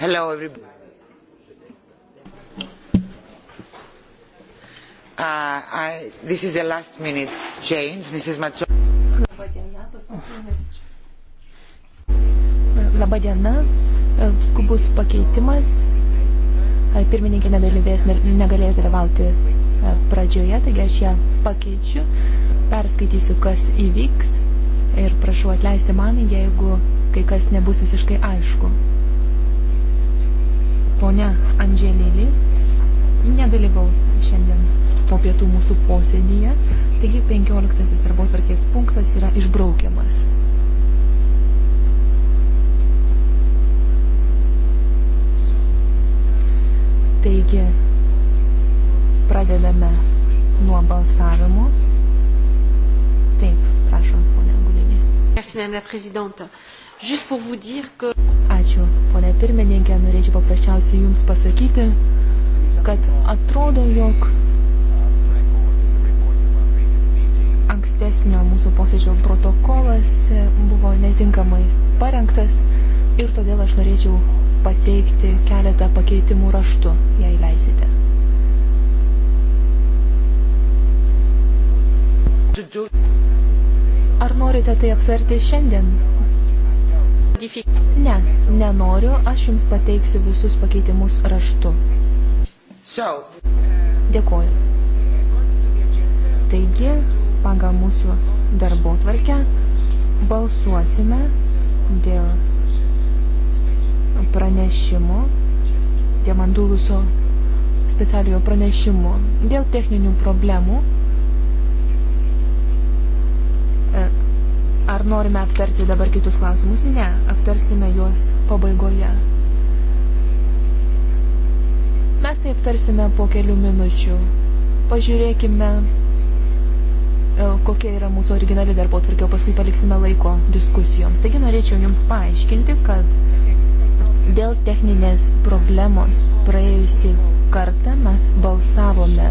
Hello, everybody. Uh, I, this is the last minute change, Mrs. Macho. Labadiena, paskutinis. E, Labadiena, skubus pakeitimas. E, pirmininkė nedalyvės, negalės dalyvauti e, pradžioje, taigi aš ją pakeičiu, perskaitysiu, kas įvyks ir prašau atleisti man, jeigu kai kas nebus visiškai aišku ponia Andželėlį nedalyvaus šiandien po pietų mūsų posėdyje, taigi 15 darbo tvarkės punktas yra išbraukiamas. Taigi, pradedame nuo balsavimo. Taip, prašom, ponia Gulinė. Merci, madame la présidente. Juste pour vous dire que... Ačiū, ponė pirmininkė, norėčiau paprasčiausiai Jums pasakyti, kad atrodo, jog ankstesnio mūsų posėdžio protokolas buvo netinkamai parengtas ir todėl aš norėčiau pateikti keletą pakeitimų raštu, jei leisite. Ar norite tai aptarti šiandien? Ne, nenoriu, aš jums pateiksiu visus pakeitimus raštu. So. Dėkuoju. Taigi, pagal mūsų darbo tvarkę balsuosime dėl pranešimo, dėl manduluso specialiojo pranešimo, dėl techninių problemų Ar norime aptarti dabar kitus klausimus? Ne, aptarsime juos pabaigoje. Mes tai aptarsime po kelių minučių. Pažiūrėkime, e, kokia yra mūsų originali darbo tvarkė, o paskui paliksime laiko diskusijoms. Taigi norėčiau Jums paaiškinti, kad dėl techninės problemos praėjusi kartą mes balsavome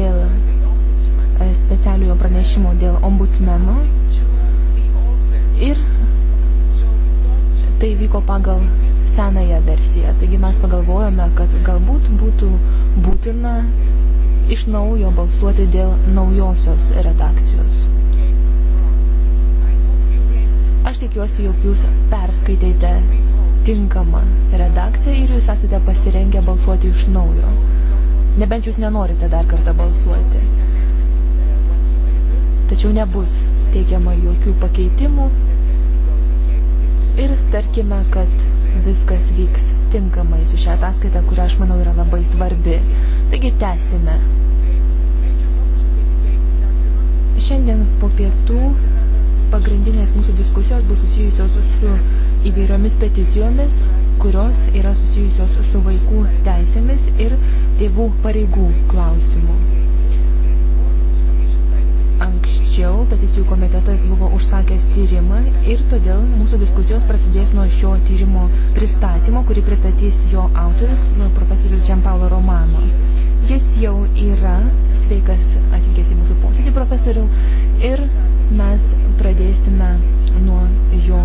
dėl e, specialiojo pranešimo dėl ombudsmeno Ir tai vyko pagal senąją versiją. Taigi mes pagalvojome, kad galbūt būtų būtina iš naujo balsuoti dėl naujosios redakcijos. Aš tikiuosi, jog jūs perskaitėte tinkamą redakciją ir jūs esate pasirengę balsuoti iš naujo. Nebent jūs nenorite dar kartą balsuoti. Tačiau nebus neteikiama jokių pakeitimų ir tarkime, kad viskas vyks tinkamai su šią ataskaitą, kuri aš manau yra labai svarbi. Taigi tęsime. Šiandien po pietų pagrindinės mūsų diskusijos bus susijusios su įvairiomis peticijomis, kurios yra susijusios su vaikų teisėmis ir tėvų pareigų klausimu. Anksčiau Tačiau peticijų komitetas buvo užsakęs tyrimą ir todėl mūsų diskusijos prasidės nuo šio tyrimo pristatymo, kurį pristatys jo autorius, profesorius Džempaulo Romano. Jis jau yra sveikas atvykęs į mūsų posėdį profesorių ir mes pradėsime nuo jo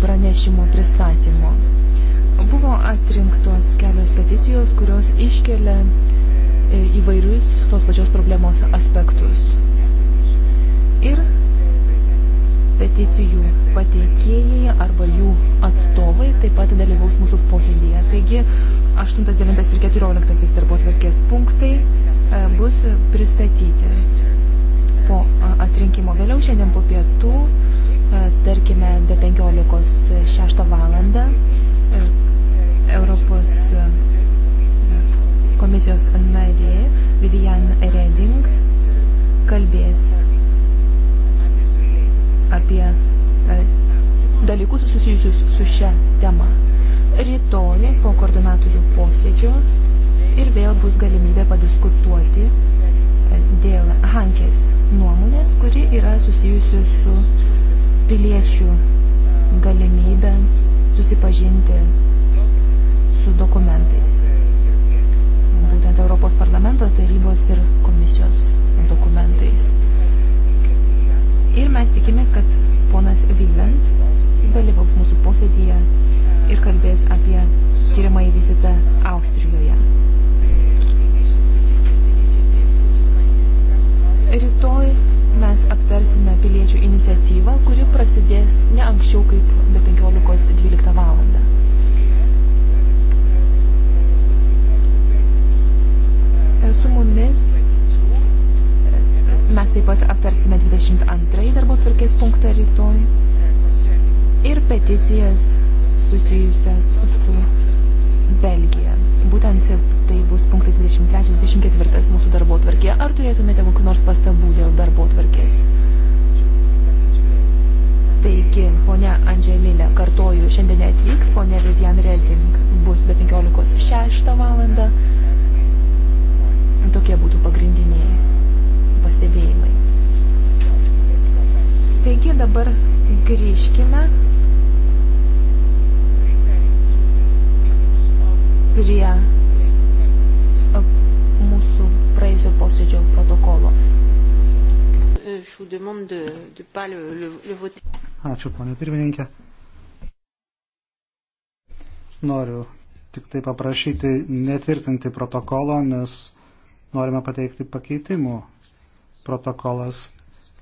pranešimo pristatymo. Buvo atrinktos kelios peticijos, kurios iškelia e, įvairius tos pačios problemos aspektus ir peticijų pateikėjai arba jų atstovai taip pat dalyvaus mūsų posėdėje. Taigi 8, 9 ir 14 darbo tvarkės punktai e, bus pristatyti po atrinkimo vėliau šiandien po pietų, e, tarkime be 15.06 valandą e, Europos komisijos narė Vivian Reding kalbės apie e, dalykus susijusius su šia tema. Rytoj po koordinatorių posėdžio ir vėl bus galimybė padiskutuoti e, dėl Hankės nuomonės, kuri yra susijusi su piliečių galimybę susipažinti su dokumentais. Būtent Europos parlamento tarybos ir komisijos dokumentais. Ir mes tikimės, kad ponas Vygant dalyvaus mūsų posėdėje ir kalbės apie tyrimąjį vizitą Austrijoje. Rytoj mes aptarsime piliečių iniciatyvą, kuri prasidės ne anksčiau kaip be 15.12 valandą. Su mumis Mes taip pat aptarsime 22 darbo tvarkės punktą rytoj ir peticijas susijusias su Belgija. Būtent tai bus punktai 23-24 mūsų darbo tvarkė. Ar turėtumėte kokiu nors pastabų dėl darbo tvarkės? Taigi, ponia Andželinė, kartoju, šiandien atvyks, ponia Vivian Reding bus be 15.06 valandą. Tokie būtų pagrindiniai pastebėjimai. Taigi dabar grįžkime prie e, mūsų praėjusio posėdžio protokolo. E, Ačiū, ponė pirmininkė. Noriu tik tai paprašyti netvirtinti protokolo, nes norime pateikti pakeitimų protokolas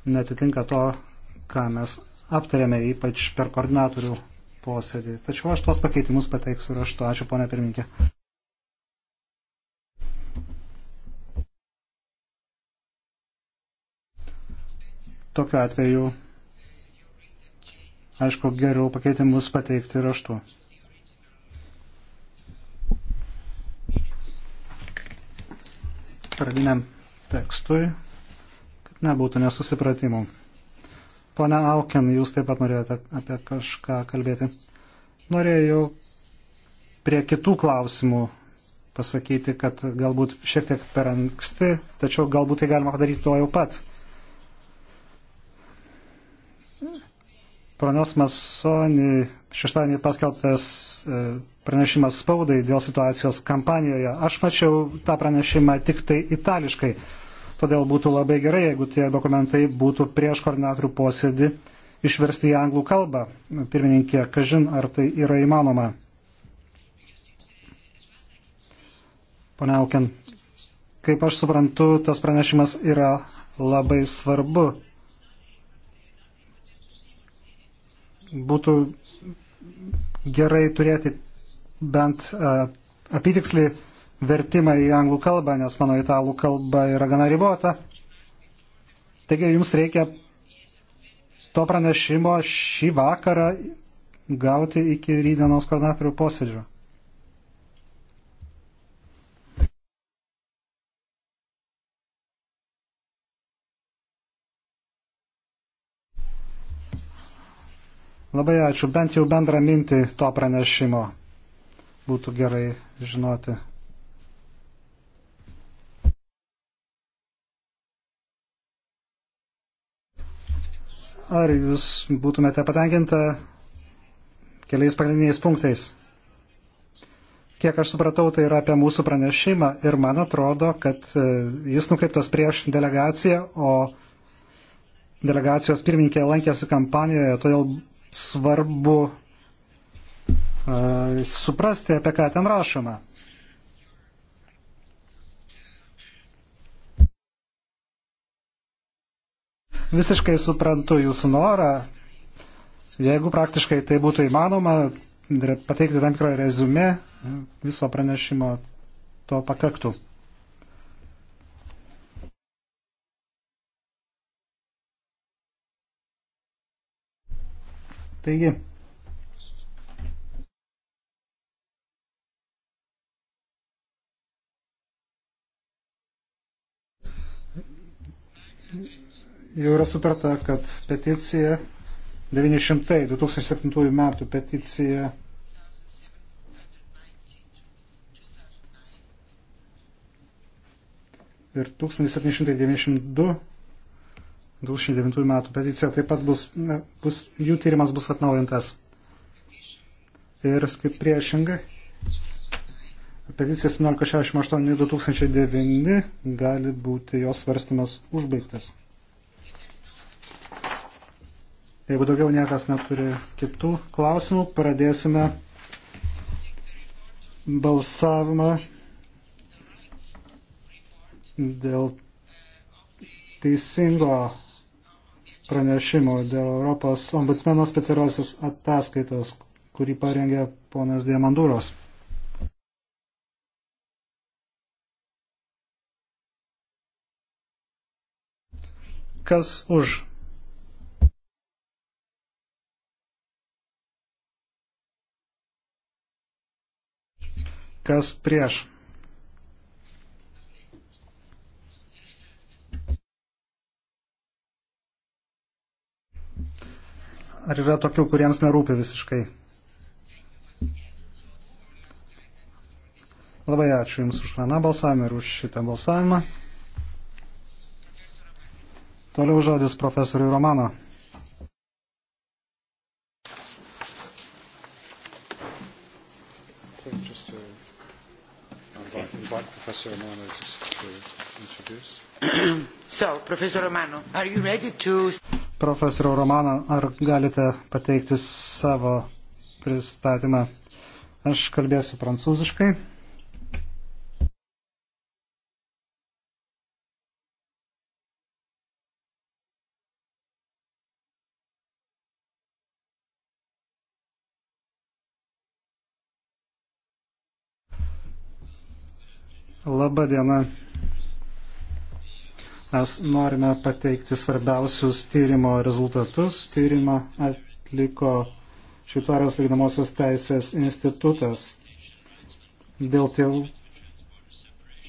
netitinka to, ką mes aptarėme, ypač per koordinatorių posėdį. Tačiau aš tuos pakeitimus pateiksiu raštu. Ačiū, ponė pirminkė. Tokiu atveju, aišku, geriau pakeitimus pateikti raštu. Pradiniam tekstui nebūtų nesusipratimų. Pone Auken, jūs taip pat norėjote apie kažką kalbėti. Norėjau prie kitų klausimų pasakyti, kad galbūt šiek tiek per anksti, tačiau galbūt tai galima padaryti to jau pat. Pranios Masoni šeštadienį paskelbtas e, pranešimas spaudai dėl situacijos kampanijoje. Aš mačiau tą pranešimą tik tai itališkai. Todėl būtų labai gerai, jeigu tie dokumentai būtų prieš koordinatorių posėdį išversti į anglų kalbą. Pirmininkė, kažin, ar tai yra įmanoma. Pone Auken, kaip aš suprantu, tas pranešimas yra labai svarbu. Būtų gerai turėti bent uh, e, apitikslį vertimą į anglų kalbą, nes mano italų kalba yra gana ribota. Taigi jums reikia to pranešimo šį vakarą gauti iki rydienos koordinatorių posėdžio. Labai ačiū, bent jau bendrą mintį to pranešimo būtų gerai žinoti. Ar jūs būtumėte patenkinta keliais pagrindiniais punktais? Kiek aš supratau, tai yra apie mūsų pranešimą ir man atrodo, kad e, jis nukreiptas prieš delegaciją, o delegacijos pirmininkė lankėsi kampanijoje, todėl svarbu uh, suprasti, apie ką ten rašoma. Visiškai suprantu jūsų norą, jeigu praktiškai tai būtų įmanoma, pateikti tam tikrą rezumę viso pranešimo, to pakaktų. Taigi, jau yra sutarta, kad peticija 900 2007 metų peticija ir 1792 2009 metų peticija taip pat bus, ne, bus jų tyrimas bus atnaujintas. Ir priešingai, peticija 1768 2009 gali būti jos svarstymas užbaigtas. Jeigu daugiau niekas neturi kitų klausimų, pradėsime balsavimą dėl teisingo pranešimo, dėl Europos ombudsmeno specialiosios ataskaitos, kurį parengė ponas Diamandūros. Kas už? kas prieš. Ar yra tokių, kuriems nerūpi visiškai? Labai ačiū Jums už vieną balsavimą ir už šitą balsavimą. Toliau žodis profesoriui Romano. Professor Romano is to introduce. so, Professor Romano, are you ready to... Profesoriau Romano, ar galite pateikti savo pristatymą? Aš kalbėsiu prancūziškai. Labą dieną. Mes norime pateikti svarbiausius tyrimo rezultatus. Tyrimą atliko Šveicarijos lyginamosios teisės institutas dėl tėvų,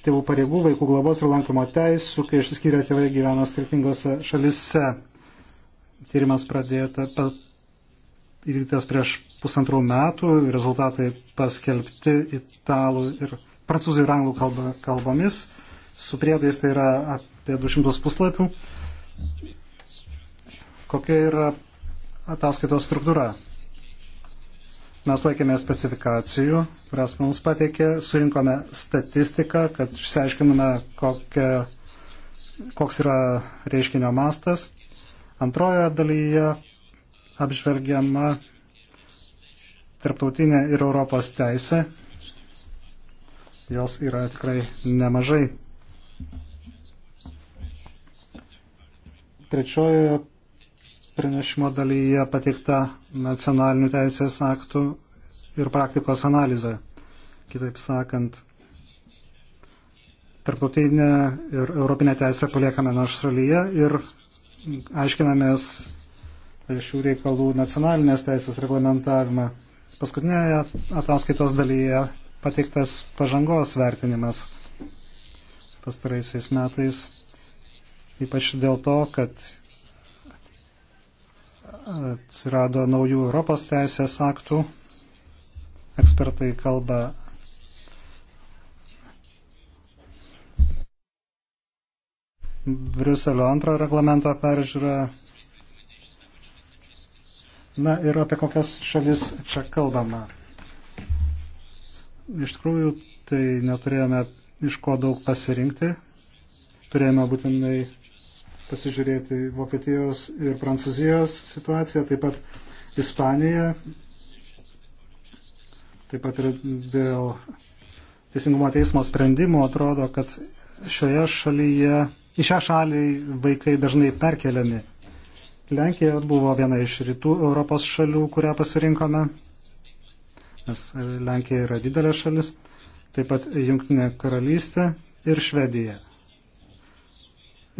tėvų pareigų, vaikų globos ir lankymo teisų, kai išsiskyrė tėvai gyvena skirtingose šalise. Tyrimas pradėta įvykdytas prieš pusantrų metų, rezultatai paskelbti italų ir prancūzų ir anglų kalba, kalbomis. Su priedais tai yra apie 200 puslapių. Kokia yra ataskaitos struktūra? Mes laikėme specifikacijų, kurias mums pateikė, surinkome statistiką, kad išsiaiškinome, kokia, koks yra reiškinio mastas. Antrojoje dalyje apžvelgiama tarptautinė ir Europos teisė jos yra tikrai nemažai. Trečiojoje pranešimo dalyje pateikta nacionalinių teisės aktų ir praktikos analizė. Kitaip sakant, tarptautinę ir europinę teisę paliekame naš šalyje ir aiškinamės šių reikalų nacionalinės teisės reglamentavimą. Paskutinėje ataskaitos dalyje pateiktas pažangos vertinimas pastaraisiais metais, ypač dėl to, kad atsirado naujų Europos teisės aktų. Ekspertai kalba Briuselio antro reglamento peržiūrą. Na ir apie kokias šalis čia kalbama. Iš tikrųjų, tai neturėjome iš ko daug pasirinkti. Turėjome būtinai pasižiūrėti Vokietijos ir Prancūzijos situaciją, taip pat Ispaniją, taip pat ir dėl Teisingumo teismo sprendimų atrodo, kad šioje šalyje, į šią šalį vaikai dažnai perkeliami. Lenkija buvo viena iš rytų Europos šalių, kurią pasirinkome nes e, Lenkija yra didelė šalis, taip pat Junktinė karalystė ir Švedija.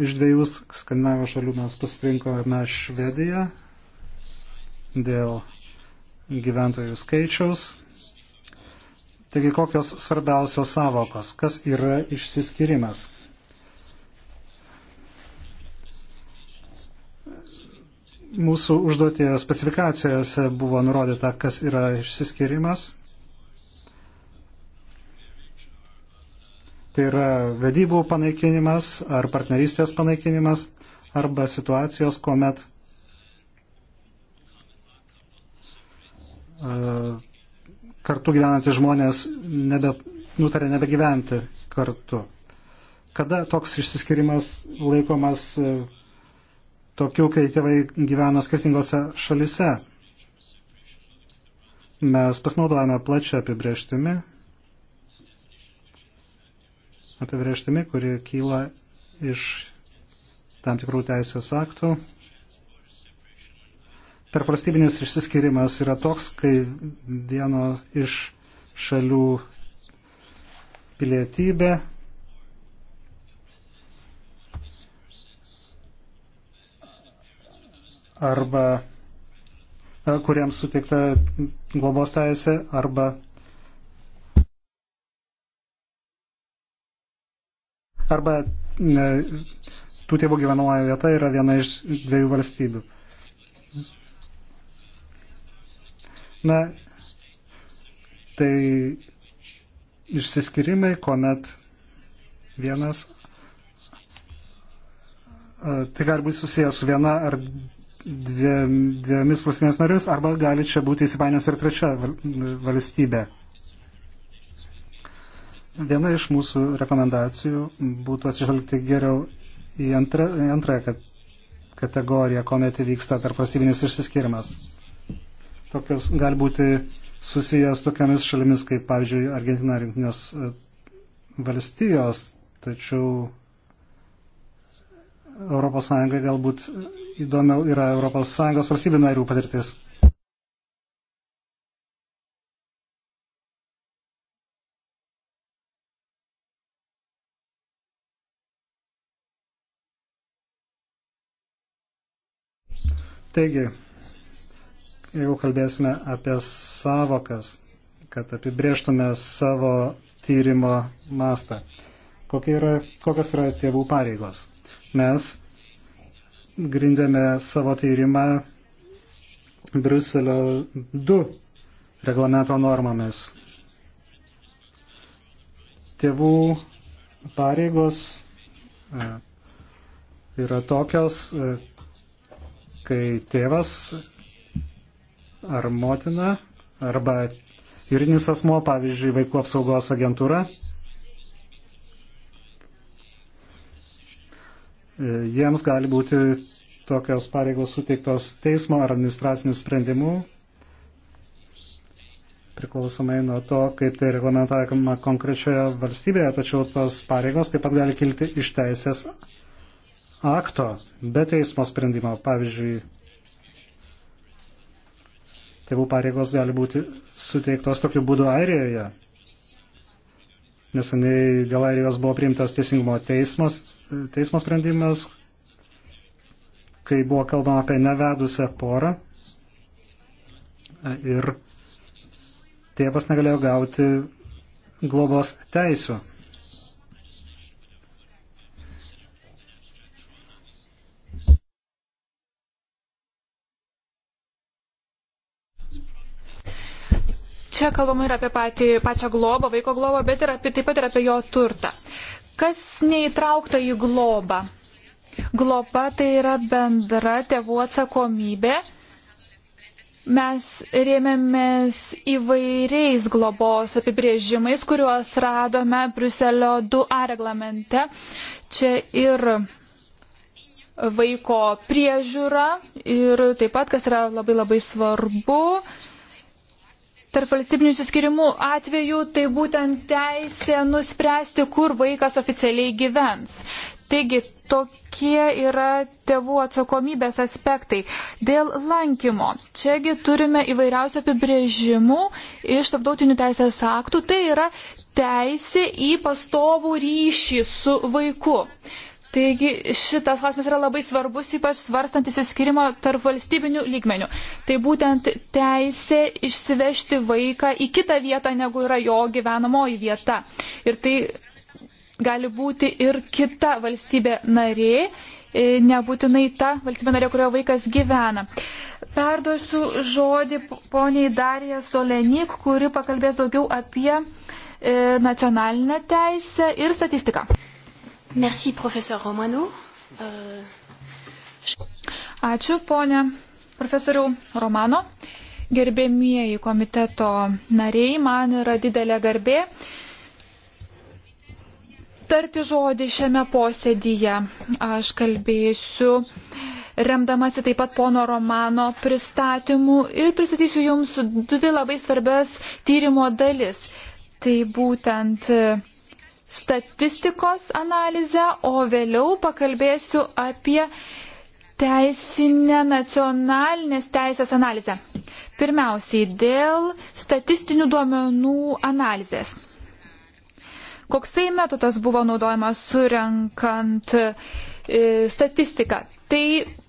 Iš dviejų skandinavų šalių mes pasirinkome Švediją dėl gyventojų skaičiaus. Taigi kokios svarbiausios savokos, kas yra išsiskirimas? mūsų užduotie specifikacijose buvo nurodyta, kas yra išsiskirimas. Tai yra vedybų panaikinimas ar partnerystės panaikinimas arba situacijos, kuomet kartu gyvenantys žmonės nebe, nutarė nebegyventi kartu. Kada toks išsiskirimas laikomas tokių, kai tėvai gyvena skirtingose šalise. Mes pasinaudojame plačią apibrieštimi, apibrieštimi, kuri kyla iš tam tikrų teisės aktų. Tarpvalstybinis išsiskirimas yra toks, kai vieno iš šalių pilietybė arba e, kuriems suteikta globos teisė arba arba ne, tų tėvų gyvenamoji vieta yra viena iš dviejų valstybių. Na, tai išsiskirimai, kuomet vienas, e, tai gali būti susijęs su viena ar dviemis valstybės narės arba gali čia būti įsipainios ir trečia valstybė. Viena iš mūsų rekomendacijų būtų atsižvelgti geriau į antrą, į antrąją kategoriją, kuomet įvyksta tarp valstybinis išsiskirimas. Tokios gali būti susijęs tokiamis šalimis kaip, pavyzdžiui, Argentina ar Junktinės e, valstijos, tačiau ES galbūt įdomiau yra ES valstybių narių patirtis. Taigi, jeigu kalbėsime apie savokas, kad apibrieštume savo tyrimo mastą, kokia yra, kokios yra tėvų pareigos. Mes grindėme savo tyrimą Bruselio 2 reglamento normomis. Tėvų pareigos e, yra tokios, e, kai tėvas ar motina arba juridinis asmo, pavyzdžiui, vaikų apsaugos agentūra jiems gali būti tokios pareigos suteiktos teismo ar administracinių sprendimų, priklausomai nuo to, kaip tai reglamentavima konkrečioje valstybėje, tačiau tos pareigos taip pat gali kilti iš teisės akto, be teismo sprendimo. Pavyzdžiui, tėvų pareigos gali būti suteiktos tokiu būdu Airijoje. Neseniai dėl Airijos buvo priimtas teisingumo teismas, teismo sprendimas, kai buvo kalbama apie nevedusią porą ir tėvas negalėjo gauti globos teisų. čia kalbama ir apie patį, pačią globą, vaiko globą, bet ir apie, taip pat ir apie jo turtą. Kas neįtraukta į globą? Globa tai yra bendra tėvų atsakomybė. Mes rėmėmės įvairiais globos apibrėžimais, kuriuos radome Bruselio 2A reglamente. Čia ir vaiko priežiūra ir taip pat, kas yra labai labai svarbu, tarp valstybinių suskirimų atveju, tai būtent teisė nuspręsti, kur vaikas oficialiai gyvens. Taigi, tokie yra tėvų atsakomybės aspektai. Dėl lankymo. Čiagi turime įvairiausių apibrėžimų iš tarptautinių teisės aktų. Tai yra teisė į pastovų ryšį su vaiku. Taigi šitas klausimas yra labai svarbus, ypač svarstant įsiskirimo tarp valstybinių lygmenių. Tai būtent teisė išsivežti vaiką į kitą vietą, negu yra jo gyvenamoji vieta. Ir tai gali būti ir kita valstybė narė, e, nebūtinai ta valstybė narė, kurioje vaikas gyvena. Perduosiu žodį poniai Darija Solenik, kuri pakalbės daugiau apie e, nacionalinę teisę ir statistiką. Merci, profesor Romano. Uh... Ačiū, ponė profesoriau Romano. Gerbėmieji komiteto nariai, man yra didelė garbė tarti žodį šiame posėdyje. Aš kalbėsiu remdamasi taip pat pono Romano pristatymu ir pristatysiu jums dvi labai svarbės tyrimo dalis. Tai būtent statistikos analizę, o vėliau pakalbėsiu apie teisinę nacionalinės teisės analizę. Pirmiausiai, dėl statistinių duomenų analizės. Koksai metodas buvo naudojamas surenkant e, statistiką? Tai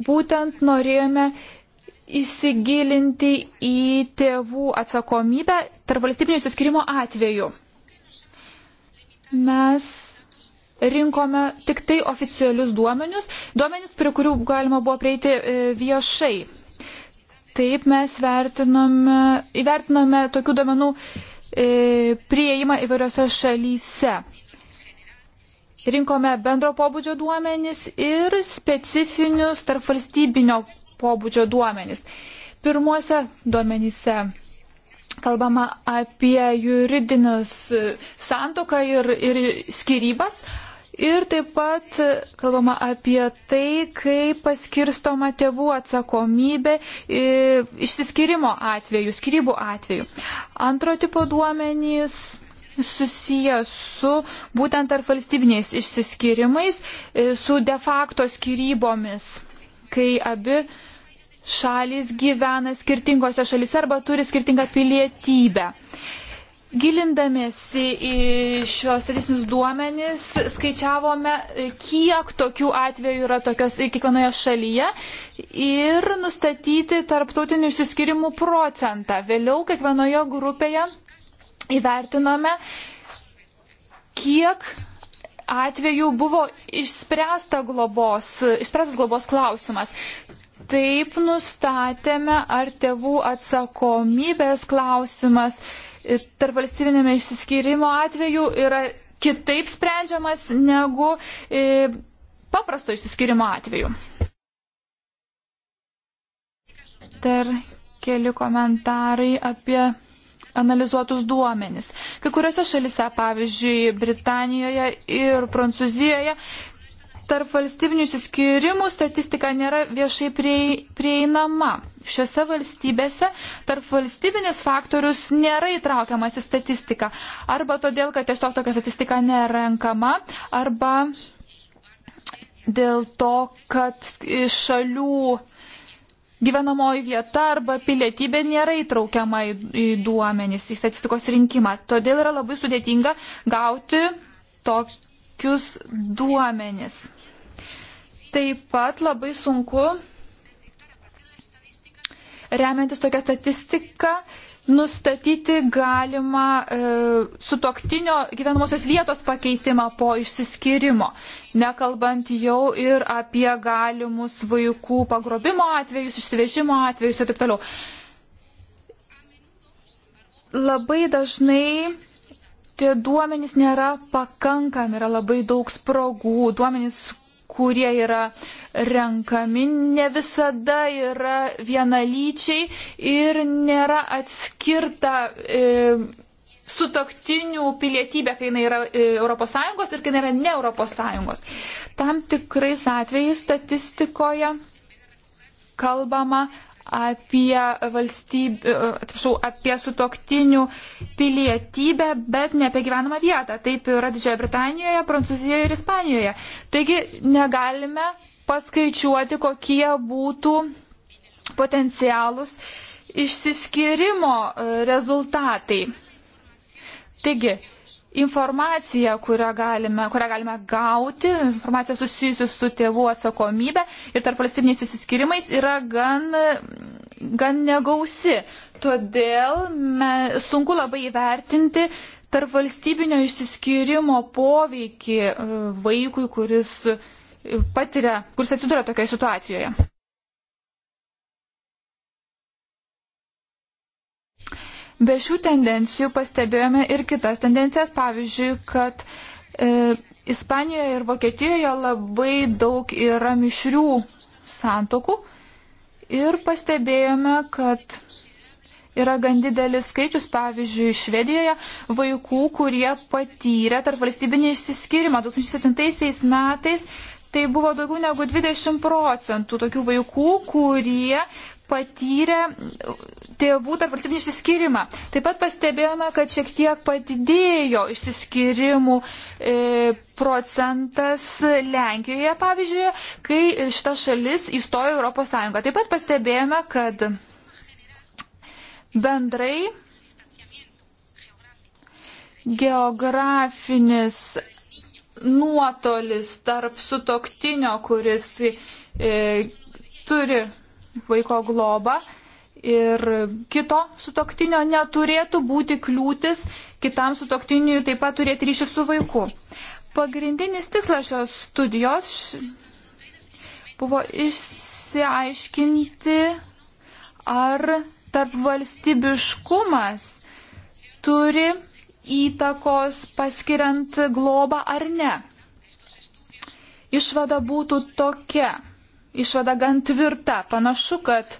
būtent norėjome įsigilinti į tėvų atsakomybę tarp valstybinio suskirimo atveju mes rinkome tik tai oficialius duomenius, duomenis, prie kurių galima buvo prieiti e, viešai. Taip mes vertinome, įvertinome tokių duomenų e, prieimą įvairiose šalyse. Rinkome bendro pobūdžio duomenis ir specifinius tarp valstybinio pobūdžio duomenis. Pirmuose duomenyse kalbama apie juridinius e, santoką ir, ir skirybas. Ir taip pat kalbama apie tai, kaip paskirstoma tėvų atsakomybė e, išsiskirimo atveju, skirybų atveju. Antro tipo duomenys susijęs su būtent tarp valstybiniais išsiskirimais, e, su de facto skirybomis, kai abi šalis gyvena skirtingose šalise arba turi skirtingą pilietybę. Gilindamėsi į šios statistinius duomenis, skaičiavome, kiek tokių atvejų yra tokios kiekvienoje šalyje ir nustatyti tarptautinių išsiskirimų procentą. Vėliau kiekvienoje grupėje įvertinome, kiek atveju buvo išspręsta globos, išspręstas globos klausimas. Taip nustatėme, ar tėvų atsakomybės klausimas tarp valstybinėme išsiskyrimo atveju yra kitaip sprendžiamas negu e, paprasto išsiskyrimo atveju. Dar keli komentarai apie analizuotus duomenis. Kai kuriuose šalise, pavyzdžiui, Britanijoje ir Prancūzijoje, tarp valstybinių įsiskyrimų statistika nėra viešai prieinama. Šiuose valstybėse tarp valstybinis faktorius nėra įtraukiamas į statistiką. Arba todėl, kad tiesiog tokia statistika nerenkama, arba dėl to, kad šalių gyvenamoji vieta arba pilietybė nėra įtraukiama į, į duomenys, į statistikos rinkimą. Todėl yra labai sudėtinga gauti tokius duomenys. Taip pat labai sunku, remiantis tokią statistiką, nustatyti galimą e, sutoktinio gyvenamosios vietos pakeitimą po išsiskyrimo, nekalbant jau ir apie galimus vaikų pagrobimo atvejus, išsivežimo atvejus ir taip toliau labai dažnai tie duomenys nėra pakankami, yra labai daug spragų, duomenys, kurie yra renkami, ne visada yra vienalyčiai ir nėra atskirta. E, sutoktinių pilietybė, kai jinai yra ES ir kai jinai yra ne ES. Tam tikrais atvejais statistikoje kalbama apie valstybių, e, atsiprašau, apie sutoktinių pilietybę, bet ne apie gyvenamą vietą. Taip yra Didžiojo Britanijoje, Prancūzijoje ir Ispanijoje. Taigi negalime paskaičiuoti, kokie būtų potencialūs išsiskirimo e, rezultatai. Taigi, informacija, kurią galime, kurią galime gauti, informacija susijusi su tėvų atsakomybė ir tarp valstybiniais įsiskirimais yra gan, gan negausi. Todėl me, sunku labai įvertinti tarp valstybinio išsiskirimo poveikį e, vaikui, kuris e, patiria, kuris atsiduria tokioje situacijoje. Be šių tendencijų pastebėjome ir kitas tendencijas, pavyzdžiui, kad e, Ispanijoje ir Vokietijoje labai daug yra mišrių santokų ir pastebėjome, kad yra gan didelis skaičius, pavyzdžiui, Švedijoje vaikų, kurie patyrė tarp valstybinį išsiskyrimą 2007 metais. Tai buvo daugiau negu 20 procentų tokių vaikų, kurie patyrė tėvų tarp valstybinį išsiskirimą. Taip pat pastebėjome, kad šiek tiek padidėjo išsiskirimų e, procentas Lenkijoje, pavyzdžiui, kai šita šalis įstojo Europos Sąjungą. Taip pat pastebėjome, kad bendrai geografinis nuotolis tarp sutoktinio, kuris e, turi vaiko globą ir kito sutoktinio neturėtų būti kliūtis kitam sutoktiniui taip pat turėti ryšį su vaiku. Pagrindinis tikslas šios studijos buvo išsiaiškinti, ar tarp valstybiškumas turi įtakos paskiriant globą ar ne. Išvada būtų tokia išvada gan tvirta. Panašu, kad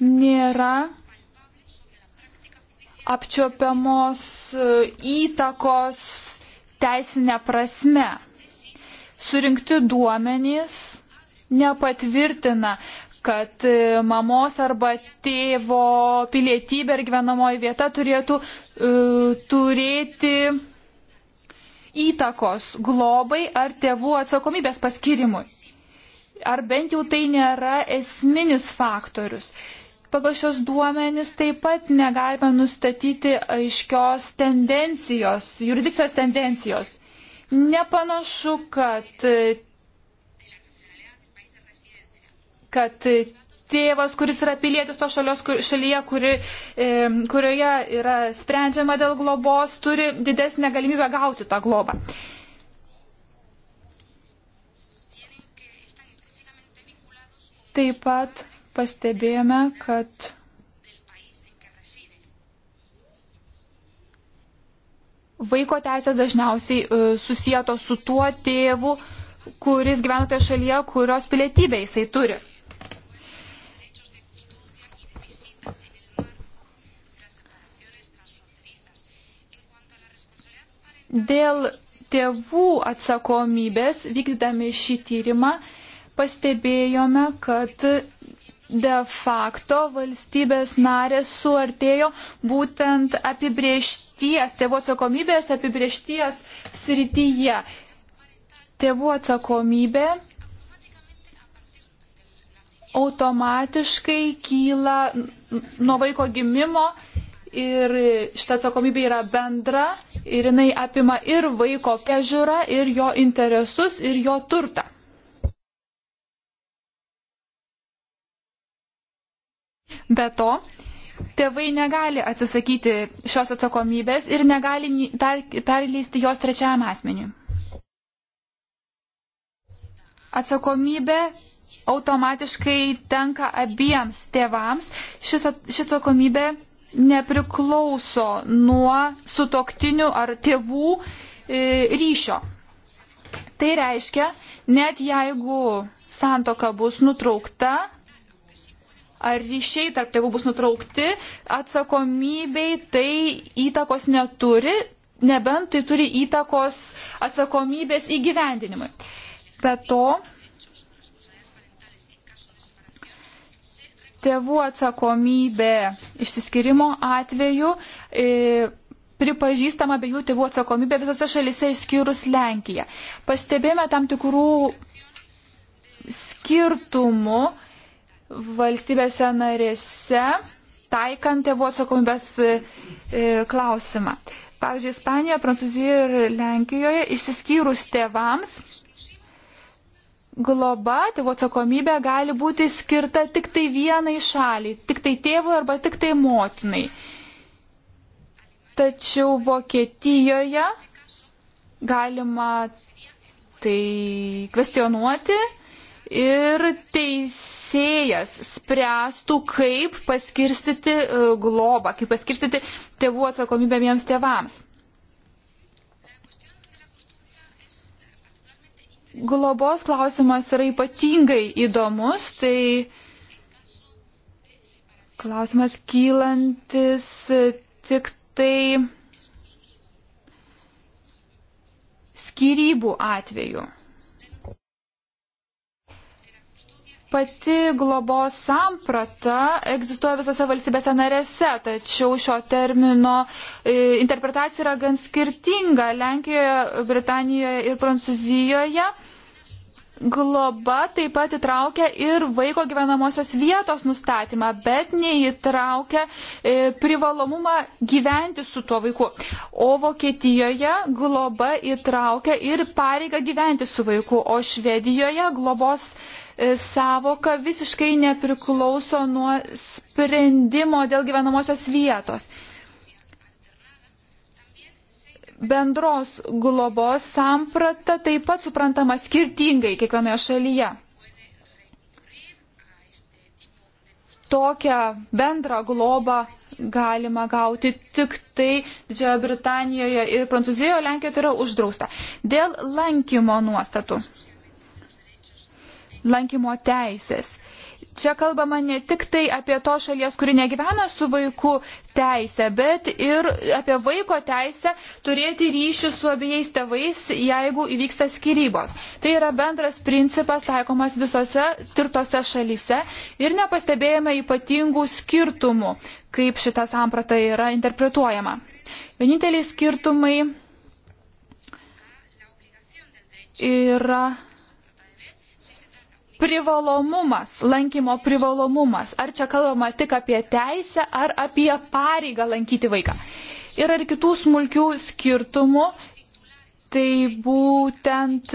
nėra apčiopiamos e, įtakos teisinė prasme. Surinkti duomenys nepatvirtina, kad e, mamos arba tėvo pilietybė ir gyvenamoji vieta turėtų uh, turėti įtakos globai ar tėvų atsakomybės paskirimui ar bent jau tai nėra esminis faktorius. Pagal šios duomenys taip pat negalime nustatyti aiškios tendencijos, jurisdikcijos tendencijos. Nepanašu, kad, kad tėvas, kuris yra pilietis to šalios, šalyje, kuri, kurioje yra sprendžiama dėl globos, turi didesnę galimybę gauti tą globą. Taip pat pastebėjome, kad vaiko teisės dažniausiai e, susijęto su tuo tėvu, kuris gyvena toje šalyje, kurios pilietybę jisai turi. Dėl tėvų atsakomybės vykdydami šį tyrimą pastebėjome, kad de facto valstybės narės suartėjo būtent apibriešties, tėvų atsakomybės apibriešties srityje. Tėvų atsakomybė automatiškai kyla nuo vaiko gimimo ir šita atsakomybė yra bendra ir jinai apima ir vaiko priežiūrą, ir jo interesus, ir jo turtą. Be to, tėvai negali atsisakyti šios atsakomybės ir negali perleisti jos trečiajam asmeniui. Atsakomybė automatiškai tenka abiems tėvams. Šis atsakomybė nepriklauso nuo sutoktinių ar tėvų e, ryšio. Tai reiškia, net jeigu santoka bus nutraukta, ar ryšiai tarp tėvų bus nutraukti, atsakomybei tai įtakos neturi, nebent tai turi įtakos atsakomybės įgyvendinimui. Be to, tėvų atsakomybė išsiskirimo atveju e, pripažįstama abiejų tėvų atsakomybė visose šalise išskyrus Lenkiją. Pastebėjome tam tikrų skirtumų valstybėse narėse, taikant tėvų atsakomybės e, e, klausimą. Pavyzdžiui, Ispanijoje, Prancūzijoje ir Lenkijoje išsiskyrus tėvams globa, tėvo atsakomybė gali būti skirta tik tai vienai šaliai, tik tai tėvui arba tik tai motinai. Tačiau Vokietijoje galima tai kvestionuoti ir teisėjas spręstų, kaip paskirstyti e, globą, kaip paskirstyti tėvų atsakomybę jiems tėvams. Globos klausimas yra ypatingai įdomus, tai klausimas kylantis tik tai skirybų atveju. Pati globos samprata egzistuoja visose valstybėse narėse, tačiau šio termino e, interpretacija yra gan skirtinga Lenkijoje, Britanijoje ir Prancūzijoje. Globa taip pat įtraukia ir vaiko gyvenamosios vietos nustatymą, bet neįtraukia e, privalomumą gyventi su tuo vaiku. O Vokietijoje globa įtraukia ir pareigą gyventi su vaiku, o Švedijoje globos savoka visiškai nepriklauso nuo sprendimo dėl gyvenamosios vietos. Bendros globos samprata taip pat suprantama skirtingai kiekvienoje šalyje. Tokią bendrą globą galima gauti tik tai Didžiojo Britanijoje ir Prancūzijoje, Lenkijoje tai yra uždrausta. Dėl lankymo nuostatų lankymo teisės. Čia kalbama ne tik tai apie to šalies, kuri negyvena su vaiku teisę, bet ir apie vaiko teisę turėti ryšį su abiejais tėvais, jeigu įvyksta skirybos. Tai yra bendras principas taikomas visose tirtose šalyse ir nepastebėjome ypatingų skirtumų, kaip šita samprata yra interpretuojama. Vieninteliai skirtumai yra privalomumas, lankymo privalomumas. Ar čia kalbama tik apie teisę, ar apie pareigą lankyti vaiką. Yra ir kitų smulkių skirtumų. Tai būtent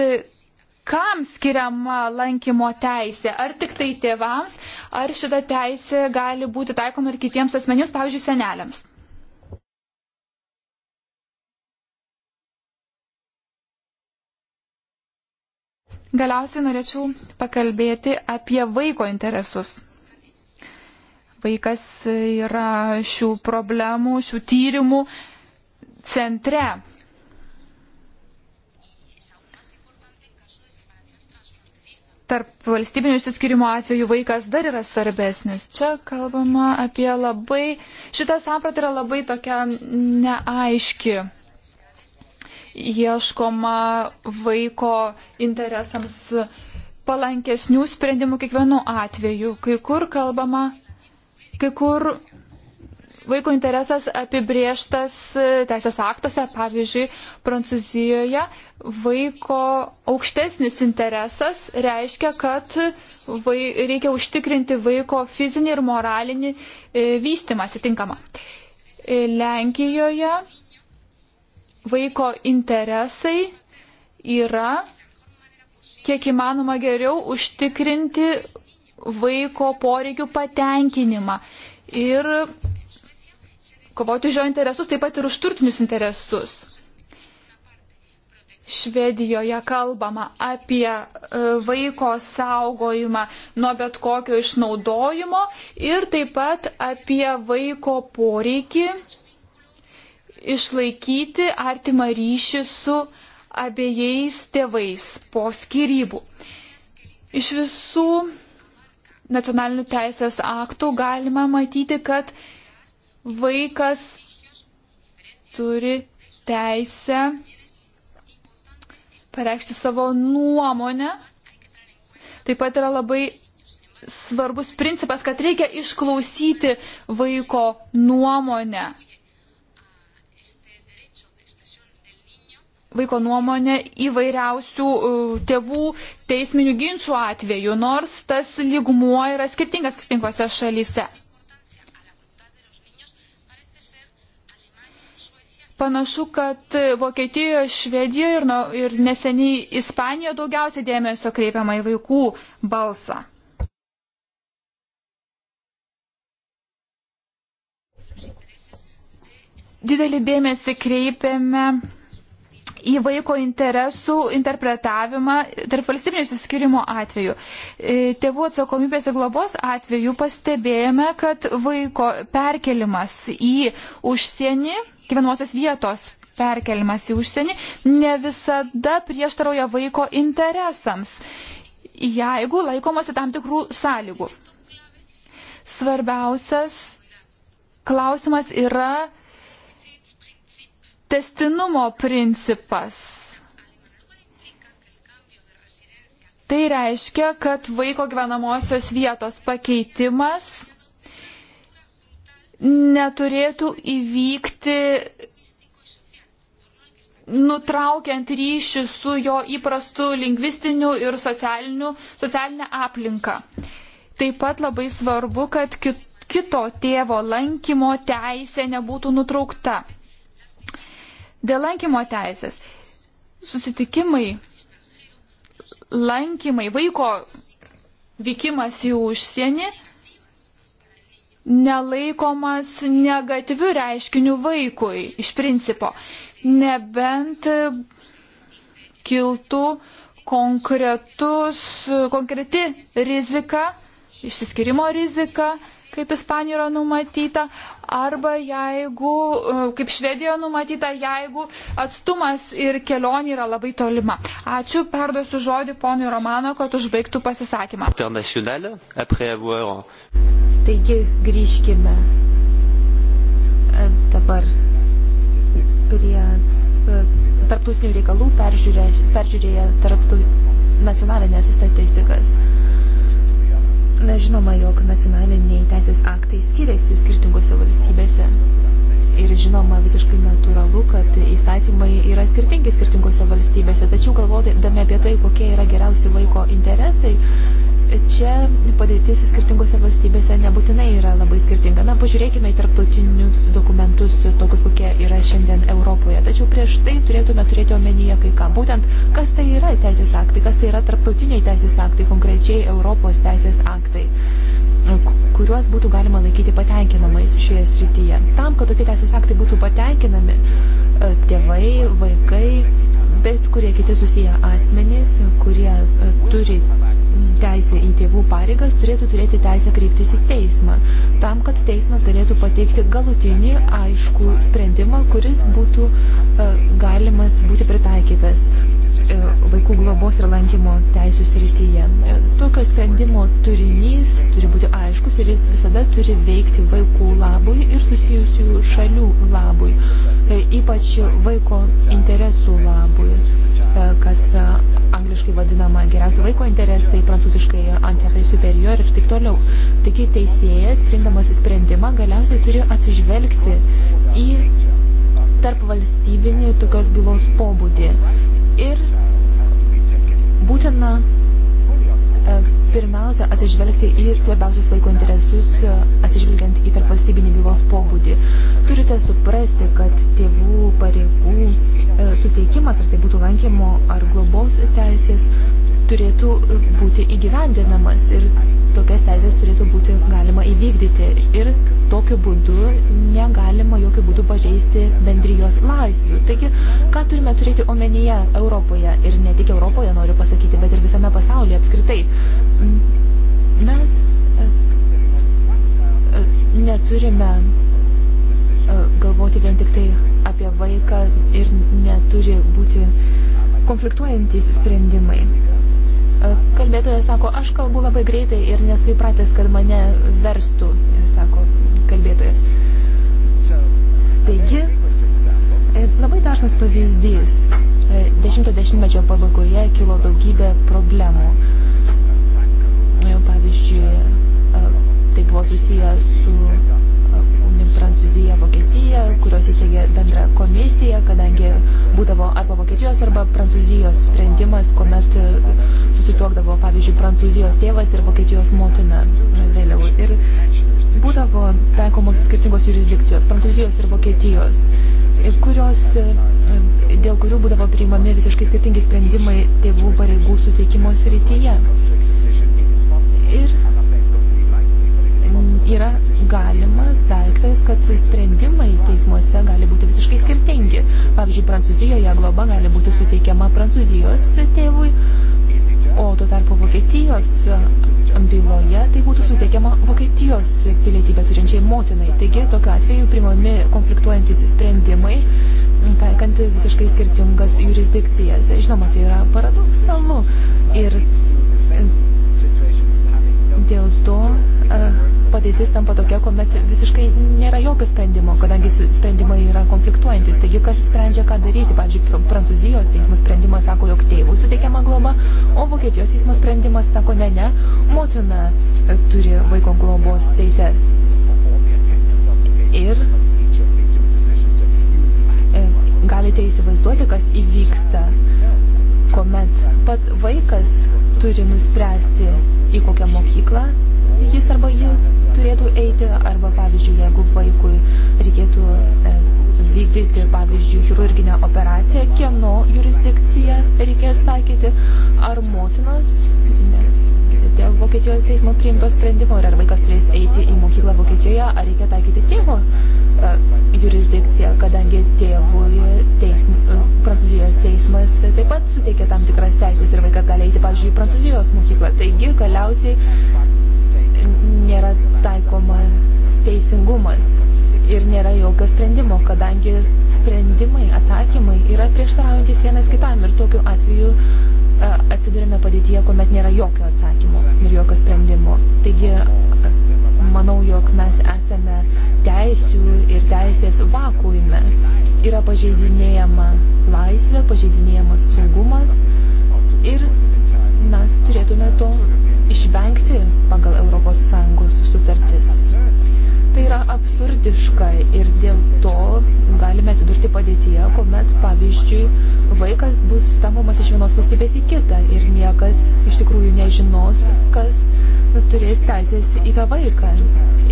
kam skiriama lankymo teisė, ar tik tai tėvams, ar šita teisė gali būti taikoma ir kitiems asmenims, pavyzdžiui, seneliams. Galiausiai norėčiau pakalbėti apie vaiko interesus. Vaikas yra šių problemų, šių tyrimų centre. tarp valstybinių išsiskirimo atveju vaikas dar yra svarbesnis. Čia kalbama apie labai, šita samprata yra labai tokia neaiški ieškoma vaiko interesams palankesnių sprendimų kiekvienu atveju. Kai kur kalbama, kai kur vaiko interesas apibrieštas teisės aktuose, pavyzdžiui, Prancūzijoje vaiko aukštesnis interesas reiškia, kad vai, reikia užtikrinti vaiko fizinį ir moralinį e, vystimą atitinkamą. E, Lenkijoje vaiko interesai yra kiek įmanoma geriau užtikrinti vaiko poreikių patenkinimą ir kovoti už jo interesus, taip pat ir už turtinius interesus. Švedijoje kalbama apie e, vaiko saugojimą nuo bet kokio išnaudojimo ir taip pat apie vaiko poreikį išlaikyti artimą ryšį su abiejais tėvais po skirybų. Iš visų nacionalinių teisės aktų galima matyti, kad vaikas turi teisę pareikšti savo nuomonę. Taip pat yra labai svarbus principas, kad reikia išklausyti vaiko nuomonę vaiko nuomonę įvairiausių e, tėvų teisminių ginčių atveju, nors tas lygmuo yra skirtingas skirtingose šalyse. Panašu, kad Vokietijoje, Švedijoje ir, ir neseniai Ispanijoje daugiausiai dėmesio kreipiama į vaikų balsą. Didelį dėmesį kreipiame į vaiko interesų interpretavimą tarp valstybinio susiskirimo atveju. E, tėvų atsakomybės ir globos atveju pastebėjome, kad vaiko perkelimas į užsienį, gyvenamosios vietos perkelimas į užsienį, ne visada prieštarauja vaiko interesams, jeigu laikomasi tam tikrų sąlygų. Svarbiausias klausimas yra testinumo principas. Tai reiškia, kad vaiko gyvenamosios vietos pakeitimas neturėtų įvykti nutraukiant ryšį su jo įprastu lingvistiniu ir socialinė aplinka. Taip pat labai svarbu, kad kito tėvo lankymo teisė nebūtų nutraukta. Dėl lankymo teisės. Susitikimai, lankymai, vaiko vykimas į užsienį nelaikomas negatyviu reiškiniu vaikui iš principo, nebent kiltų konkretus, konkreti rizika, išsiskirimo rizika, kaip Ispanijoje yra numatyta, arba jeigu, e, kaip Švedijoje numatyta, jeigu atstumas ir kelionė yra labai tolima. Ačiū, perduosiu žodį ponui Romano, kad užbaigtų pasisakymą. Taigi grįžkime e, dabar prie e, tarptautinių reikalų peržiūrėję tarptų nacionalinės statistikas. Na, žinoma, jog nacionaliniai teisės aktai skiriasi skirtingose valstybėse. Ir žinoma, visiškai natūralu, kad įstatymai yra skirtingi skirtingose valstybėse. Tačiau galvodami apie tai, kokie yra geriausi vaiko interesai, čia padėtis skirtingose valstybėse nebūtinai yra labai skirtinga. Na, pažiūrėkime į tarptautinius dokumentus, tokius kokie yra šiandien Europoje. Tačiau prieš tai turėtume turėti omenyje kai ką. Būtent, kas tai yra teisės aktai, kas tai yra tarptautiniai teisės aktai, konkrečiai Europos teisės aktai kuriuos būtų galima laikyti patenkinamais šioje srityje. Tam, kad tokie teisės aktai būtų patenkinami, e, tėvai, vaikai, bet kurie kiti susiję asmenys, kurie e, turi teisę į tėvų pareigas, turėtų turėti teisę kreiptis į teismą, tam, kad teismas galėtų pateikti galutinį aišku sprendimą, kuris būtų uh, galimas būti pritaikytas. E, vaikų globos ir lankymo teisų srityje. E, tokio sprendimo turinys turi būti aiškus ir jis visada turi veikti vaikų labui ir susijusių šalių labui, e, ypač vaiko interesų labui, kas angliškai vadinama geriausi vaiko interesai, prancūziškai antepai superior ir taip toliau. Taigi teisėjas, priimdamas sprendimą, galiausiai turi atsižvelgti į tarp valstybinį tokios bylos pobūdį Ir būtina e, pirmiausia atsižvelgti į svarbiausius vaiko interesus, e, atsižvelgiant į tarpvalstybinį bylos pobūdį. Turite suprasti, kad tėvų pareigų e, suteikimas, ar tai būtų lankymo ar globos teisės, turėtų e, būti įgyvendinamas ir tokias teisės turėtų būti galima įvykdyti ir tokiu būdu negalima jokių būdų pažeisti bendrijos laisvių. Taigi, ką turime turėti omenyje Europoje ir ne tik Europoje, noriu pasakyti, bet ir visame pasaulyje apskritai. Mes e, e, neturime e, galvoti vien tik tai apie vaiką ir neturi būti konfliktuojantys sprendimai. Kalbėtojas sako, aš kalbu labai greitai ir nesu įpratęs, kad mane verstų, sako kalbėtojas. Taigi, e, labai dažnas pavyzdys. E, dešimto dešimtmečio pabaigoje kilo daugybė problemų. E, pavyzdžiui, tai buvo susiję su kurios įsteigė bendrą komisiją, kadangi būdavo arba Vokietijos, arba Prancūzijos sprendimas, kuomet e, susituokdavo, pavyzdžiui, Prancūzijos tėvas ir Vokietijos motina vėliau. Ir būdavo taikomos skirtingos jurisdikcijos, Prancūzijos ir Vokietijos, kurios, e, e, dėl kurių būdavo priimami visiškai skirtingi sprendimai tėvų pareigų suteikimo srityje. Ir yra galimas daiktas, kad sprendimai teismuose gali būti visiškai skirtingi. Pavyzdžiui, Prancūzijoje globa gali būti suteikiama Prancūzijos tėvui, o tuo tarpu Vokietijos byloje tai būtų suteikiama Vokietijos pilietybę turinčiai motinai. Taigi, tokiu atveju primami konfliktuojantis sprendimai taikant visiškai skirtingas jurisdikcijas. Žinoma, tai yra paradoksalu ir dėl to uh, padėtis tampa tokia, kuomet visiškai nėra jokio sprendimo, kadangi sprendimai yra konfliktuojantis. Taigi, kas sprendžia, ką daryti? Pavyzdžiui, Prancūzijos teismo sprendimas sako, jog tėvui suteikiama globa, o Vokietijos teismo sprendimas sako, ne, ne, motina e, turi vaiko globos teises. Ir e, galite įsivaizduoti, kas įvyksta, kuomet pats vaikas turi nuspręsti, į kokią mokyklą jis arba ji turėtų eiti, arba, pavyzdžiui, jeigu vaikui reikėtų e, vykdyti, pavyzdžiui, chirurginę operaciją, kieno jurisdikciją reikės taikyti, ar motinos, ne, dėl Vokietijos teismo priimto sprendimo ir ar vaikas turės eiti į mokyklą Vokietijoje, ar reikia taikyti tėvo e, jurisdikciją, kadangi tėvui teism, e, Prancūzijos teismas taip pat suteikia tam tikras teisės ir vaikas gali eiti, pavyzdžiui, į Prancūzijos mokyklą. Taigi, galiausiai nėra taikomas teisingumas ir nėra jokio sprendimo, kadangi sprendimai, atsakymai yra prieštaraujantis vienas kitam ir tokiu atveju e, atsidurime padėtyje, kuomet nėra jokio atsakymo ir jokio sprendimo. Taigi, manau, jog mes esame teisių ir teisės vakuime. Yra pažeidinėjama laisvė, pažeidinėjamas saugumas ir mes turėtume to išvengti pagal ES sutartis. Tai yra absurdiška ir dėl to galime atsidurti padėtyje, kuomet, pavyzdžiui, vaikas bus tamomas iš vienos valstybės į kitą ir niekas iš tikrųjų nežinos, kas nu, turės teisės į tą vaiką.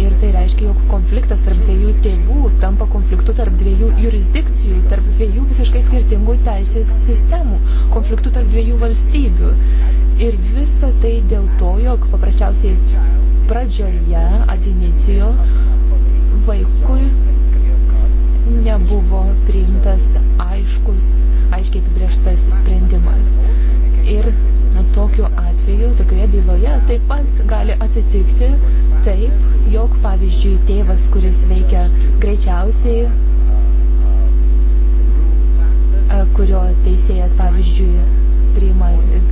Ir tai reiškia, jog konfliktas tarp dviejų tėvų tampa konfliktu tarp dviejų jurisdikcijų, tarp dviejų visiškai skirtingų teisės sistemų, konfliktu tarp dviejų valstybių. Ir visa tai dėl to, jog paprasčiausiai pradžioje adinicijo vaikui nebuvo priimtas aiškus, aiškiai apibrieštas sprendimas. Ir na, tokiu atveju, tokioje byloje taip pat gali atsitikti taip, jog pavyzdžiui tėvas, kuris veikia greičiausiai, e, kurio teisėjas pavyzdžiui priima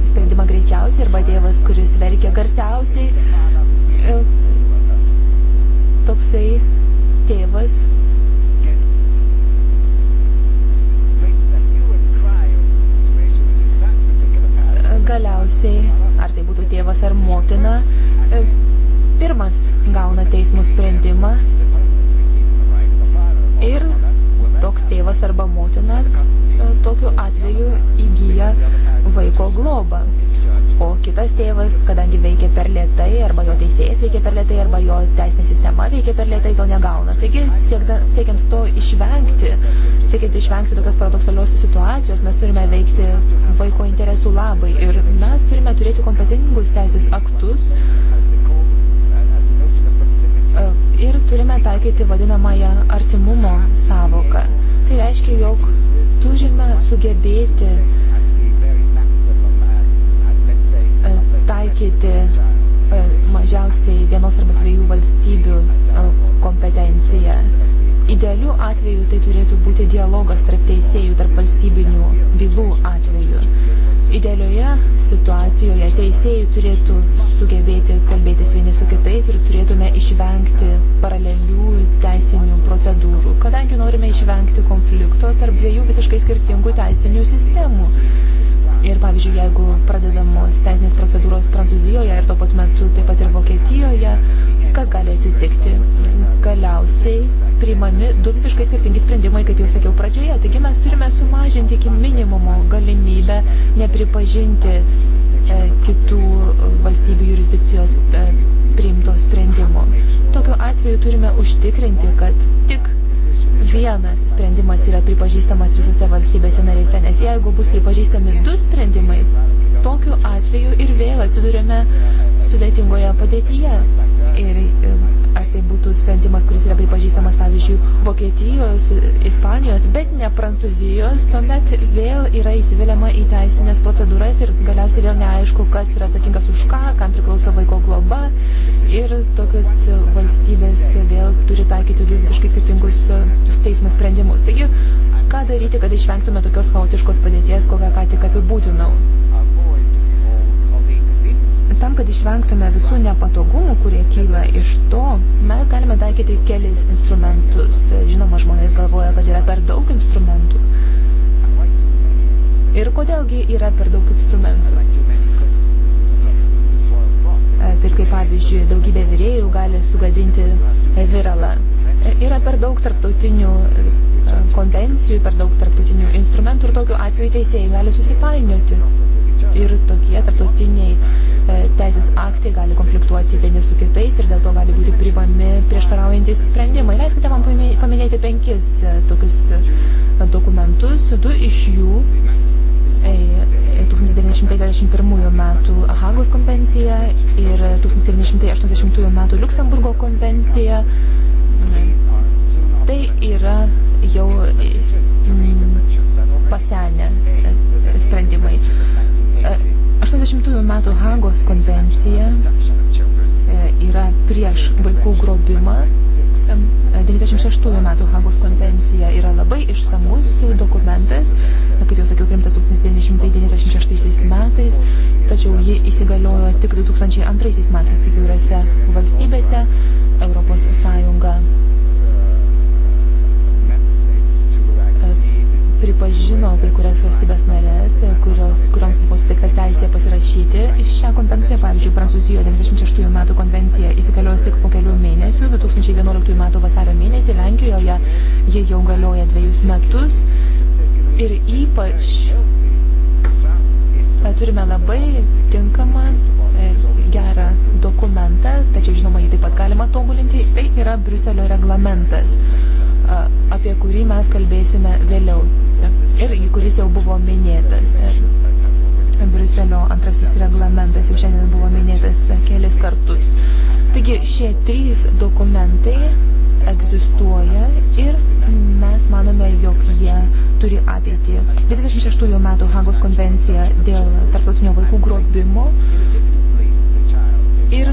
sprendimą greičiausiai arba tėvas, kuris verkia garsiausiai. E, toksai tėvas galiausiai, ar tai būtų tėvas ar motina, e, pirmas gauna teismo sprendimą ir toks tėvas arba motina e, tokiu atveju įgyja vaiko globą. O kitas tėvas, kadangi veikia per lietai, arba jo teisėjas veikia per lietai, arba jo teisinė sistema veikia per lietai, to negauna. Taigi, siekiant to išvengti, siekiant išvengti tokios paradoksalios situacijos, mes turime veikti vaiko interesų labai ir mes turime turėti kompetentingus teisės aktus, e, ir turime taikyti vadinamąją artimumo savoką. Tai reiškia, jog turime sugebėti e, taikyti e, mažiausiai vienos arba dviejų valstybių e, kompetenciją. Idealių atveju tai turėtų būti dialogas tarp teisėjų, tarp valstybinių bylų atveju. Idealioje situacijoje teisėjai turėtų sugebėti kalbėtis vieni su kitais ir turėtume išvengti paralelių teisinių procedūrų, kadangi norime išvengti konflikto tarp dviejų visiškai skirtingų teisinių sistemų. Ir pavyzdžiui, jeigu pradedamos teisinės procedūros Prancūzijoje ir tuo pat metu taip pat ir Vokietijoje, kas gali atsitikti? Galiausiai priimami du visiškai skirtingi sprendimai, kaip jau sakiau pradžioje. Taigi mes turime sumažinti iki minimumo galimybę nepripažinti e, kitų valstybių jurisdikcijos e, priimto sprendimo. Tokiu atveju turime užtikrinti, kad tik vienas sprendimas yra pripažįstamas visose valstybėse narėse, nes jeigu bus pripažįstami du sprendimai, tokiu atveju ir vėl atsidurime sudėtingoje padėtyje. Ir ar tai būtų sprendimas, kuris yra pripažįstamas, pavyzdžiui, Vokietijos, Ispanijos, bet ne Prancūzijos, tuomet vėl yra įsivėliama į teisinės procedūras ir galiausiai vėl neaišku, kas yra atsakingas už ką, kam priklauso vaiko globa ir tokios valstybės vėl turi taikyti du visiškai skirtingus teismo sprendimus. Taigi, ką daryti, kad išvengtume tokios chaotiškos padėties, kokią ką tik apibūdinau? tam, kad išvengtume visų nepatogumų, kurie kyla iš to, mes galime taikyti kelis instrumentus. Žinoma, žmonės galvoja, kad yra per daug instrumentų. Ir kodėlgi yra per daug instrumentų? E, taip kaip pavyzdžiui, daugybė virėjų gali sugadinti viralą. E, yra per daug tarptautinių e, konvencijų, per daug tarptautinių instrumentų ir tokiu atveju teisėjai gali susipainioti ir tokie tarptautiniai e, teisės aktai gali konfliktuoti vieni su kitais ir dėl to gali būti priimami prieštaraujantis sprendimai. Leiskite man paminėti penkis e, tokius e, dokumentus. Du iš jų 1951 metų Hagos konvencija ir 1980 metų Luksemburgo konvencija. Tai yra jau pasenę sprendimai. 80-ųjų metų Hagos konvencija yra prieš vaikų grobimą. 96 metų Hagos konvencija yra labai išsamus dokumentas, kaip jau sakiau, primtas 1996 metais, tačiau ji įsigaliojo tik 2002 metais kai kuriuose valstybėse. Europos Sąjunga pripažino kai kurias valstybės narės, e, kurios, kurioms buvo suteikta teisė pasirašyti šią konvenciją. Pavyzdžiui, Prancūzijoje 96 metų konvencija įsigalios tik po kelių mėnesių, 2011 metų vasario mėnesį Lenkijoje jie jau galioja dviejus metus. Ir ypač e, turime labai tinkamą e, gerą dokumentą, tačiau žinoma, jį taip pat galima tobulinti, tai yra Briuselio reglamentas apie kurį mes kalbėsime vėliau ir kuris jau buvo minėtas. E, Briuselio antrasis reglamentas jau šiandien buvo minėtas e, kelis kartus. Taigi šie trys dokumentai egzistuoja ir mes manome, jog jie turi ateitį. 96 metų Hagos konvencija dėl tarptautinio vaikų grobimo ir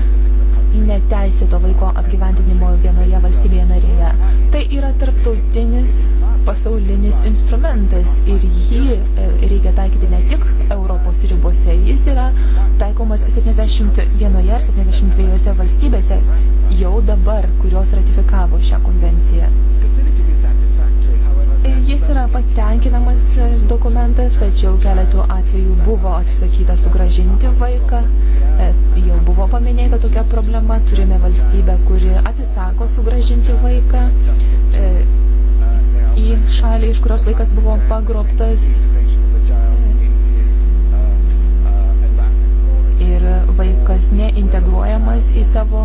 neteisėto vaiko apgyvendinimo vienoje valstybėje narėje. Tai yra tarptautinis pasaulinis instrumentas ir jį e, reikia taikyti ne tik Europos ribose, jis yra taikomas 71 ar 72 valstybėse jau dabar, kurios ratifikavo šią konvenciją. Jis yra patenkinamas dokumentas, tačiau keletų atvejų buvo atsisakyta sugražinti vaiką. E, jau buvo paminėta tokia problema. Turime valstybę, kuri atsisako sugražinti vaiką e, į šalį, iš kurios vaikas buvo pagrobtas. ir vaikas neintegruojamas į savo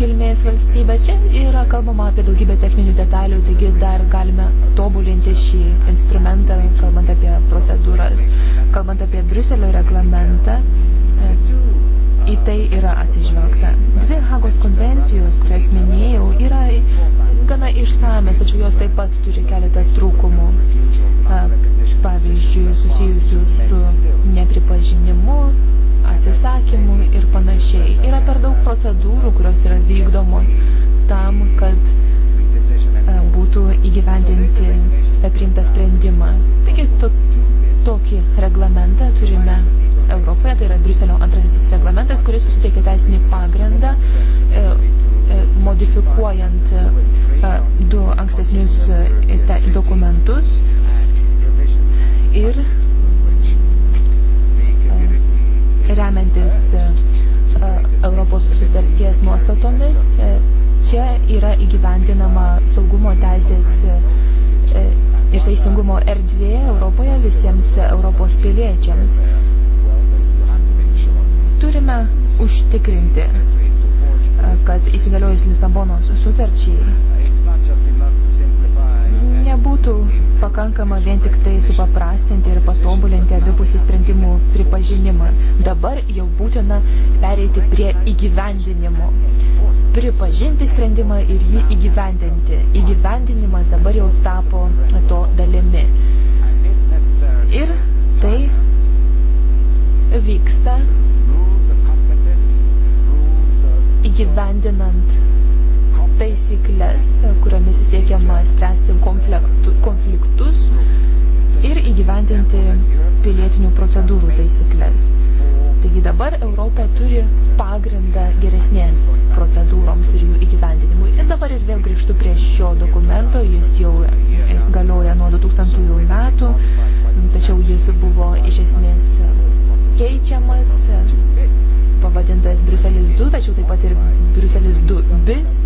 kilmės valstybę. Čia yra kalbama apie daugybę techninių detalių, taigi dar galime tobulinti šį instrumentą, kalbant apie procedūras, kalbant apie Briuselio reglamentą. Į tai yra atsižvelgta. Dvi Hagos konvencijos, kurias minėjau, yra gana išsamės, tačiau jos taip pat turi keletą trūkumų pavyzdžiui, susijusių su nepripažinimu, atsisakymui ir panašiai. Yra per daug procedūrų, kurios yra vykdomos tam, kad e, būtų įgyvendinti e, priimtą sprendimą. Taigi to, tokį reglamentą turime Europoje, tai yra Briuselio antrasis reglamentas, kuris suteikia teisinį pagrindą e, e, modifikuojant e, du ankstesnius e, te, dokumentus ir remiantis e, e, Europos sutarties nuostatomis, e, čia yra įgyvendinama saugumo teisės ir teisingumo erdvė Europoje visiems Europos piliečiams. Turime užtikrinti, kad įsigaliojus Lisabonos sutarčiai nebūtų pakankama vien tik tai supaprastinti ir patobulinti abipusį sprendimų pripažinimą. Dabar jau būtina pereiti prie įgyvendinimo. Pripažinti sprendimą ir jį įgyvendinti. Įgyvendinimas dabar jau tapo to dalimi. Ir tai vyksta įgyvendinant taisyklės, kuriomis siekiama spręsti konfliktus ir įgyvendinti pilietinių procedūrų taisyklės. Taigi dabar Europa turi pagrindą geresnėms procedūroms ir jų įgyvendinimui. Ir dabar ir vėl grįžtu prie šio dokumento, jis jau galioja nuo 2000 metų, tačiau jis buvo iš esmės keičiamas, pavadintas Bruselis 2, tačiau taip pat ir Bruselis 2 bis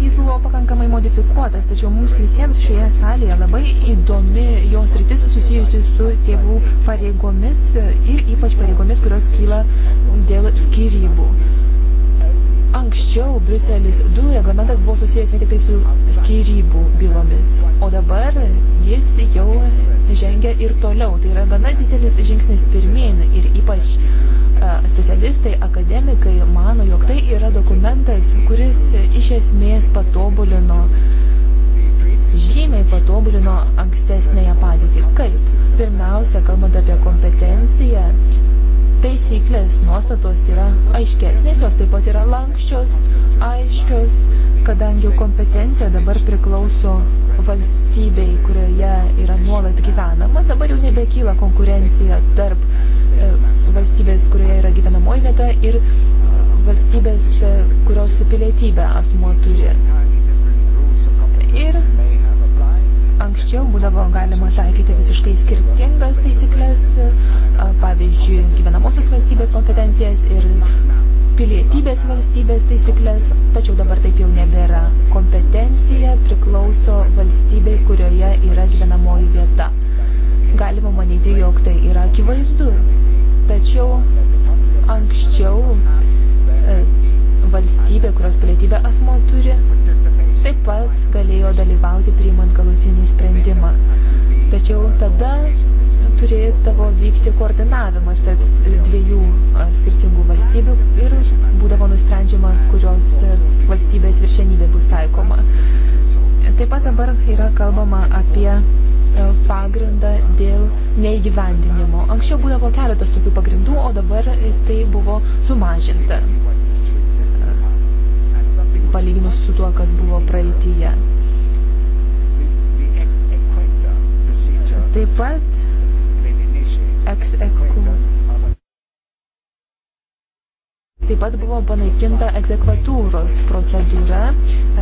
jis buvo pakankamai modifikuotas, tačiau mums visiems šioje salėje labai įdomi jos rytis susijusi su tėvų pareigomis ir ypač pareigomis, kurios kyla dėl skirybų. Anksčiau Bruselis 2 reglamentas buvo susijęs vien tik tai su skirybų bylomis, o dabar jis jau žengia ir toliau. Tai yra gana didelis žingsnis pirmin ir ypač a, e, specialistai, akademikai mano, jog tai yra dokumentas, kuris iš esmės patobulino žymiai patobulino ankstesnėje padėtį. Kaip? Pirmiausia, kalbant apie kompetenciją, taisyklės, nuostatos yra aiškesnės, jos taip pat yra lankščios, aiškios, kadangi kompetencija dabar priklauso valstybei, kurioje yra nuolat gyvenama, dabar jau nebekyla konkurencija tarp e, valstybės, kurioje yra gyvenamoji vieta ir valstybės, e, kurios pilietybę asmo turi. Ir Anksčiau būdavo galima taikyti visiškai skirtingas taisyklės, pavyzdžiui, gyvenamosios valstybės kompetencijas ir pilietybės valstybės taisyklės, tačiau dabar taip jau nebėra. Kompetencija priklauso valstybei, kurioje yra gyvenamoji vieta. Galima manyti, jog tai yra akivaizdu, tačiau anksčiau e, valstybė, kurios pilietybę asmo turi, taip pat galėjo dalyvauti priimant galutinį sprendimą. Tačiau tada turėdavo vykti koordinavimas tarp dviejų skirtingų valstybių ir būdavo nusprendžiama, kurios valstybės viršenybė bus taikoma. Taip pat dabar yra kalbama apie pagrindą dėl neįgyvendinimo. Anksčiau būdavo keletas tokių pagrindų, o dabar tai buvo sumažinta palyginus su tuo, kas buvo praeityje. Taip pat eksekvatų. Taip pat buvo panaikinta egzekvatūros procedūra,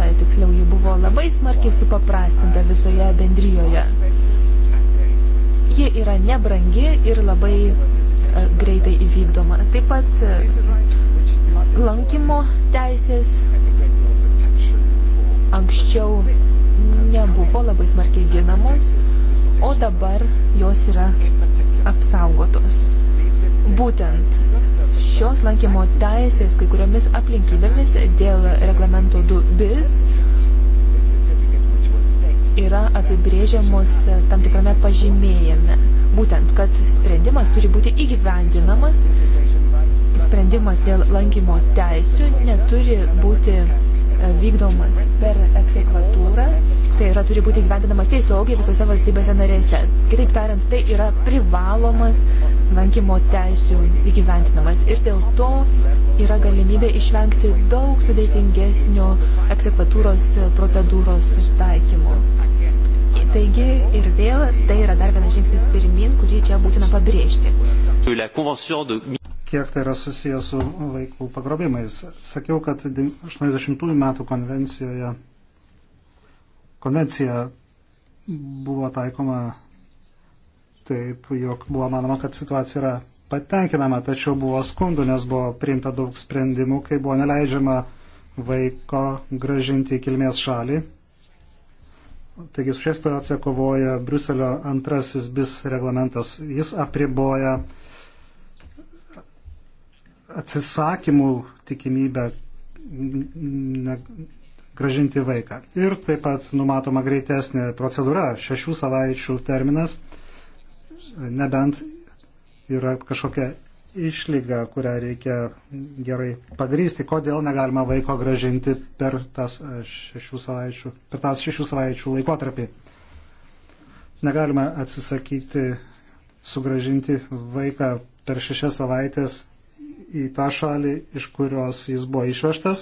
e, tiksliau ji buvo labai smarkiai supaprastinta visoje bendryjoje. Ji yra nebrangi ir labai e, greitai įvykdoma. Taip pat e, lankymo teisės anksčiau nebuvo labai smarkiai ginamos, o dabar jos yra apsaugotos. Būtent šios lankymo teisės kai kuriomis aplinkybėmis dėl reglamento 2 bis yra apibrėžiamos tam tikrame pažymėjime. Būtent, kad sprendimas turi būti įgyvendinamas, sprendimas dėl lankymo teisių neturi būti vykdomas per eksekvatūrą, tai yra turi būti gyvendinamas tiesiogiai visose valstybėse narėse. Kitaip tariant, tai yra privalomas lankymo teisių įgyventinamas ir dėl to yra galimybė išvengti daug sudėtingesnio eksekvatūros procedūros taikymo. Taigi ir vėl tai yra dar vienas žingsnis pirmin, kurį čia būtina pabrėžti. Kiek tai yra susijęs su vaikų pagrobimais? Sakiau, kad 80-ųjų metų konvencijoje konvencija buvo taikoma taip, jog buvo manoma, kad situacija yra patenkinama, tačiau buvo skundų, nes buvo priimta daug sprendimų, kai buvo neleidžiama vaiko gražinti į kilmės šalį Taigi su šia situacija kovoja Bruselio antrasis bis reglamentas. Jis apriboja atsisakymų tikimybę gražinti vaiką. Ir taip pat numatoma greitesnė procedūra, šešių savaičių terminas, nebent yra kažkokia išlyga, kurią reikia gerai pagrysti, kodėl negalima vaiko gražinti per, tas e, šešių savaičių, per tas šešių savaičių laikotarpį. Negalima atsisakyti sugražinti vaiką per šešias savaitės į tą šalį, iš kurios jis buvo išvežtas,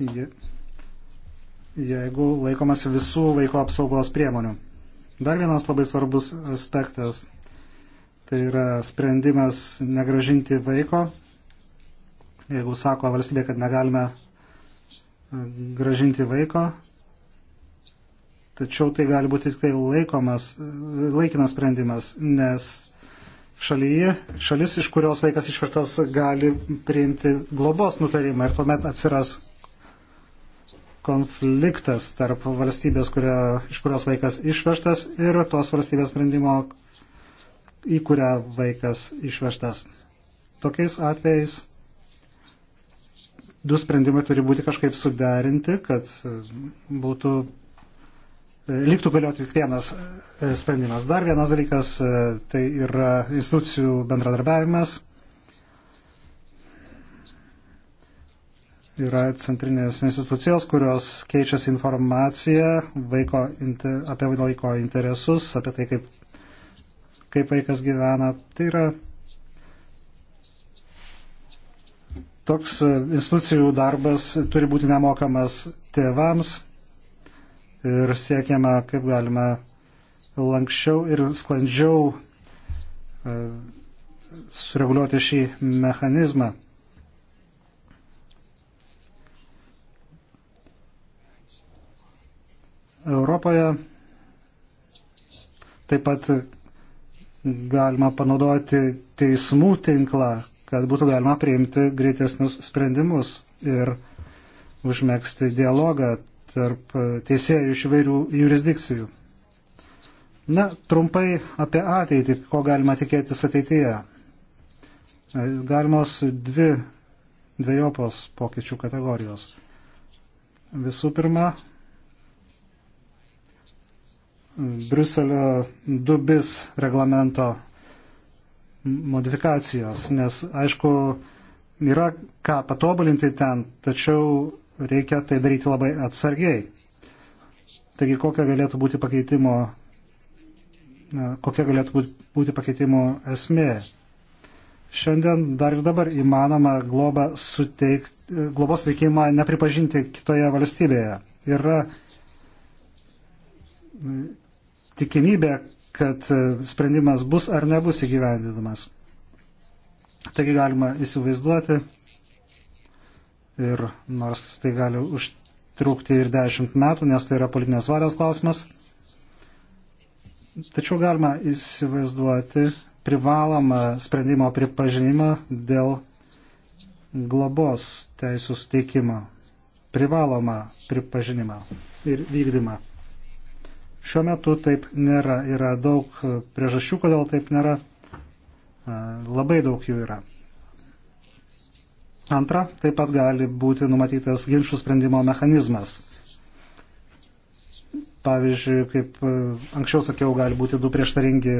jeigu laikomas visų vaiko apsaugos priemonių. Dar vienas labai svarbus aspektas Tai yra sprendimas negražinti vaiko, jeigu sako valstybė, kad negalime e, gražinti vaiko, tačiau tai gali būti tik tai laikomas, laikinas sprendimas, nes šalyje, šalis, iš kurios vaikas išvertas, gali priimti globos nutarimą ir tuomet atsiras konfliktas tarp valstybės, kurio, iš kurios vaikas išvežtas ir tos valstybės sprendimo, į kurią vaikas išvežtas. Tokiais atvejais du sprendimai turi būti kažkaip suderinti, kad būtų e, liktų galioti tik vienas e, sprendimas. Dar vienas dalykas e, tai yra institucijų bendradarbiavimas. Yra centrinės institucijos, kurios keičiasi informaciją vaiko, apie vaiko interesus, apie tai, kaip kaip vaikas gyvena. Tai yra toks institucijų darbas turi būti nemokamas tėvams ir siekiame, kaip galime lankščiau ir sklandžiau e, sureguliuoti šį mechanizmą. Europoje taip pat galima panaudoti teismų tinklą, kad būtų galima priimti greitesnius sprendimus ir užmėgsti dialogą tarp teisėjų iš vairių jurisdikcijų. Na, trumpai apie ateitį, ko galima tikėtis ateityje. Galimos dvi dviejopos pokyčių kategorijos. Visų pirma, Briuselio dubis reglamento modifikacijos, nes aišku, yra ką patobulinti ten, tačiau reikia tai daryti labai atsargiai. Taigi kokia galėtų būti pakeitimo, kokia galėtų būti pakeitimo esmė. Šiandien dar ir dabar įmanoma globą suteik, globos veikimą nepripažinti kitoje valstybėje. Yra tikimybė, kad e, sprendimas bus ar nebus įgyvendinamas. Taigi galima įsivaizduoti ir nors tai gali užtrukti ir dešimt metų, nes tai yra politinės valios klausimas, tačiau galima įsivaizduoti privalomą sprendimo pripažinimą dėl globos teisų suteikimo, privalomą pripažinimą ir vykdymą. Šiuo metu taip nėra. Yra daug priežasčių, kodėl taip nėra. E, labai daug jų yra. Antra, taip pat gali būti numatytas ginčių sprendimo mechanizmas. Pavyzdžiui, kaip e, anksčiau sakiau, gali būti du prieštaringi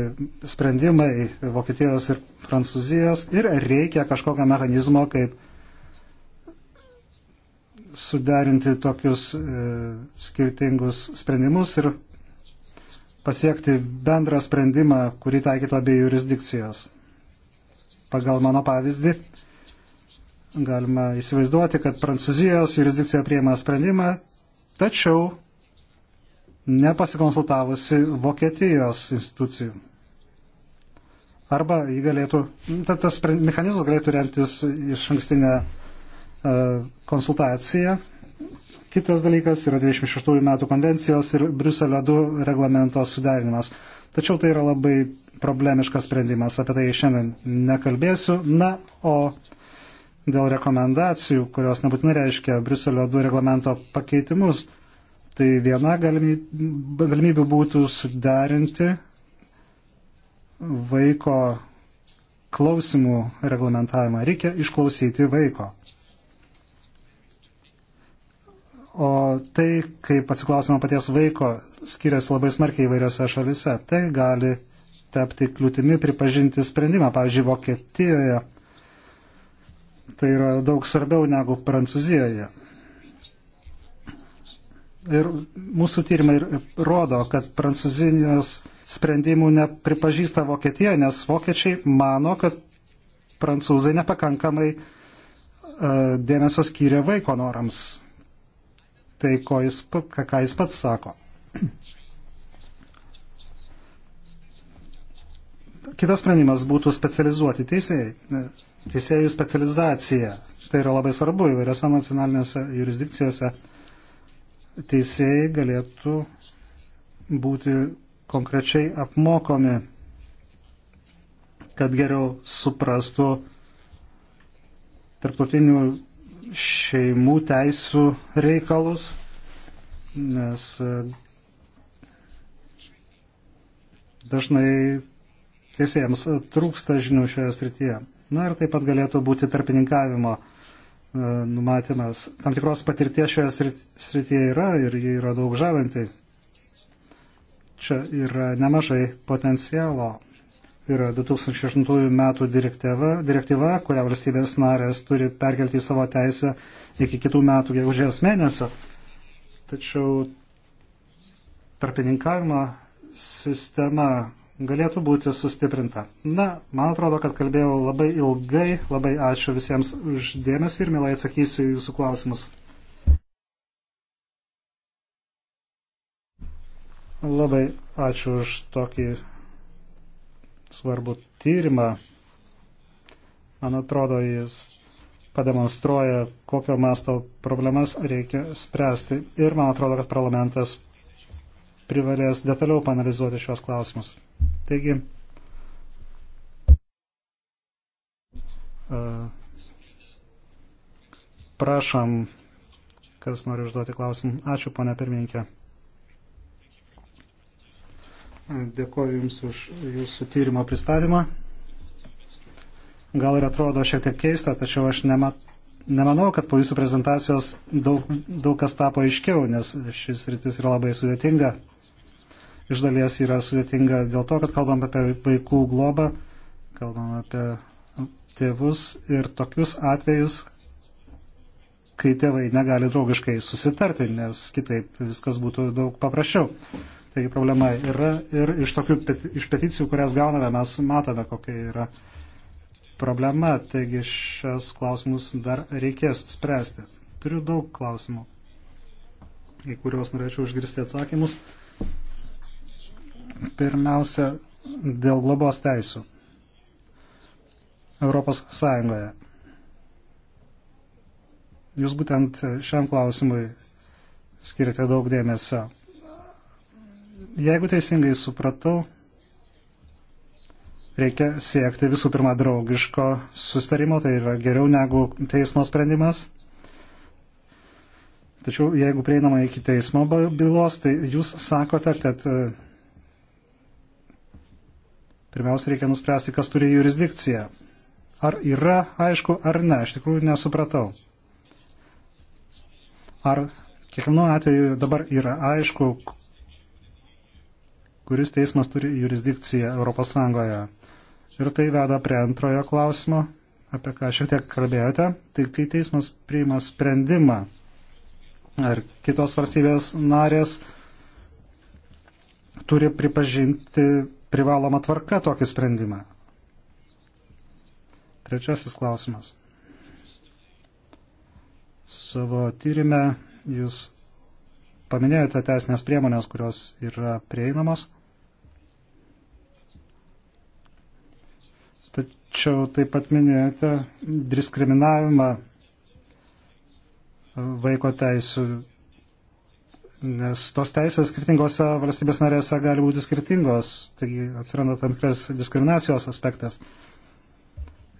sprendimai Vokietijos ir Prancūzijos ir reikia kažkokio mechanizmo, kaip suderinti tokius e, skirtingus sprendimus ir pasiekti bendrą sprendimą, kurį taikytų abie jurisdikcijos. Pagal mano pavyzdį, galima įsivaizduoti, kad Prancūzijos jurisdikcija prieima sprendimą, tačiau nepasikonsultavusi Vokietijos institucijų. Arba jį galėtų, ta, tas mechanizmas galėtų remtis iš ankstinę uh, konsultaciją Kitas dalykas yra 26 metų konvencijos ir Bruselio 2 reglamento suderinimas. Tačiau tai yra labai problemiškas sprendimas, apie tai šiandien nekalbėsiu. Na, o dėl rekomendacijų, kurios nebūtinai reiškia Bruselio 2 reglamento pakeitimus, tai viena galimybė būtų suderinti vaiko klausimų reglamentavimą. Reikia išklausyti vaiko. O tai, kaip atsiklausima paties vaiko, skiriasi labai smarkiai įvairiose šalise. Tai gali tapti kliūtimi pripažinti sprendimą. Pavyzdžiui, Vokietijoje tai yra daug svarbiau negu Prancūzijoje. Ir mūsų tyrimai rodo, kad Prancūzijos sprendimų nepripažįsta Vokietija, nes vokiečiai mano, kad prancūzai nepakankamai uh, dėmesio skyrė vaiko norams tai, jis, ką jis pats sako. Kitas sprendimas būtų specializuoti teisėjai, teisėjų specializacija. Tai yra labai svarbu įvairiose nacionalinėse jurisdikcijose. Teisėjai galėtų būti konkrečiai apmokomi, kad geriau suprastų tarptautinių šeimų teisų reikalus, nes e, dažnai teisėjams trūksta žinių šioje srityje. Na ir taip pat galėtų būti tarpininkavimo e, numatymas. Tam tikros patirties šioje srityje yra ir jie yra daug žalanti. Čia yra nemažai potencialo yra 2008 metų direktyva, direktyva, kurią valstybės narės turi perkelti į savo teisę iki kitų metų gegužės mėnesio. Tačiau tarpininkavimo sistema galėtų būti sustiprinta. Na, man atrodo, kad kalbėjau labai ilgai, labai ačiū visiems uždėmesį ir mielai atsakysiu jūsų klausimus. Labai ačiū už tokį svarbų tyrimą. Man atrodo, jis pademonstruoja, kokio masto problemas reikia spręsti. Ir man atrodo, kad parlamentas privalės detaliau panalizuoti šios klausimus. Taigi, e, prašom, kas nori užduoti klausimą. Ačiū, ponia pirmininkė. Dėkuoju Jums už Jūsų tyrimo pristatymą. Gal ir atrodo šiek tiek keista, tačiau aš nema, nemanau, kad po Jūsų prezentacijos daug, daug kas tapo aiškiau, nes šis rytis yra labai sudėtinga. Iš dalies yra sudėtinga dėl to, kad kalbam apie vaikų globą, kalbam apie tėvus ir tokius atvejus, kai tėvai negali draugiškai susitarti, nes kitaip viskas būtų daug paprasčiau. Taigi problema yra ir iš tokių iš peticijų, kurias gauname, mes matome, kokia yra problema. Taigi šios klausimus dar reikės spręsti. Turiu daug klausimų, į kuriuos norėčiau išgirsti atsakymus. Pirmiausia, dėl globos teisų Europos Sąjungoje. Jūs būtent šiam klausimui skirite daug dėmesio. Jeigu teisingai supratau, reikia siekti visų pirma draugiško sustarimo, tai yra geriau negu teismo sprendimas. Tačiau jeigu prieinama iki teismo bylos, tai jūs sakote, kad e, pirmiausia reikia nuspręsti, kas turi jurisdikciją. Ar yra aišku, ar ne, aš tikrųjų nesupratau. Ar kiekvienu atveju dabar yra aišku, kuris teismas turi jurisdikciją ES. Ir tai veda prie antrojo klausimo, apie ką šiek tiek kalbėjote. Tai kai teismas priima sprendimą, ar kitos valstybės narės turi pripažinti privalomą tvarką tokį sprendimą. Trečiasis klausimas. Savo tyrimę jūs paminėjote teisinės priemonės, kurios yra prieinamos. Tačiau taip pat minėjote diskriminavimą vaiko teisų, nes tos teisės skirtingose valstybės narėse gali būti skirtingos, taigi atsiranda tam tikras diskriminacijos aspektas.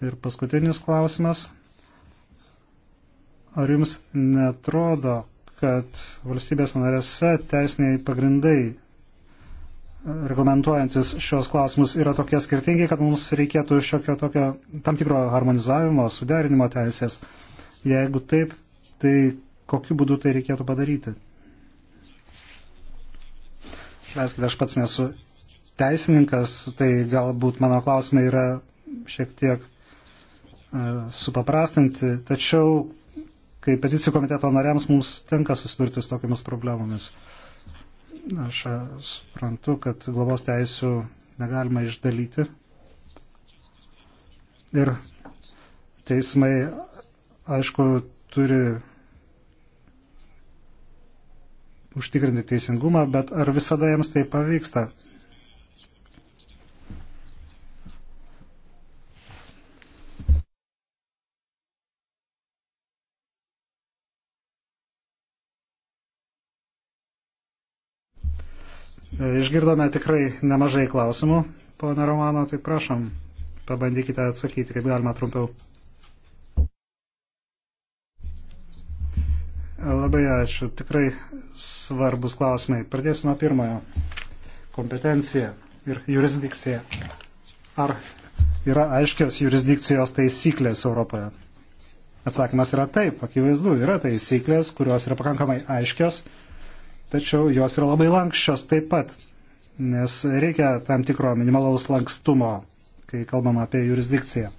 Ir paskutinis klausimas. Ar jums netrodo, kad valstybės narėse teisiniai pagrindai reglamentuojantis šios klausimus yra tokie skirtingi, kad mums reikėtų šiokio tokio tam tikro harmonizavimo, suderinimo teisės. Jeigu taip, tai kokiu būdu tai reikėtų padaryti? Leiskite, aš pats nesu teisininkas, tai galbūt mano klausimai yra šiek tiek uh, supaprastinti, tačiau kaip peticijų komiteto nariams mums tenka susidurti su tokiamis problemomis. Uh, Aš suprantu, kad globos teisų negalima išdalyti. Ir teismai, aišku, turi užtikrinti teisingumą, bet ar visada jiems tai pavyksta? E, išgirdome tikrai nemažai klausimų, pono Romano, tai prašom, pabandykite atsakyti, kaip galima trumpiau. Labai ačiū, tikrai svarbus klausimai. Pradėsiu nuo pirmojo. Kompetencija ir jurisdikcija. Ar yra aiškios jurisdikcijos taisyklės Europoje? Atsakymas yra taip, akivaizdu, yra taisyklės, kurios yra pakankamai aiškios tačiau jos yra labai lankščios taip pat, nes reikia tam tikro minimalaus lankstumo, kai kalbam apie jurisdikciją.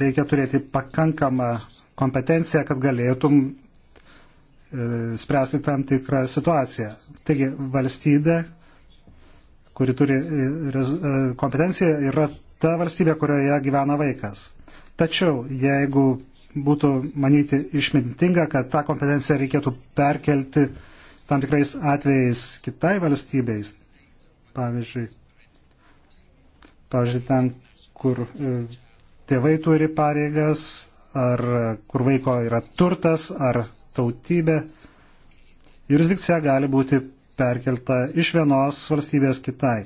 Reikia turėti pakankamą kompetenciją, kad galėtum e, spręsti tam tikrą situaciją. Taigi valstybė, kuri turi e, e, kompetenciją, yra ta valstybė, kurioje gyvena vaikas. Tačiau jeigu būtų manyti išmintinga, kad tą kompetenciją reikėtų perkelti tam tikrais atvejais kitai valstybei. Pavyzdžiui, pavyzdžiui, ten, kur e, tėvai turi pareigas, ar e, kur vaiko yra turtas, ar tautybė. Jurisdikcija gali būti perkelta iš vienos valstybės kitai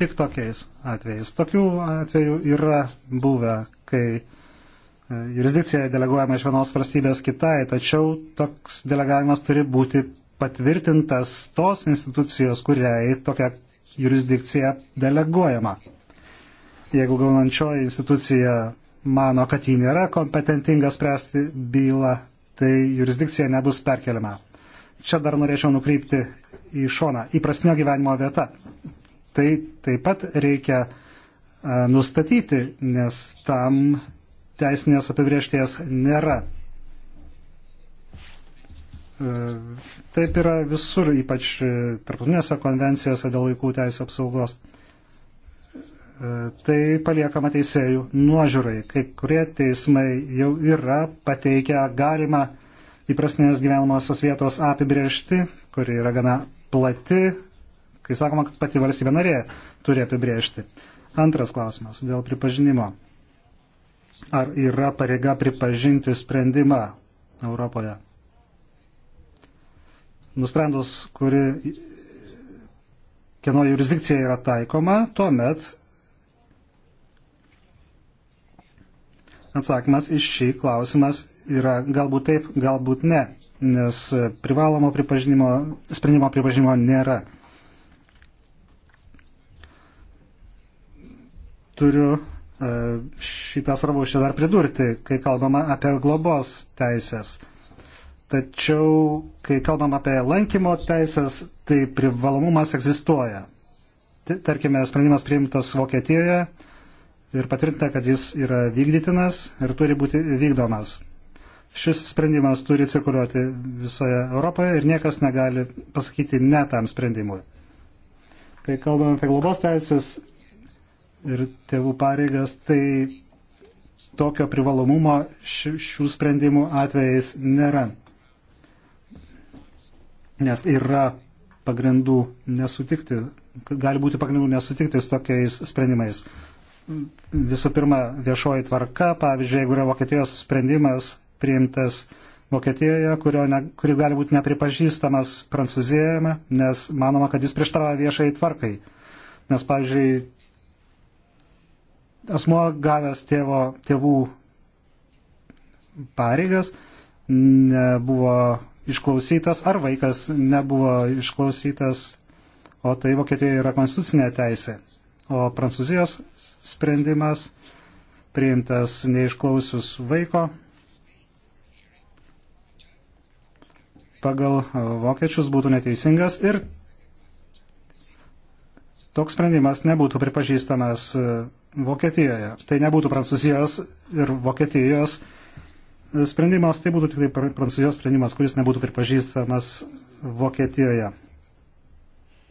tik tokiais atvejais. Tokių atvejų yra buvę, kai e, jurisdikcija deleguojama iš vienos valstybės kitai, tačiau toks delegavimas turi būti patvirtintas tos institucijos, kuriai tokia jurisdikcija deleguojama. Jeigu gaunančioji institucija mano, kad ji nėra kompetentinga spręsti bylą, tai jurisdikcija nebus perkeliama. Čia dar norėčiau nukreipti į šoną, įprastinio gyvenimo vieta tai taip pat reikia nustatyti, nes tam teisinės apibriešties nėra. Taip yra visur, ypač tarptautinėse konvencijose dėl vaikų teisų apsaugos. Tai paliekama teisėjų nuožiūrai. Kai kurie teismai jau yra pateikę galimą įprastinės gyvenamosios vietos apibriešti, kuri yra gana plati, kai sakoma, kad pati valstybė narė turi apibriežti. Antras klausimas dėl pripažinimo. Ar yra pareiga pripažinti sprendimą Europoje? Nusprendus, kuri, kieno jurisdikcija yra taikoma, tuomet atsakymas iš šį klausimas yra galbūt taip, galbūt ne, nes privalomo pripažinimo, sprendimo pripažinimo nėra. turiu e, šitą svarbu čia dar pridurti, kai kalbama apie globos teisės. Tačiau, kai kalbam apie lankymo teisės, tai privalomumas egzistuoja. Tarkime, sprendimas priimtas Vokietijoje ir patvirtinta, kad jis yra vykdytinas ir turi būti vykdomas. Šis sprendimas turi cirkuliuoti visoje Europoje ir niekas negali pasakyti ne tam sprendimui. Kai kalbame apie globos teisės, ir tėvų pareigas, tai tokio privalomumo šių sprendimų atvejais nėra. Nes yra pagrindų nesutikti, gali būti pagrindų nesutikti su tokiais sprendimais. Visų pirma, viešoji tvarka, pavyzdžiui, jeigu yra Vokietijos sprendimas priimtas Vokietijoje, ne, kuris gali būti nepripažįstamas Prancūzijoje, nes manoma, kad jis prieštarauja viešai tvarkai. Nes, pavyzdžiui, asmo gavęs tėvo, tėvų pareigas nebuvo išklausytas ar vaikas nebuvo išklausytas, o tai Vokietijoje yra konstitucinė teisė. O Prancūzijos sprendimas priimtas neišklausius vaiko pagal vokiečius būtų neteisingas ir toks sprendimas nebūtų pripažįstamas Vokietijoje. Tai nebūtų Prancūzijos ir Vokietijos e, sprendimas, tai būtų tik tai Prancūzijos sprendimas, kuris nebūtų pripažįstamas Vokietijoje.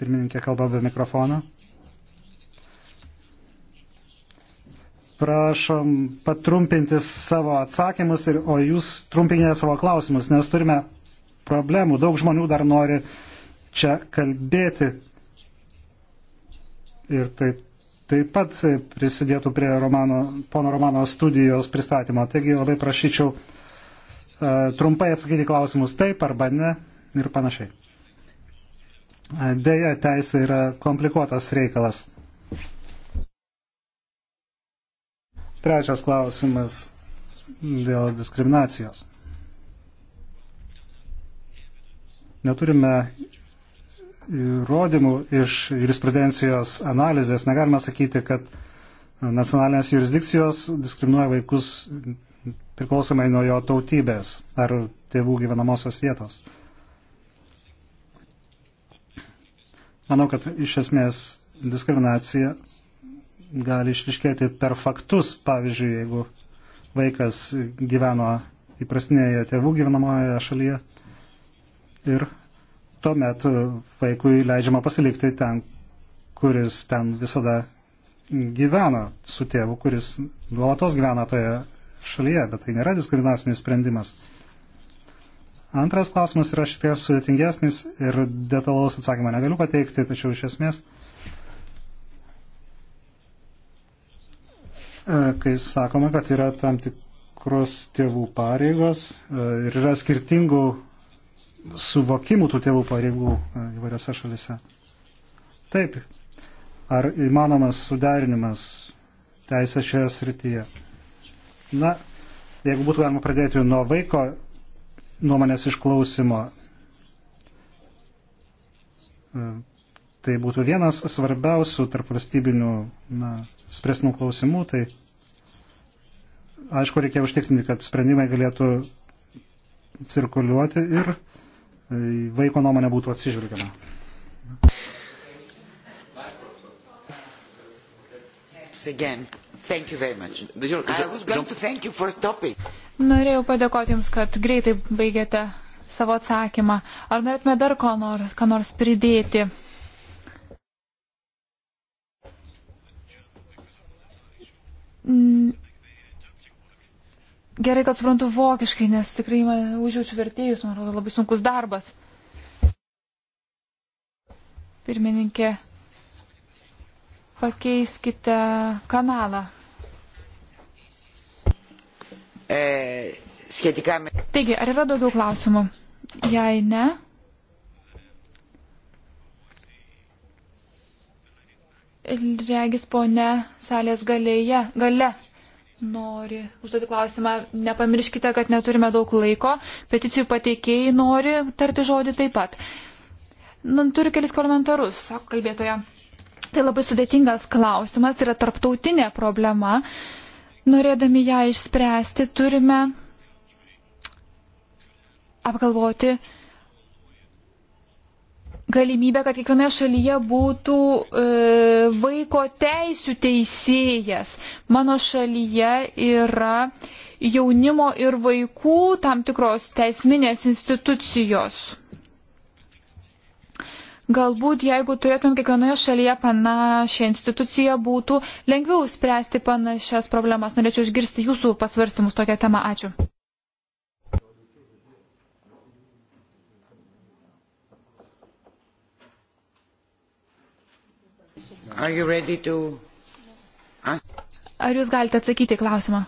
Pirmininkė kalba be mikrofono. Prašom patrumpinti savo atsakymus, ir, o jūs trumpinkite savo klausimus, nes turime problemų. Daug žmonių dar nori čia kalbėti. Ir tai taip pat prisidėtų prie Romano, pono Romano studijos pristatymo. Taigi labai prašyčiau e, trumpai atsakyti klausimus taip arba ne ir panašiai. E, deja, teisė yra komplikuotas reikalas. Trečias klausimas dėl diskriminacijos. Neturime įrodymų iš jurisprudencijos analizės negalima sakyti, kad nacionalinės jurisdikcijos diskriminuoja vaikus priklausomai nuo jo tautybės ar tėvų gyvenamosios vietos. Manau, kad iš esmės diskriminacija gali išriškėti per faktus, pavyzdžiui, jeigu vaikas gyveno įprastinėje tėvų gyvenamoje šalyje ir tuomet e, vaikui leidžiama pasilikti ten, kuris ten visada gyvena su tėvu, kuris nuolatos gyvena toje šalyje, bet tai nėra diskriminacinis sprendimas. Antras klausimas yra šiek tiek sudėtingesnis ir detalaus atsakymą negaliu pateikti, tačiau iš esmės, e, kai sakoma, kad yra tam tikros tėvų pareigos e, ir yra skirtingų suvokimų tų tėvų pareigų e, įvairiose šalise. Taip, ar įmanomas suderinimas teisė šioje srityje? Na, jeigu būtų galima pradėti nuo vaiko nuomonės išklausimo, e, tai būtų vienas svarbiausių tarp valstybinių na, spresnų klausimų, tai aišku, reikia užtikrinti, kad sprendimai galėtų cirkuliuoti ir Tai vaiko nuomonė būtų atsižvelgiama. Norėjau padėkoti Jums, kad greitai baigėte savo atsakymą. Ar norėtume dar ko nors, ko nors pridėti? Gerai, kad suprantu vokiškai, nes tikrai man užjaučiu vertėjus, man atrodo, labai sunkus darbas. Pirmininkė, pakeiskite kanalą. E, Taigi, ar yra daugiau klausimų? Jei ne, regis ponia salės galėje, gale nori užduoti klausimą. Nepamirškite, kad neturime daug laiko. Peticijų pateikėjai nori tarti žodį taip pat. Nu, turiu kelis komentarus, sako kalbėtoja. Tai labai sudėtingas klausimas, tai yra tarptautinė problema. Norėdami ją išspręsti, turime apgalvoti galimybę, kad kiekvienoje šalyje būtų e, vaiko teisų teisėjas. Mano šalyje yra jaunimo ir vaikų tam tikros teisminės institucijos. Galbūt jeigu turėtumėm kiekvienoje šalyje panašią instituciją, būtų lengviau spręsti panašias problemas. Norėčiau išgirsti jūsų pasvarstymus tokią temą. Ačiū. To... Ar jūs galite atsakyti klausimą?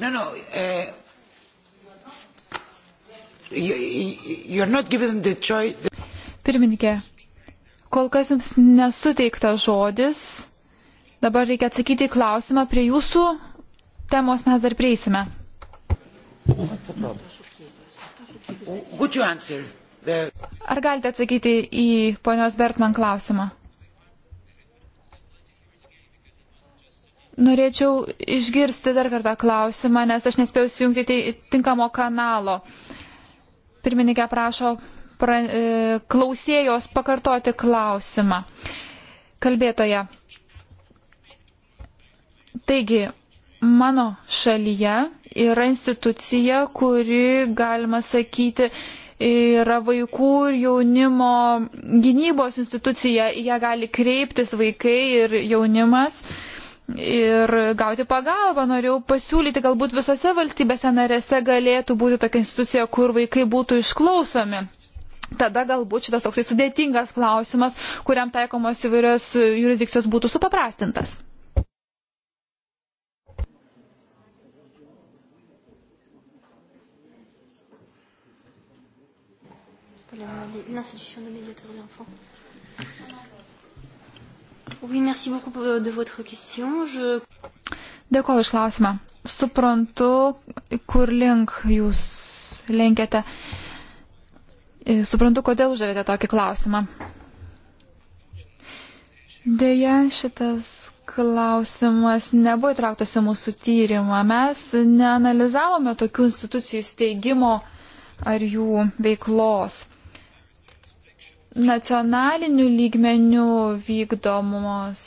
No, no. Uh, you, you're not given the choice. Pirmininkė, Kol kas jums nesuteikta žodis. Dabar reikia atsakyti į klausimą. Prie jūsų temos mes dar prieisime. Ar galite atsakyti į ponios Bertman klausimą? Norėčiau išgirsti dar kartą klausimą, nes aš nespėjau sujungti tinkamo kanalo. Pirmininkė prašo pra, e, klausėjos pakartoti klausimą. Kalbėtoja. Taigi, mano šalyje yra institucija, kuri, galima sakyti, yra vaikų ir jaunimo gynybos institucija, į ją gali kreiptis vaikai ir jaunimas ir gauti pagalbą. Norėjau pasiūlyti, galbūt visose valstybėse narėse galėtų būti tokia institucija, kur vaikai būtų išklausomi tada galbūt šitas toksai sudėtingas klausimas, kuriam taikomos įvairios jurisdikcijos būtų supaprastintas. l'institution de médiateur de l'enfant. Oui, merci beaucoup euh, de votre question. Je... Dėkuoju iš klausimą. Suprantu, kur link jūs lenkiate. Uh, E, suprantu, kodėl uždavėte tokį klausimą. Deja, šitas klausimas nebuvo įtrauktas į mūsų tyrimą. Mes neanalizavome tokių institucijų steigimo ar jų veiklos. Nacionaliniu lygmeniu vykdomos,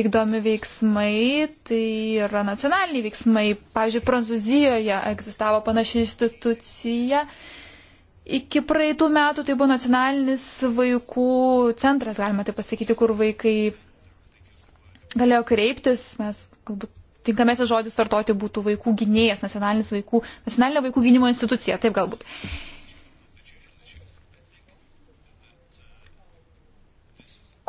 vykdomi veiksmai, tai yra nacionaliniai veiksmai. Pavyzdžiui, Prancūzijoje egzistavo panaši institucija Iki praeitų metų tai buvo nacionalinis vaikų centras, galima tai pasakyti, kur vaikai galėjo kreiptis, mes galbūt tinkamesnis žodis vartoti būtų vaikų gynėjas, nacionalinis vaikų, nacionalinė vaikų gynimo institucija, taip galbūt.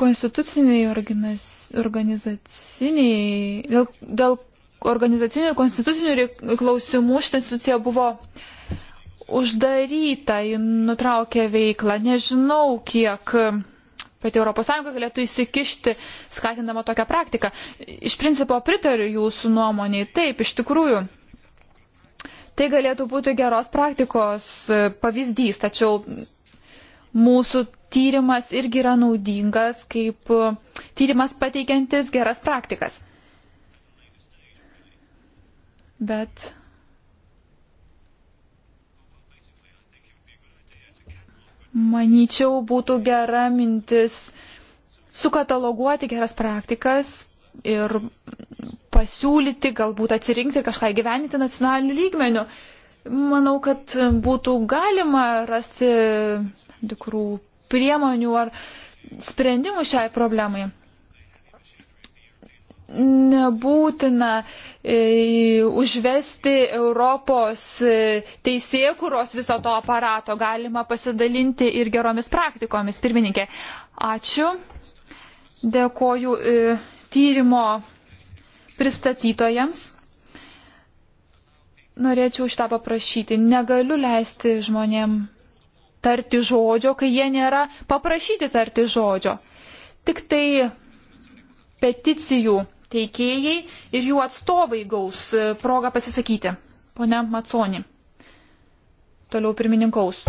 Konstituciniai organiz, organizaciniai, dėl, dėl organizacinių ir konstitucinių klausimų šitą instituciją buvo uh, uždaryta, ji nutraukė veiklą. Nežinau, kiek pati ES galėtų įsikišti, skatindama tokią praktiką. Iš principo pritariu jūsų nuomoniai. Taip, iš tikrųjų. Tai galėtų būti geros praktikos e, pavyzdys, tačiau mūsų tyrimas irgi yra naudingas kaip e, tyrimas pateikiantis geras praktikas. Bet manyčiau, būtų gera mintis sukataloguoti geras praktikas ir pasiūlyti, galbūt atsirinkti ir kažką įgyveninti nacionaliniu lygmeniu. Manau, kad būtų galima rasti tikrų priemonių ar sprendimų šiai problemai nebūtina e, užvesti Europos e, teisėkuros viso to aparato, galima pasidalinti ir geromis praktikomis. Pirmininkė, ačiū. Dėkoju e, tyrimo pristatytojams. Norėčiau šitą paprašyti. Negaliu leisti žmonėm tarti žodžio, kai jie nėra paprašyti tarti žodžio. Tik tai peticijų teikėjai ir jų atstovai gaus e, progą pasisakyti. Pone Maconi. Toliau pirmininkaus.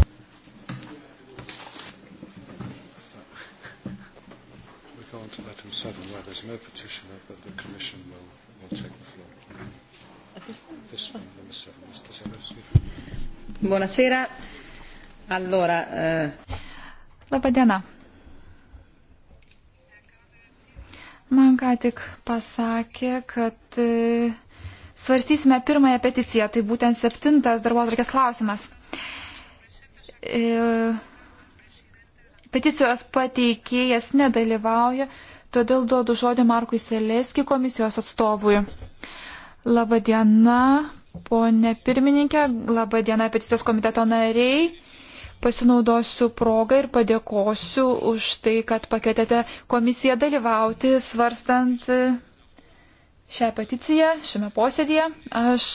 Buonasera. Allora, eh... Labadiena. Man ką tik pasakė, kad e, svarstysime pirmąją peticiją, tai būtent septintas darbo atrakės klausimas. E, peticijos pateikėjas nedalyvauja, todėl duodu žodį Markui Seleski komisijos atstovui. Labadiena, ponė pirmininkė, labadiena peticijos komiteto nariai. Pasinaudosiu progą ir padėkosiu už tai, kad pakvietėte komisiją dalyvauti svarstant e, šią peticiją, šiame posėdėje. Aš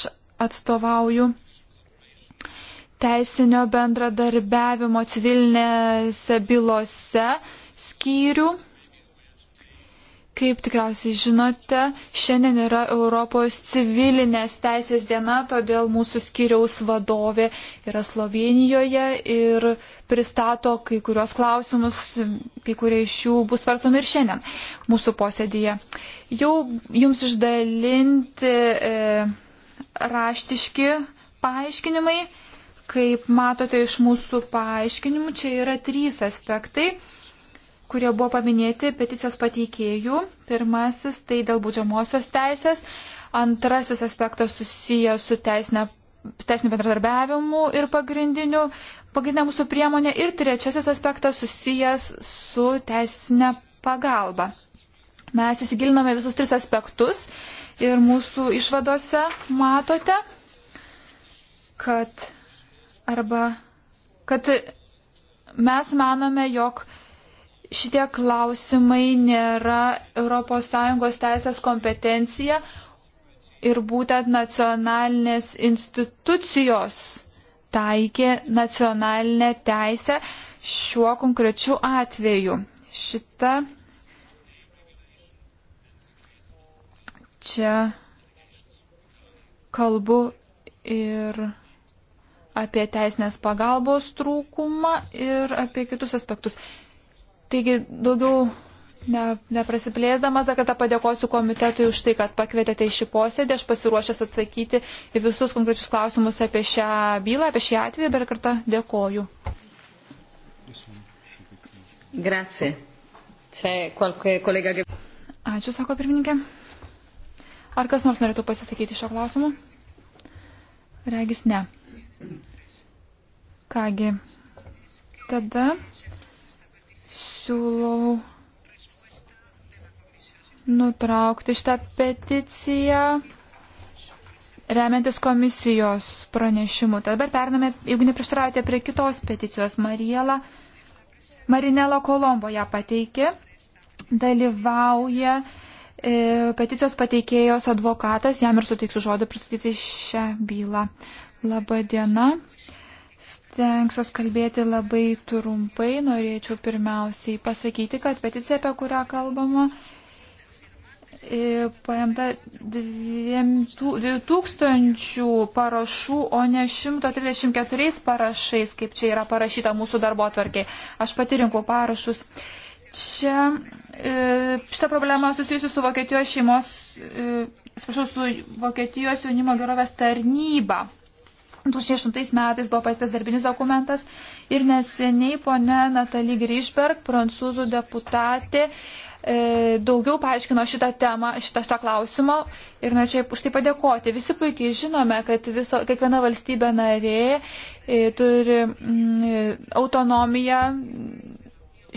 atstovauju teisinio bendradarbiavimo civilinėse bylose skyrių Kaip tikriausiai žinote, šiandien yra Europos civilinės teisės diena, todėl mūsų skyriaus vadovė yra Slovenijoje ir pristato kai kurios klausimus, kai kurie iš jų bus svarstomi ir šiandien mūsų posėdėje. Jau jums išdalinti e, raštiški paaiškinimai. Kaip matote iš mūsų paaiškinimų, čia yra trys aspektai kurie buvo paminėti peticijos pateikėjų. Pirmasis tai dėl būdžiamosios teisės, antrasis aspektas susijęs su teisinė, teisiniu bendradarbiavimu ir pagrindiniu, pagrindinė mūsų priemonė ir trečiasis aspektas susijęs su teisinė pagalba. Mes įsigilinome visus tris aspektus ir mūsų išvadose matote, kad arba kad mes manome, jog šitie klausimai nėra ES teisės kompetencija ir būtent nacionalinės institucijos taikė nacionalinę teisę šiuo konkrečiu atveju. Šita čia kalbu ir apie teisinės pagalbos trūkumą ir apie kitus aspektus. Taigi daugiau ne, neprasiplėsdamas dar kartą padėkosiu komitetui už tai, kad pakvietėte į šį posėdį. Aš pasiruošęs atsakyti į visus konkrečius klausimus apie šią bylą, apie šį atvejį. Dar kartą dėkoju. Grazie. C'è qualche collega che... Ačiū, sako pirmininkė. Ar kas nors norėtų pasisakyti šio klausimu? Regis ne. Kągi, tada siūlau nutraukti šitą peticiją remiantis komisijos pranešimu. Tad dabar pername, jeigu neprieštaraujate, prie kitos peticijos. Mariela, Marinela Kolombo ją pateikė, dalyvauja e, peticijos pateikėjos advokatas, jam ir suteiksiu žodį pristatyti šią bylą. Labą dieną. Stengsiuos kalbėti labai trumpai. Norėčiau pirmiausiai pasakyti, kad peticija, apie kurią kalbama, e, paremta 2000 parašų, o ne 134 parašais, kaip čia yra parašyta mūsų darbo tvarkiai. Aš patirinkau parašus. Čia e, šitą problemą susijusiu su Vokietijos šeimos, e, atsiprašau, su Vokietijos jaunimo gerovės tarnyba. 2008 metais buvo pateiktas darbinis dokumentas ir neseniai ponė Natalie Grįžberg, prancūzų deputatė, e, daugiau paaiškino šitą temą, šitą, šitą klausimą ir norėčiau už tai padėkoti. Visi puikiai žinome, kad viso, kiekviena valstybė narė e, turi mm, e, autonomiją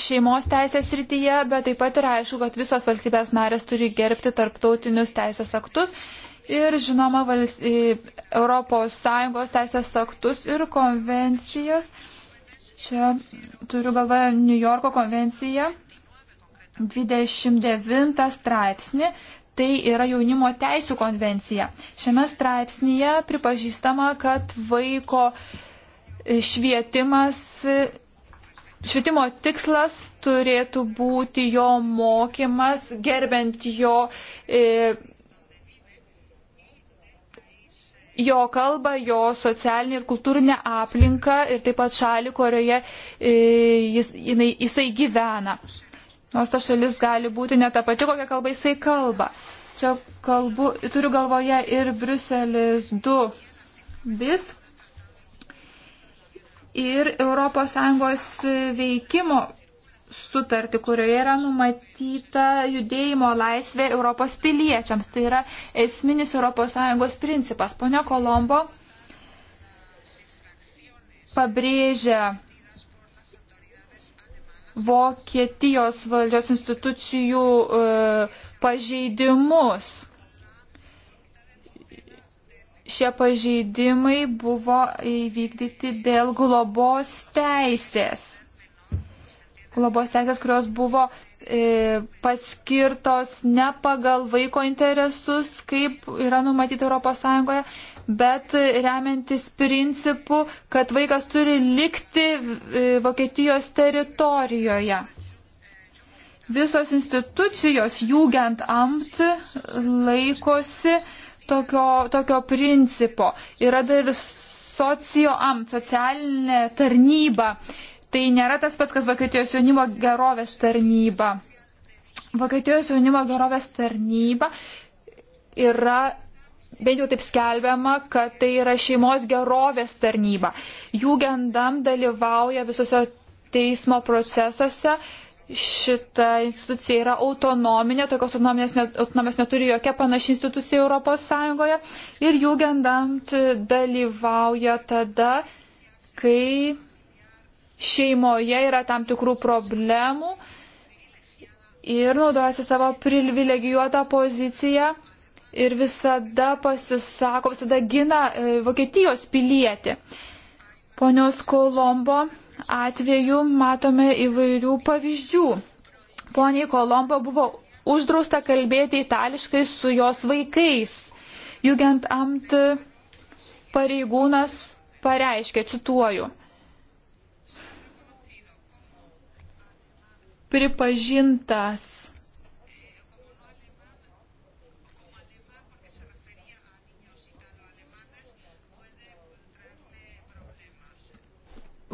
šeimos teisės rytyje, bet taip pat yra aišku, kad visos valstybės narės turi gerbti tarptautinius teisės aktus ir žinoma vals, ES teisės aktus ir konvencijas. Čia turiu galvoje New Yorko konvenciją 29 straipsnį. Tai yra jaunimo teisų konvencija. Šiame straipsnėje pripažįstama, kad vaiko švietimas švietimo tikslas turėtų būti jo mokymas, gerbent jo e, jo kalbą, jo socialinį ir kultūrinę aplinką ir taip pat šalį, kurioje e, jis, jinai, jisai gyvena. Nors ta šalis gali būti ne ta pati, kokią kalbą jisai kalba. Čia kalbu, turiu galvoje ir Bruselis 2 bis ir ES veikimo sutartį, kurioje yra numatyta judėjimo laisvė Europos piliečiams. Tai yra esminis ES principas. Pone Kolombo pabrėžia Vokietijos valdžios institucijų e, pažeidimus. Šie pažeidimai buvo įvykdyti dėl globos teisės globos teisės, kurios buvo e, paskirtos ne pagal vaiko interesus, kaip yra numatyta ES, bet remiantis principu, kad vaikas turi likti e, Vokietijos teritorijoje. Visos institucijos, jūgiant amt, laikosi tokio, tokio principo. Yra dar socioamt, socialinė tarnyba tai nėra tas pats, kas Vokietijos jaunimo gerovės tarnyba. Vokietijos jaunimo gerovės tarnyba yra, bent jau taip skelbiama, kad tai yra šeimos gerovės tarnyba. Jų gendam dalyvauja visose teismo procesuose. Šita institucija yra autonominė, tokios autonomijos, net, autonomijos neturi jokia panaši institucija Europos Sąjungoje. Ir jų gendam dalyvauja tada, kai šeimoje yra tam tikrų problemų ir naudojasi savo privilegijuotą poziciją ir visada pasisako, visada gina e, Vokietijos pilietį. Ponios Kolombo atveju matome įvairių pavyzdžių. Poniai Kolombo buvo uždrausta kalbėti itališkai su jos vaikais. Jugend amt pareigūnas pareiškė, cituoju, pripažintas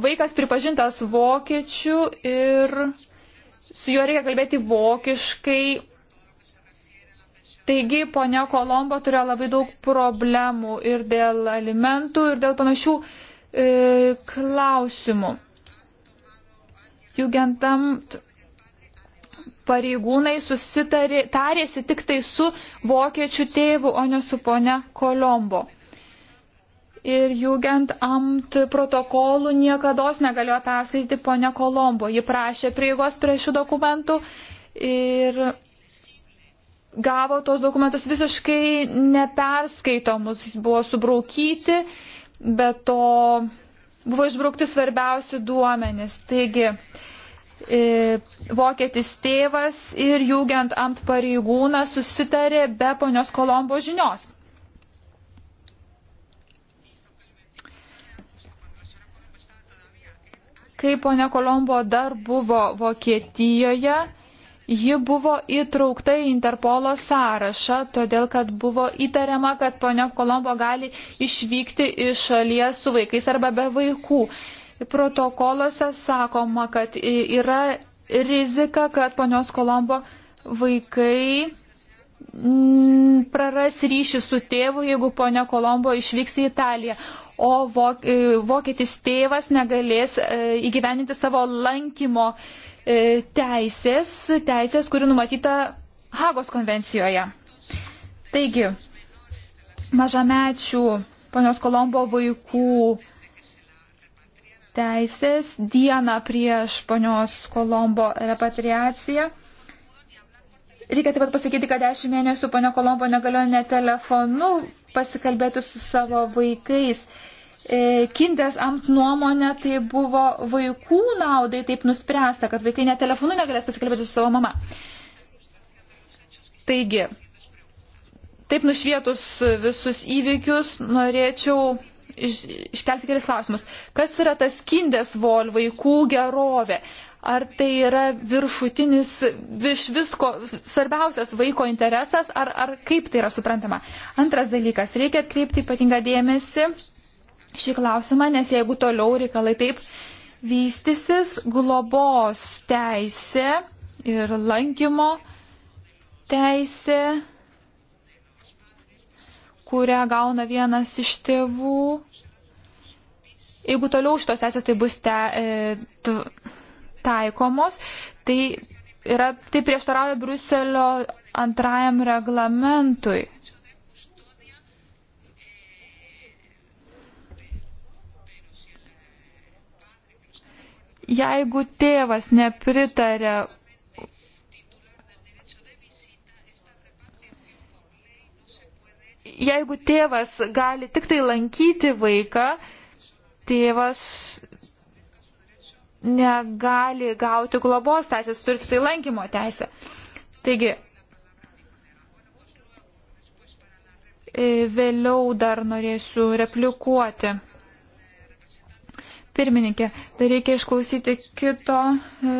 vaikas pripažintas vokiečių ir su juo reikia kalbėti vokiškai. Taigi, ponia Kolombo turėjo labai daug problemų ir dėl alimentų, ir dėl panašių e, klausimų. Jugendamt pareigūnai susitarė, tarėsi tik tai su vokiečių tėvu, o ne su ponia Kolombo. Ir Jugend Amt protokolų niekada negalėjo perskaityti ponia Kolombo. Ji prašė prieigos prie šių dokumentų ir gavo tos dokumentus visiškai neperskaitomus, buvo subraukyti, bet to buvo išbraukti svarbiausi duomenys. Taigi, E, vokietis tėvas ir jūgiant ant pareigūną susitarė be ponios Kolombo žinios. Kai ponia Kolombo dar buvo Vokietijoje, ji buvo įtraukta į Interpolo sąrašą, todėl kad buvo įtariama, kad ponia Kolombo gali išvykti iš šalies su vaikais arba be vaikų protokoluose sakoma, kad yra rizika, kad ponios Kolombo vaikai mm, praras ryšį su tėvu, jeigu ponia Kolombo išvyks į Italiją, o vokietis tėvas negalės e, įgyveninti savo lankymo e, teisės, teisės, kuri numatyta Hagos konvencijoje. Taigi, mažamečių ponios Kolombo vaikų teisės dieną prieš ponios Kolombo repatriaciją. Reikia taip pat pasakyti, kad dešimt mėnesių ponia Kolombo negalėjo net telefonu pasikalbėti su savo vaikais. E, Kindės amt nuomonė tai buvo vaikų naudai taip nuspręsta, kad vaikai net telefonu negalės pasikalbėti su savo mama. Taigi, taip nušvietus visus įvykius, norėčiau iš, iškelti kelis klausimus. Kas yra tas kindės vol vaikų gerovė? Ar tai yra viršutinis, virš visko svarbiausias vaiko interesas, ar, ar kaip tai yra suprantama? Antras dalykas, reikia atkreipti ypatingą dėmesį šį klausimą, nes jeigu toliau reikalai taip vystysis, globos teisė ir lankymo teisė kurią gauna vienas iš tėvų. Jeigu toliau šitos teisės tai bus te, e, t, taikomos, tai, yra, tai prieštarauja Bruselio antrajam reglamentui. Jeigu tėvas nepritarė jeigu tėvas gali tik tai lankyti vaiką, tėvas negali gauti globos teisės, turi tik tai lankymo teisę. Taigi, e, vėliau dar norėsiu replikuoti. Pirmininkė, tai reikia išklausyti kito e,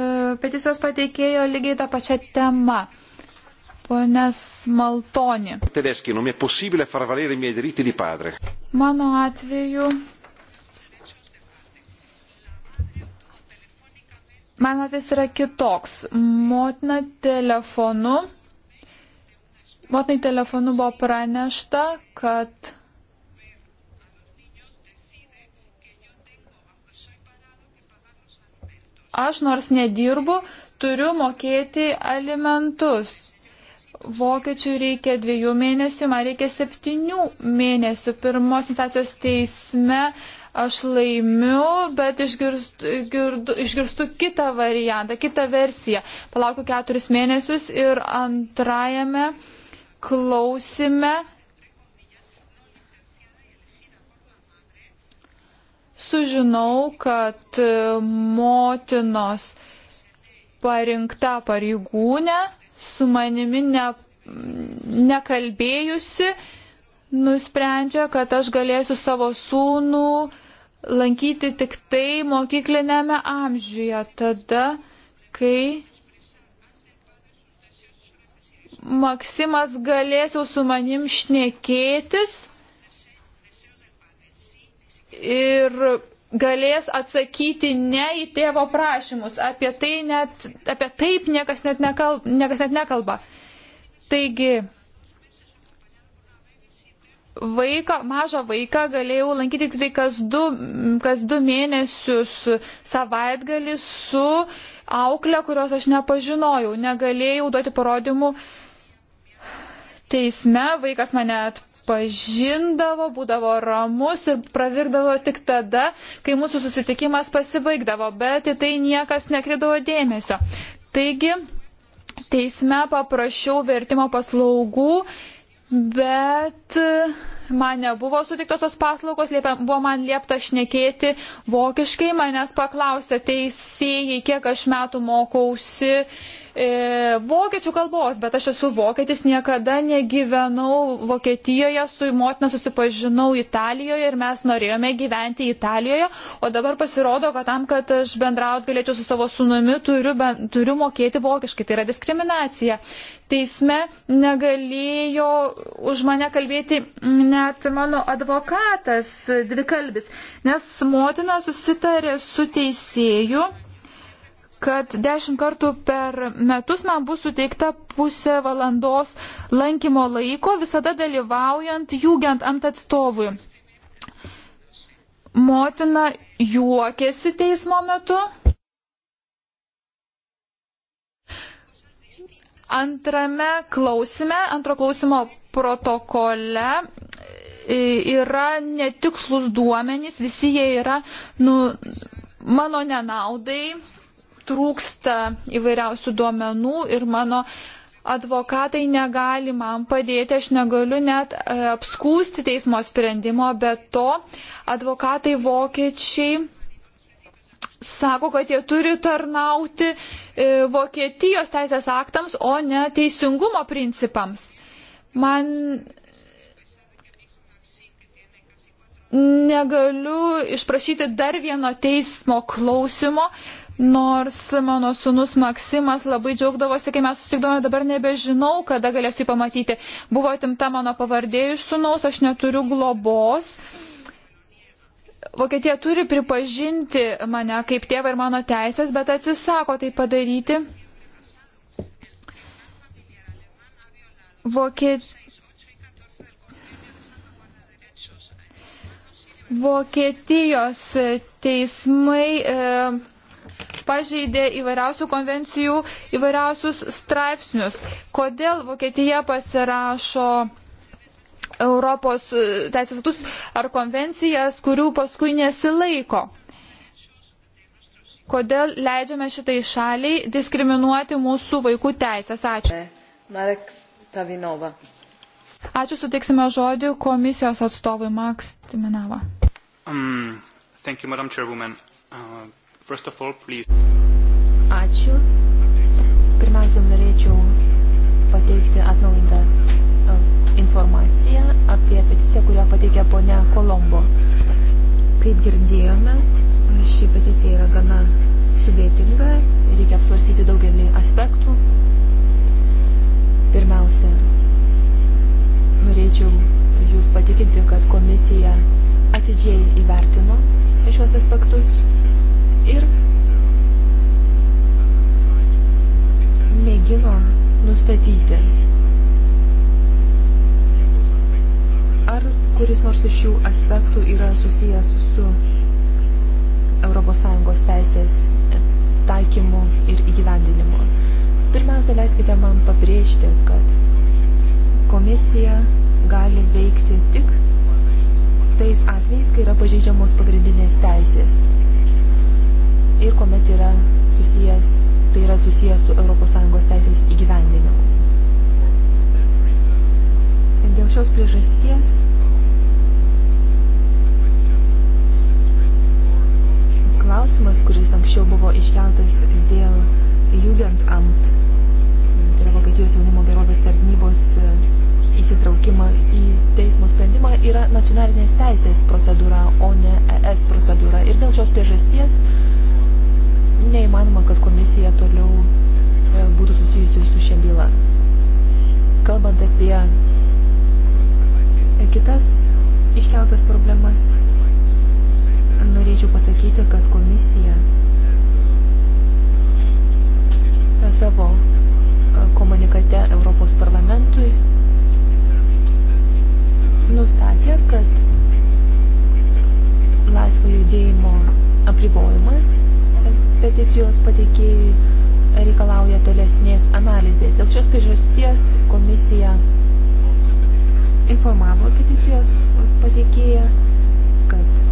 peticijos pateikėjo lygiai tą pačią temą. Ponas Maltoni. Mano atveju. Mano atvejs yra kitoks. Motina telefonu. Motinai telefonu buvo pranešta, kad aš nors nedirbu, turiu mokėti alimentus vokiečiui reikia dviejų mėnesių, man reikia septynių mėnesių. Pirmos instancijos teisme aš laimiu, bet išgirstu, girdu, išgirstu kitą variantą, kitą versiją. Palaukiu keturis mėnesius ir antrajame klausime sužinau, kad motinos parinkta pareigūnė su manimi ne, nekalbėjusi, nusprendžia, kad aš galėsiu savo sūnų lankyti tik tai mokyklinėme amžiuje, tada, kai Maksimas galėsiu su manim šnekėtis ir galės atsakyti ne į tėvo prašymus. Apie, tai net, apie taip niekas net, nekal, niekas net nekalba. Taigi, vaiką, mažą vaiką galėjau lankyti tik tai kas du, kas du mėnesius savaitgalį su aukle, kurios aš nepažinojau. Negalėjau duoti parodymų teisme, vaikas mane at, pažindavo, būdavo ramus ir pravirdavo tik tada, kai mūsų susitikimas pasibaigdavo, bet į tai niekas nekreidavo dėmesio. Taigi, teisme paprašiau vertimo paslaugų, bet man nebuvo sutiktos tos paslaugos, liepia, buvo man liepta šnekėti vokiškai, manęs paklausė teisėjai, kiek aš metų mokausi E, vokiečių kalbos, bet aš esu vokietis, niekada negyvenau Vokietijoje, su motina susipažinau Italijoje ir mes norėjome gyventi Italijoje, o dabar pasirodo, kad tam, kad aš bendraut galėčiau su savo sunumi, turiu, ben, turiu mokėti vokiškai. Tai yra diskriminacija. Teisme negalėjo už mane kalbėti net mano advokatas dvikalbis, nes motina susitarė su teisėju kad dešimt kartų per metus man bus suteikta pusė valandos lankymo laiko, visada dalyvaujant jūgiant ant atstovui. Motina juokėsi teismo metu. Antrame klausime, antro klausimo protokole e, yra netikslus duomenys, visi jie yra nu, mano nenaudai, trūksta įvairiausių duomenų ir mano advokatai negali man padėti, aš negaliu net e, apskūsti teismo sprendimo, bet to advokatai vokiečiai sako, kad jie turi tarnauti e, Vokietijos teisės aktams, o ne teisingumo principams. Man negaliu išprašyti dar vieno teismo klausimo, Nors mano sunus Maksimas labai džiaugdavosi, kai mes susitikdavome, dabar nebežinau, kada galėsiu jį pamatyti. Buvo atimta mano pavardė iš sunaus, aš neturiu globos. Vokietija turi pripažinti mane kaip tėvą ir mano teisės, bet atsisako tai padaryti. Vokietija. Vokietijos teismai e, pažeidė įvairiausių konvencijų, įvairiausius straipsnius. Kodėl Vokietija pasirašo Europos e, teisės aktus ar konvencijas, kurių paskui nesilaiko? Kodėl leidžiame šitai šaliai diskriminuoti mūsų vaikų teisės? Ačiū. Marek Tavinova. Ačiū, sutiksime žodį komisijos atstovui Max Timinava. Um, thank you, Madam Chairwoman. Uh, First of all, please. Ačiū. Pirmiausia, norėčiau pateikti atnaujintą e, informaciją apie peticiją, kurią pateikė ponia Kolombo. Kaip girdėjome, ši peticija yra gana sudėtinga, reikia apsvarstyti daugelį aspektų. Pirmiausia, norėčiau Jūs patikinti, kad komisija atidžiai įvertino šios aspektus ir mėgino nustatyti, ar kuris nors iš šių aspektų yra susijęs su ES teisės taikymu ir įgyvendinimu. Pirmiausia, leiskite man pabrėžti, kad komisija gali veikti tik tais atvejais, kai yra pažeidžiamos pagrindinės teisės ir kuomet yra susijęs, tai yra susijęs su ES teisės įgyvendinimu. Dėl šios priežasties klausimas, kuris anksčiau buvo iškeltas dėl Jugendamt, tai yra Vokietijos jaunimo gerovės tarnybos e, įsitraukimą į teismo sprendimą yra nacionalinės teisės procedūra, o ne ES procedūra. Ir dėl šios priežasties uh, neįmanoma, kad komisija toliau e, būtų susijusi su šia byla. Kalbant apie e, kitas iškeltas problemas, norėčiau pasakyti, kad komisija e, savo komunikate Europos parlamentui nustatė, kad laisvo judėjimo apribojimas peticijos pateikėjai reikalauja tolesnės analizės. Dėl šios priežasties komisija informavo peticijos pateikėją, kad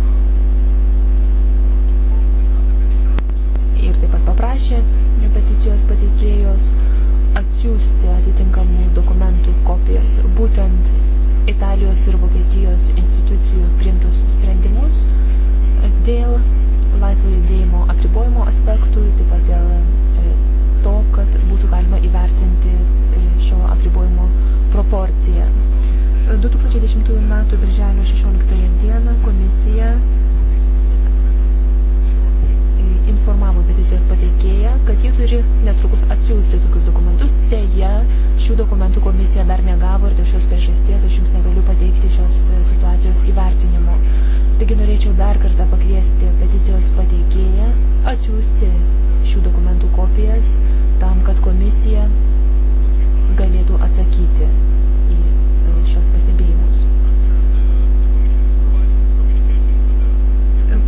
ir taip pat paprašė peticijos pateikėjos atsiųsti atitinkamų dokumentų kopijas būtent Italijos ir Vokietijos institucijų priimtus sprendimus dėl laisvo judėjimo apribojimo aspektų, taip pat dėl e, to, kad būtų galima įvertinti e, šio apribojimo proporciją. 2010 m. birželio 16 d. komisija e, informavo peticijos pateikėją, kad ji turi netrukus atsiųsti tokius dokumentus. Deja, šių dokumentų komisija dar negavo ir dėl šios priežasties aš jums negaliu pateikti šios situacijos įvertinimo. Taigi norėčiau dar kartą pakviesti peticijos pateikėją atsiųsti šių dokumentų kopijas tam, kad komisija galėtų atsakyti į e, šios pastebėjimus.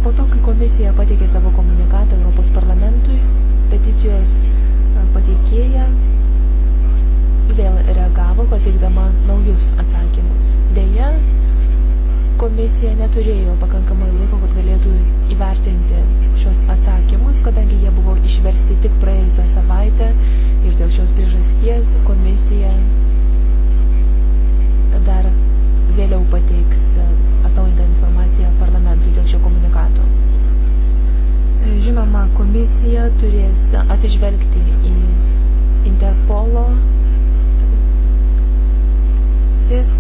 Po to, kai komisija pateikė savo komunikatą Europos parlamentui, peticijos e, pateikėja vėl reagavo pateikdama naujus atsakymus komisija neturėjo pakankamai laiko, kad galėtų įvertinti šios atsakymus, kadangi jie buvo išversti tik praėjusią savaitę ir dėl šios priežasties komisija dar vėliau pateiks atnaujintą informaciją parlamentui dėl šio komunikato. Žinoma, komisija turės atsižvelgti į Interpolo SIS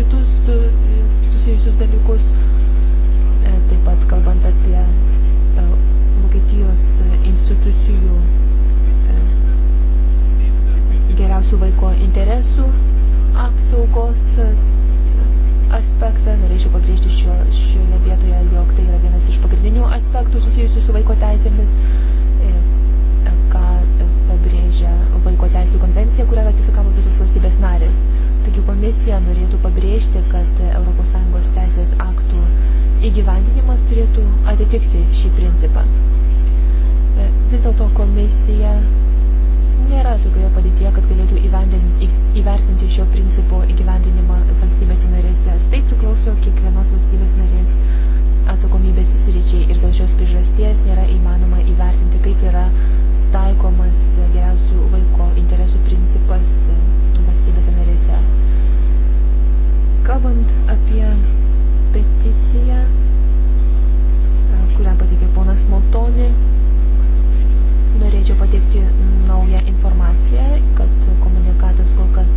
kitus e, susijusius dalykus. E, taip pat kalbant apie e, Vokietijos institucijų geriausių vaiko interesų apsaugos aspektą. Norėčiau pabrėžti šio, šioje vietoje, jog tai yra vienas iš pagrindinių aspektų susijusių su vaiko teisėmis, ką pabrėžia vaiko teisų konvencija, kurią ratifikavo visos valstybės narės. Taigi komisija norėtų pabrėžti, kad ES teisės aktų įgyvendinimas turėtų atitikti šį principą. E, vis dėlto komisija nėra tokioje padėtyje, kad galėtų įvertinti šio principo įgyvendinimą valstybės narėse. Tai priklauso kiekvienos valstybės narės atsakomybės sričiai ir dėl šios priežasties nėra įmanoma įvertinti, kaip yra taikomas geriausių vaiko interesų principas valstybėse narėse. Kalbant apie peticiją, e, kurią pateikė ponas Motoni, norėčiau pateikti naują informaciją, kad komunikatas kol kas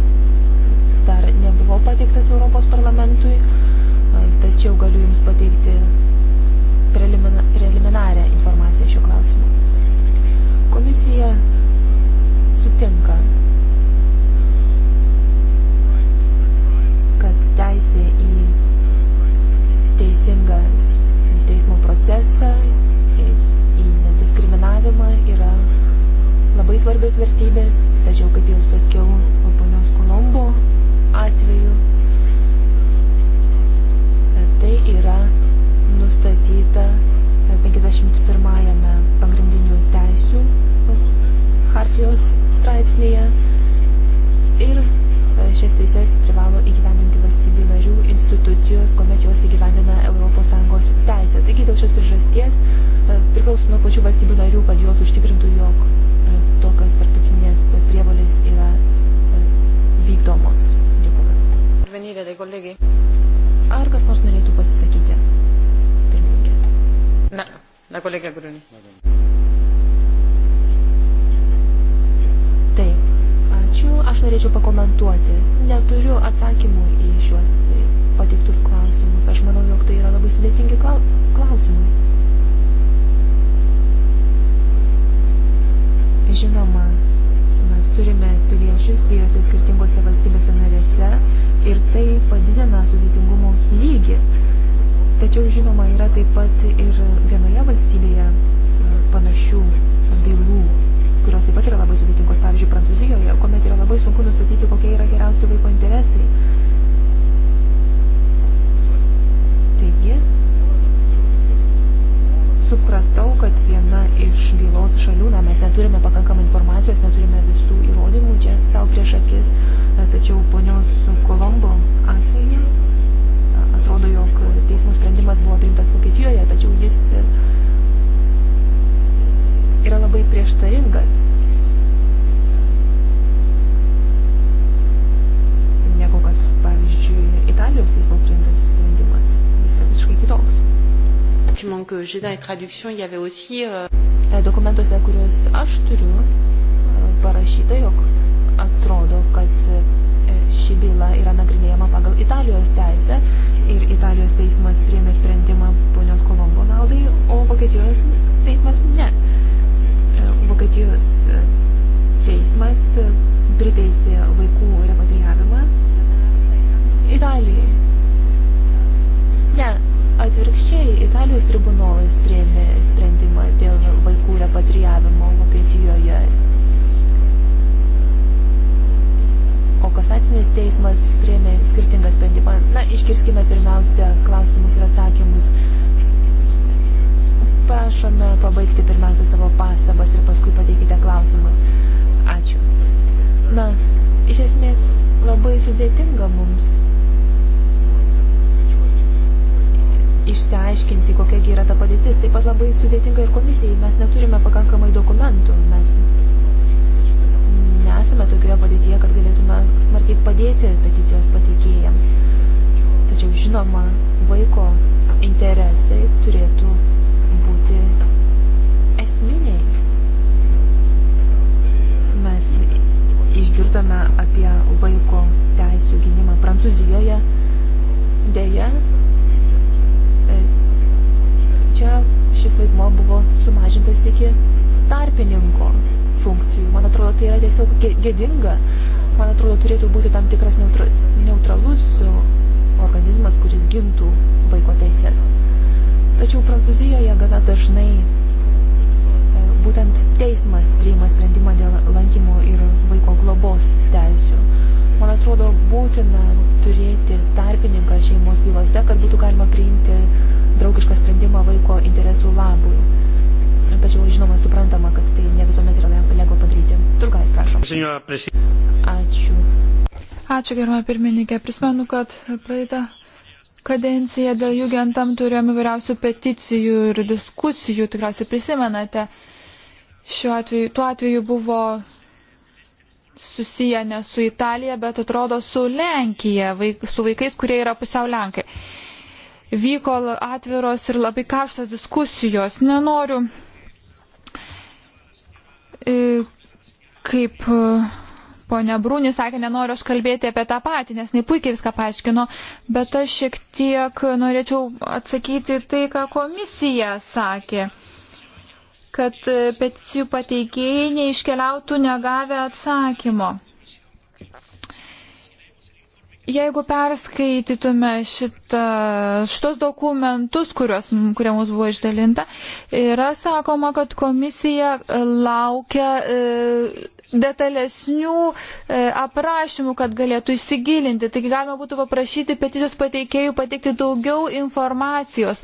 dar nebuvo pateiktas Europos parlamentui, e, tačiau galiu Jums pateikti prelimina, preliminarią informaciją šiuo klausimu. Komisija sutinka teisė į teisingą teismo procesą, į, į nediskriminavimą yra labai svarbios vertybės, tačiau, kaip jau sakiau, ponios Kolombo atveju, tai yra nustatyta 51-ame pagrindinių teisių hartijos straipsnėje ir E, šias teises privalo įgyvendinti valstybių narių institucijos, kuomet jos įgyvendina ES teisę. Taigi dėl šios priežasties e, priklauso nuo pačių valstybių narių, kad jos užtikrintų, jog e, tokios tarptautinės prievolės yra vykdomos. Dėkuoju. Ar kas nors norėtų pasisakyti? Pirmininkė. Na, na kolegė Grūnė. sričių aš norėčiau pakomentuoti. Neturiu atsakymų į šiuos pateiktus klausimus. Aš manau, jog tai yra labai sudėtingi klausimai. Žinoma, mes turime piliečius dviejose skirtingose valstybėse narėse ir tai padidina sudėtingumo lygį. Tačiau, žinoma, yra taip pat ir vienoje valstybėje panašių bylų kurios taip pat yra labai sudėtingos, pavyzdžiui, Prancūzijoje, kuomet yra labai sunku nustatyti, kokie yra geriausi vaiko interesai. Taigi, supratau, kad viena iš bylos šalių, na, mes neturime pakankamai informacijos, neturime visų įrodymų čia savo prieš akis, tačiau ponios Kolombo atveju atrodo, jog teismo sprendimas buvo priimtas Vokietijoje, tačiau jis yra labai prieštaringas. Negu kad, pavyzdžiui, Italijos teismo priimtas sprendimas. Jis yra visiškai kitoks. Euh, e, dokumentuose, kuriuos aš turiu, e, parašyta, jog atrodo, kad e, ši byla yra nagrinėjama pagal Italijos teisę ir Italijos teismas priėmė sprendimą ponios Kolombo naudai, o Vokietijos teismas ne. Vokietijos e, teismas e, priteisė vaikų repatrijavimą Italijai. Ne, atvirkščiai, Italijos tribunolas priėmė sprendimą dėl vaikų repatrijavimo Vokietijoje. O kasacinis teismas priėmė skirtingą sprendimą. Na, iškirskime pirmiausia klausimus ir atsakymus prašome pabaigti pirmiausia savo pastabas ir paskui pateikite klausimus. Ačiū. Na, iš esmės labai sudėtinga mums išsiaiškinti, kokia yra ta padėtis. Taip pat labai sudėtinga ir komisijai. Mes neturime pakankamai dokumentų. Mes nesame tokioje padėtyje, kad galėtume smarkiai padėti peticijos pateikėjams. Tačiau, žinoma, vaiko interesai turėtų esminiai. Mes išgirdome apie vaiko teisų gynimą Prancūzijoje. Deja, e, čia šis vaidmo buvo sumažintas iki tarpininko funkcijų. Man atrodo, tai yra tiesiog gėdinga. Man atrodo, turėtų būti tam tikras neutra, neutralus organizmas, kuris gintų vaiko teises. Tačiau Prancūzijoje gana dažnai būtent teismas priima sprendimą dėl lankymų ir vaiko globos teisių. Man atrodo, būtina turėti tarpininką šeimos bylose, kad būtų galima priimti draugišką sprendimą vaiko interesų labui. Tačiau, žinoma, suprantama, kad tai ne visuomet yra lengva padaryti. Turgais, prašom. Ačiū. Ačiū, gerbama pirmininkė. Prisimenu, kad praeitą kadenciją dėl jų gentam turėjome vyriausių peticijų ir diskusijų, tikriausiai prisimenate. Šiuo atveju, tuo atveju buvo susiję ne su Italija, bet atrodo su Lenkija, vaik, su vaikais, kurie yra pusiau Lenkai. Vyko atviros ir labai karštos diskusijos. Nenoriu e, kaip e, ponia Brūnį sakė, nenoriu aš kalbėti apie tą patį, nes jis puikiai viską paaiškino, bet aš šiek tiek norėčiau atsakyti tai, ką komisija sakė kad e, peticijų pateikėjai neiškeliautų negavę atsakymo. Jeigu perskaitytume šitą, šitos dokumentus, kurios, kurie mums buvo išdalinta, yra sakoma, kad komisija laukia e, detalesnių e, aprašymų, kad galėtų įsigilinti. Taigi galima būtų paprašyti peticijos pateikėjų pateikti daugiau informacijos.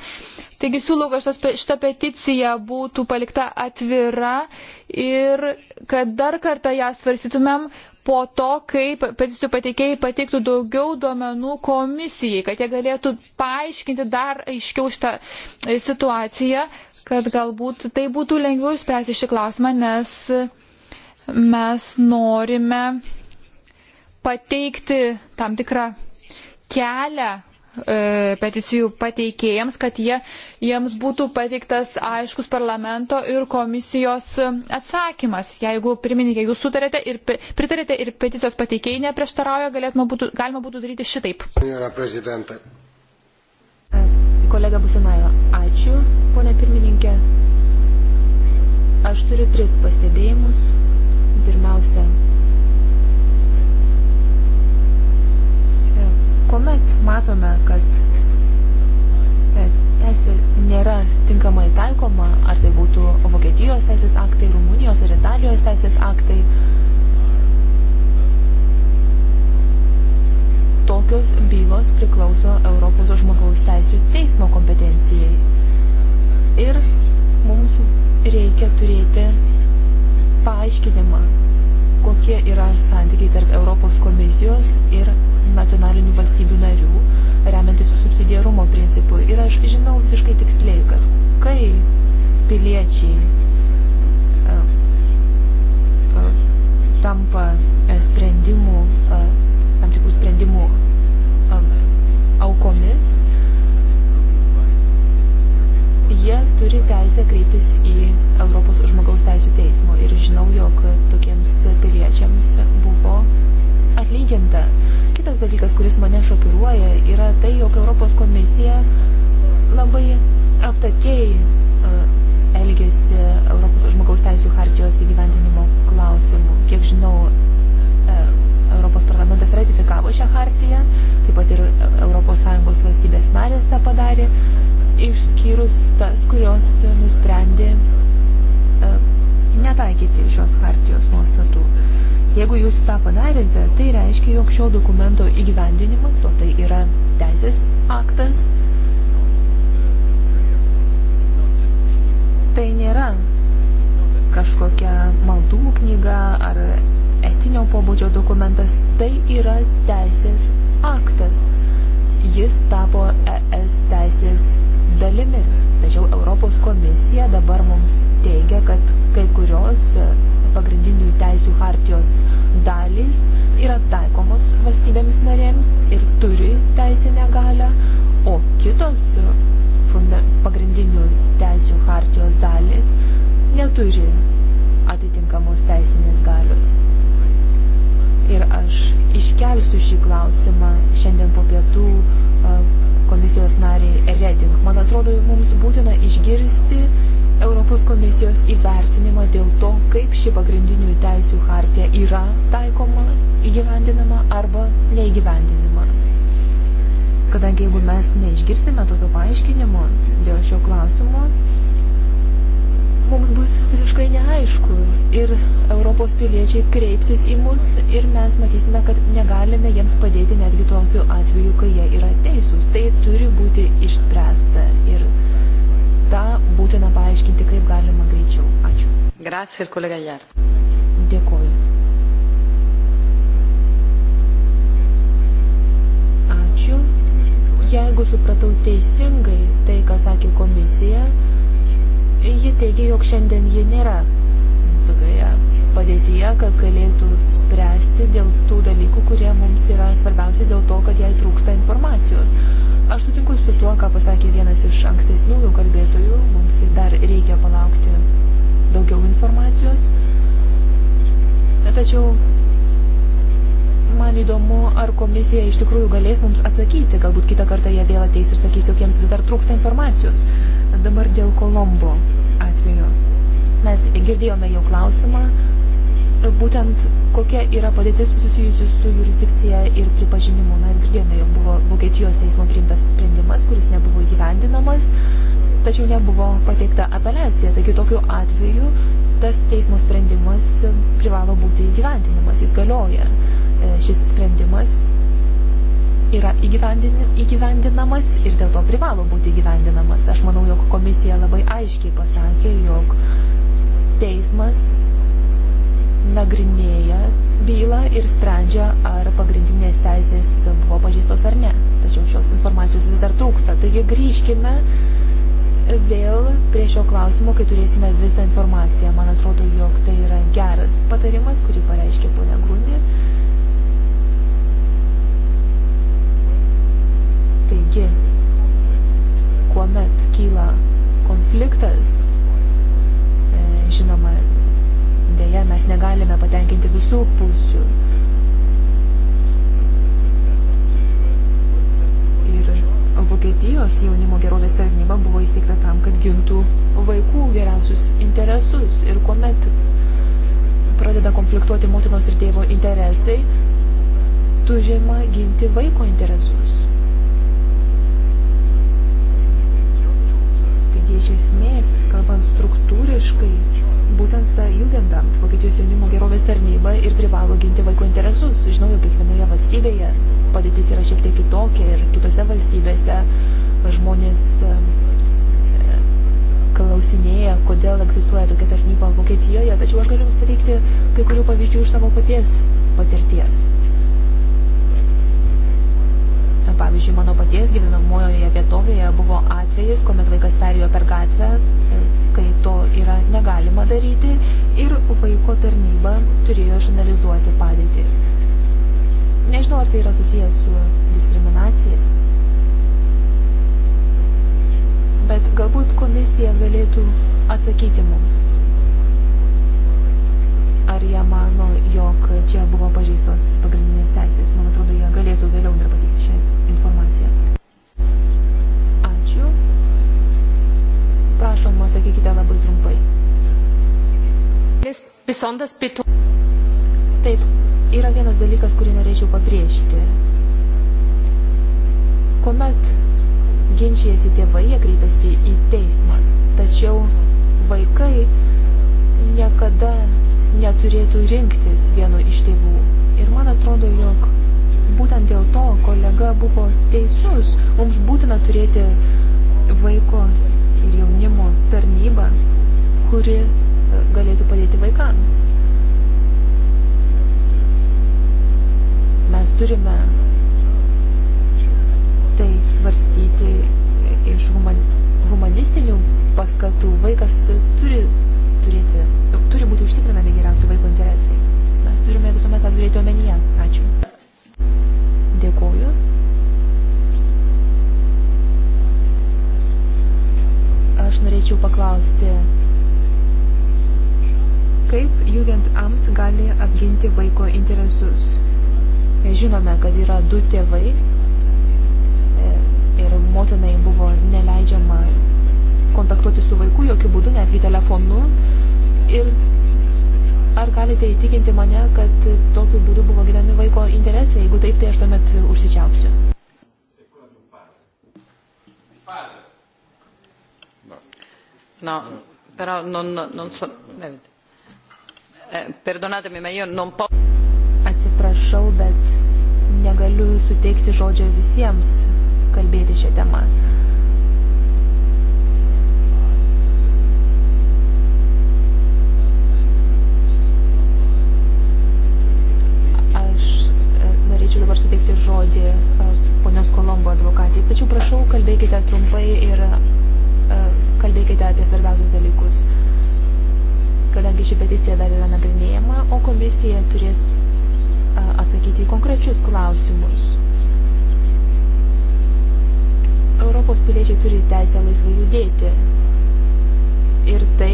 Taigi siūlau, kad šita peticija būtų palikta atvira ir kad dar kartą ją svarstytumėm po to, kai peticijų pateikėjai pateiktų daugiau duomenų komisijai, kad jie galėtų paaiškinti dar aiškiau šitą e, situaciją, kad galbūt tai būtų lengviau išspręsti šį klausimą, nes mes norime pateikti tam tikrą kelią e, peticijų pateikėjams, kad jie, jiems būtų pateiktas aiškus parlamento ir komisijos atsakymas. Jeigu, pirmininkė, jūs sutarėte ir pritarėte ir peticijos pateikėjai neprieštarauja, būtų, galima būtų daryti šitaip. E, kolega Busimajo, ačiū, ponė pirmininkė. Aš turiu tris pastebėjimus pirmiausia, e, kuomet matome, kad e, teisė nėra tinkamai taikoma, ar tai būtų Vokietijos teisės aktai, Rumunijos ar Italijos teisės aktai, tokios bylos priklauso Europos žmogaus teisų teismo kompetencijai. Ir mums reikia turėti paaiškinimą, kokie yra santykiai tarp Europos komisijos ir nacionalinių valstybių narių, remiantis subsidiarumo principu. Ir aš žinau visiškai tiksliai, kad kai piliečiai uh, uh, tampa e, sprendimų, tam tikrų sprendimų aukomis, jie turi teisę kreiptis į Europos žmogaus teisų teismo. Ir žinau, jog tokiems piliečiams buvo atlyginta. Kitas dalykas, kuris mane šokiruoja, yra tai, jog Europos komisija labai aptakiai e, elgėsi Europos žmogaus teisų hartijos įgyvendinimo klausimu. Kiek žinau, e, Europos parlamentas ratifikavo šią hartiją, taip pat ir ES valstybės narės tą padarė, išskyrus tas, kurios nusprendė e, netaikyti šios hartijos nuostatų. Jeigu jūs tą padarėte, tai reiškia, jog šio dokumento įgyvendinimas, o tai yra teisės aktas, tai nėra kažkokia maldų knyga ar konsultacinio pobūdžio dokumentas, tai yra teisės aktas. Jis tapo ES teisės dalimi. Tačiau Europos komisija dabar mums teigia, kad kai kurios e, pagrindinių teisių hartijos dalys yra taikomos valstybėms narėms ir turi teisinę galę, o kitos e, funda, pagrindinių teisių hartijos dalis neturi atitinkamos teisinės galios ir aš iškelsiu šį klausimą šiandien po pietų komisijos nariai Reding. Man atrodo, mums būtina išgirsti Europos komisijos įvertinimą dėl to, kaip ši pagrindinių teisių hartija yra taikoma, įgyvendinama arba neįgyvendinama. Kadangi jeigu mes neišgirsime tokio paaiškinimo dėl šio klausimo, mums bus visiškai neaišku ir Europos piliečiai kreipsis į mus ir mes matysime, kad negalime jiems padėti netgi tokiu atveju, kai jie yra teisūs. Tai turi būti išspręsta ir tą būtina paaiškinti kaip galima greičiau. Ačiū. Grazie ir kolega Jar. Dėkoju. Ačiū. Jeigu supratau teisingai tai, ką sakė komisija, Ji teigia, jog šiandien ji nėra tokioje padėtyje, kad galėtų spręsti dėl tų dalykų, kurie mums yra svarbiausi dėl to, kad jai trūksta informacijos. Aš sutinku su tuo, ką pasakė vienas iš ankstesniųjų kalbėtojų, mums dar reikia palaukti daugiau informacijos. Tačiau Man įdomu, ar komisija iš tikrųjų galės mums atsakyti. Galbūt kitą kartą jie vėl ateis ir sakys, jog jiems vis dar trūksta informacijos. Dabar dėl Kolombo atveju. Mes girdėjome jau klausimą, būtent kokia yra padėtis susijusi su jurisdikcija ir pripažinimu. Mes girdėjome, jog buvo Vokietijos teismo priimtas sprendimas, kuris nebuvo įgyvendinamas, tačiau nebuvo pateikta apeliacija. Taigi tokiu atveju tas teismo sprendimas privalo būti įgyvendinamas, jis galioja. E, šis sprendimas yra įgyvendinamas ir dėl to privalo būti įgyvendinamas. Aš manau, jog komisija labai aiškiai pasakė, jog teismas nagrinėja bylą ir sprendžia, ar pagrindinės teisės buvo pažįstos ar ne. Tačiau šios informacijos vis dar trūksta. Taigi grįžkime vėl prie šio klausimo, kai turėsime visą informaciją. Man atrodo, jog tai yra geras patarimas, kurį pareiškė ponia Grūnė visų pusių. Ir Vokietijos jaunimo gerovės tarnyba buvo įsteigta tam, kad gintų vaikų geriausius interesus. Ir kuomet pradeda konfliktuoti motinos ir tėvo interesai, tužima ginti vaiko interesus. Taigi iš esmės, kalbant struktūriškai, būtent ta Jugendamt, Vokietijos jaunimo gerovės tarnyba ir privalo ginti vaiko interesus. Žinau, jog kiekvienoje valstybėje padėtis yra šiek tiek kitokia ir kitose valstybėse žmonės e, klausinėja, kodėl egzistuoja tokia tarnyba Vokietijoje, tačiau aš galiu Jums pateikti kai kurių pavyzdžių iš savo paties patirties. Pavyzdžiui, mano paties gyvenamojoje vietovėje buvo atvejis, kuomet vaikas perėjo per gatvę kai to yra negalima daryti ir vaiko tarnyba turėjo išanalizuoti padėtį. Nežinau, ar tai yra susijęs su diskriminacija, bet galbūt komisija galėtų atsakyti mums. Ar jie mano, jog čia buvo pažeistos pagrindinės teisės? Man atrodo, jie galėtų vėliau dar pateikti šią informaciją. Prašom, atsakykite labai trumpai. Taip, yra vienas dalykas, kurį norėčiau pabrėžti. Komet ginčijasi tėvai, jie kreipiasi į teismą. Tačiau vaikai niekada neturėtų rinktis vienu iš tėvų. Ir man atrodo, jog būtent dėl to kolega buvo teisus. Mums būtina turėti vaiko ir jaunimo tarnybą, kuri e, galėtų padėti vaikams. Mes turime tai svarstyti iš human, humanistinių paskatų. Vaikas turi, turėti, turi būti užtikrinami geriausi vaiko interesai. Mes turime visuomet tą turėti omenyje. Ačiū. Dėkuoju. aš norėčiau paklausti, kaip Jugendamt gali apginti vaiko interesus? Žinome, kad yra du tėvai e, ir motinai buvo neleidžiama kontaktuoti su vaiku jokių būdų, netgi telefonu. Ir ar galite įtikinti mane, kad tokiu būdu buvo ginami vaiko interesai? Jeigu taip, tai aš tuomet užsičiaupsiu. No, però non, non so. Eh, eh perdonatemi, ma io non posso. Atsiprašau, bet negaliu suteikti žodžio visiems kalbėti šią temą. Aš eh, norėčiau dabar suteikti žodį eh, ponios Kolombo advokatei, tačiau prašau, kalbėkite trumpai ir kalbėkite apie svarbiausius dalykus, kadangi ši peticija dar yra nagrinėjama, o komisija turės atsakyti į konkrečius klausimus. Europos piliečiai turi teisę laisvai judėti. Ir tai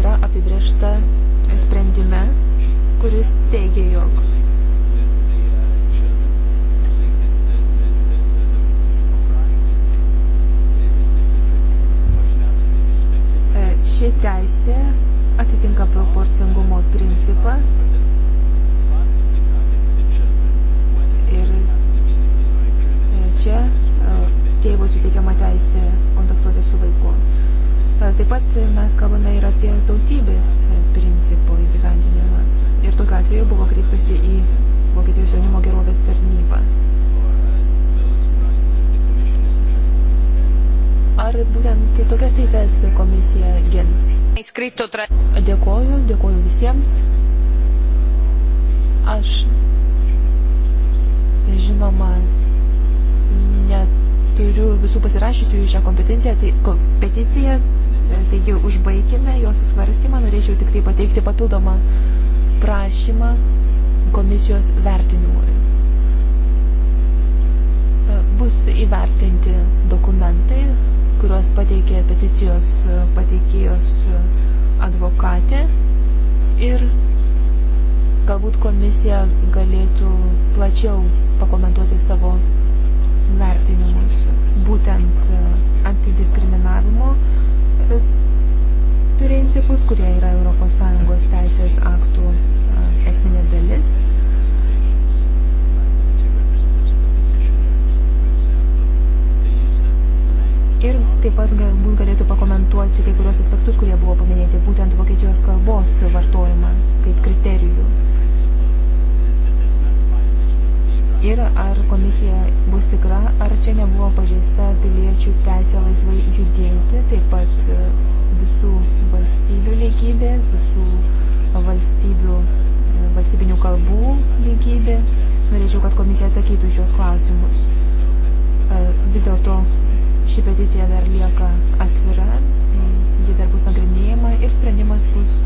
yra apibriešta sprendime, kuris teigia, jog ši teisė atitinka proporcingumo principą ir e, čia e, tėvui suteikiama teisė kontaktuoti su vaiku. E, taip pat mes kalbame ir apie tautybės principo įgyvendinimą. Ir tokiu atveju buvo kreiptasi į Vokietijos jaunimo gerovės tarnybą. ar būtent tokias teises komisija gins. Dėkoju, dėkoju visiems. Aš, žinoma, neturiu visų pasirašysių šią kompetenciją, tai, kompeticiją, taigi užbaigime jos svarstymą. Norėčiau tik tai pateikti papildomą prašymą komisijos vertinimui bus įvertinti dokumentai kuriuos pateikė peticijos e, pateikėjos e, advokatė ir galbūt komisija galėtų plačiau pakomentuoti savo vertinimus būtent e, antidiskriminavimo principus, kurie yra ES teisės aktų esminė dalis. Ir taip pat galbūt galėtų pakomentuoti kai kurios aspektus, kurie buvo paminėti, būtent Vokietijos kalbos vartojimą kaip kriterijų. Ir ar komisija bus tikra, ar čia nebuvo pažeista piliečių teisė laisvai judėti, taip pat e, visų valstybių lygybė, visų valstybių, e, valstybinių kalbų lygybė. Norėčiau, kad komisija atsakytų šios klausimus. E, vis dėlto Ši peticija dar lieka atvira, tai ji dar bus nagrinėjama ir sprendimas bus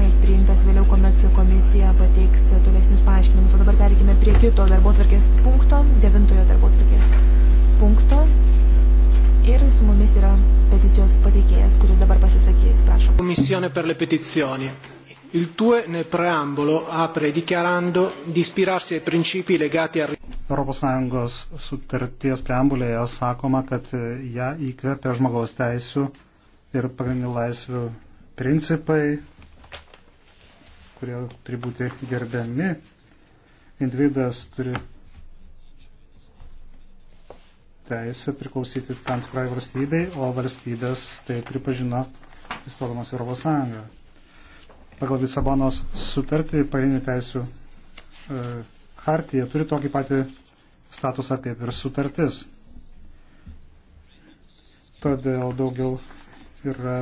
e, priimtas vėliau, kuomet komisija pateiks tolesnius paaiškinimus. O dabar perikime prie kito darbo tvarkės punkto, devintojo darbo tvarkės punkto. Ir su mumis yra peticijos pateikėjas, kuris dabar pasisakys, prašom. Komisione per le petizioni. Il TUE nel preambolo apre dichiarando di ispirarsi ai principi legati al ES sutarties preambulėje sakoma, kad ją įkvepia žmogaus teisų ir pagrindinių laisvių principai, kurie turi būti gerbiami. Individas turi teisę priklausyti tam tikrai valstybei, o valstybės tai pripažino įstodamas Europos Sąjungą. Pagal Lisabonos sutartį pagrindinių teisų e, hartija turi tokį patį statusą kaip ir sutartis. Todėl daugiau yra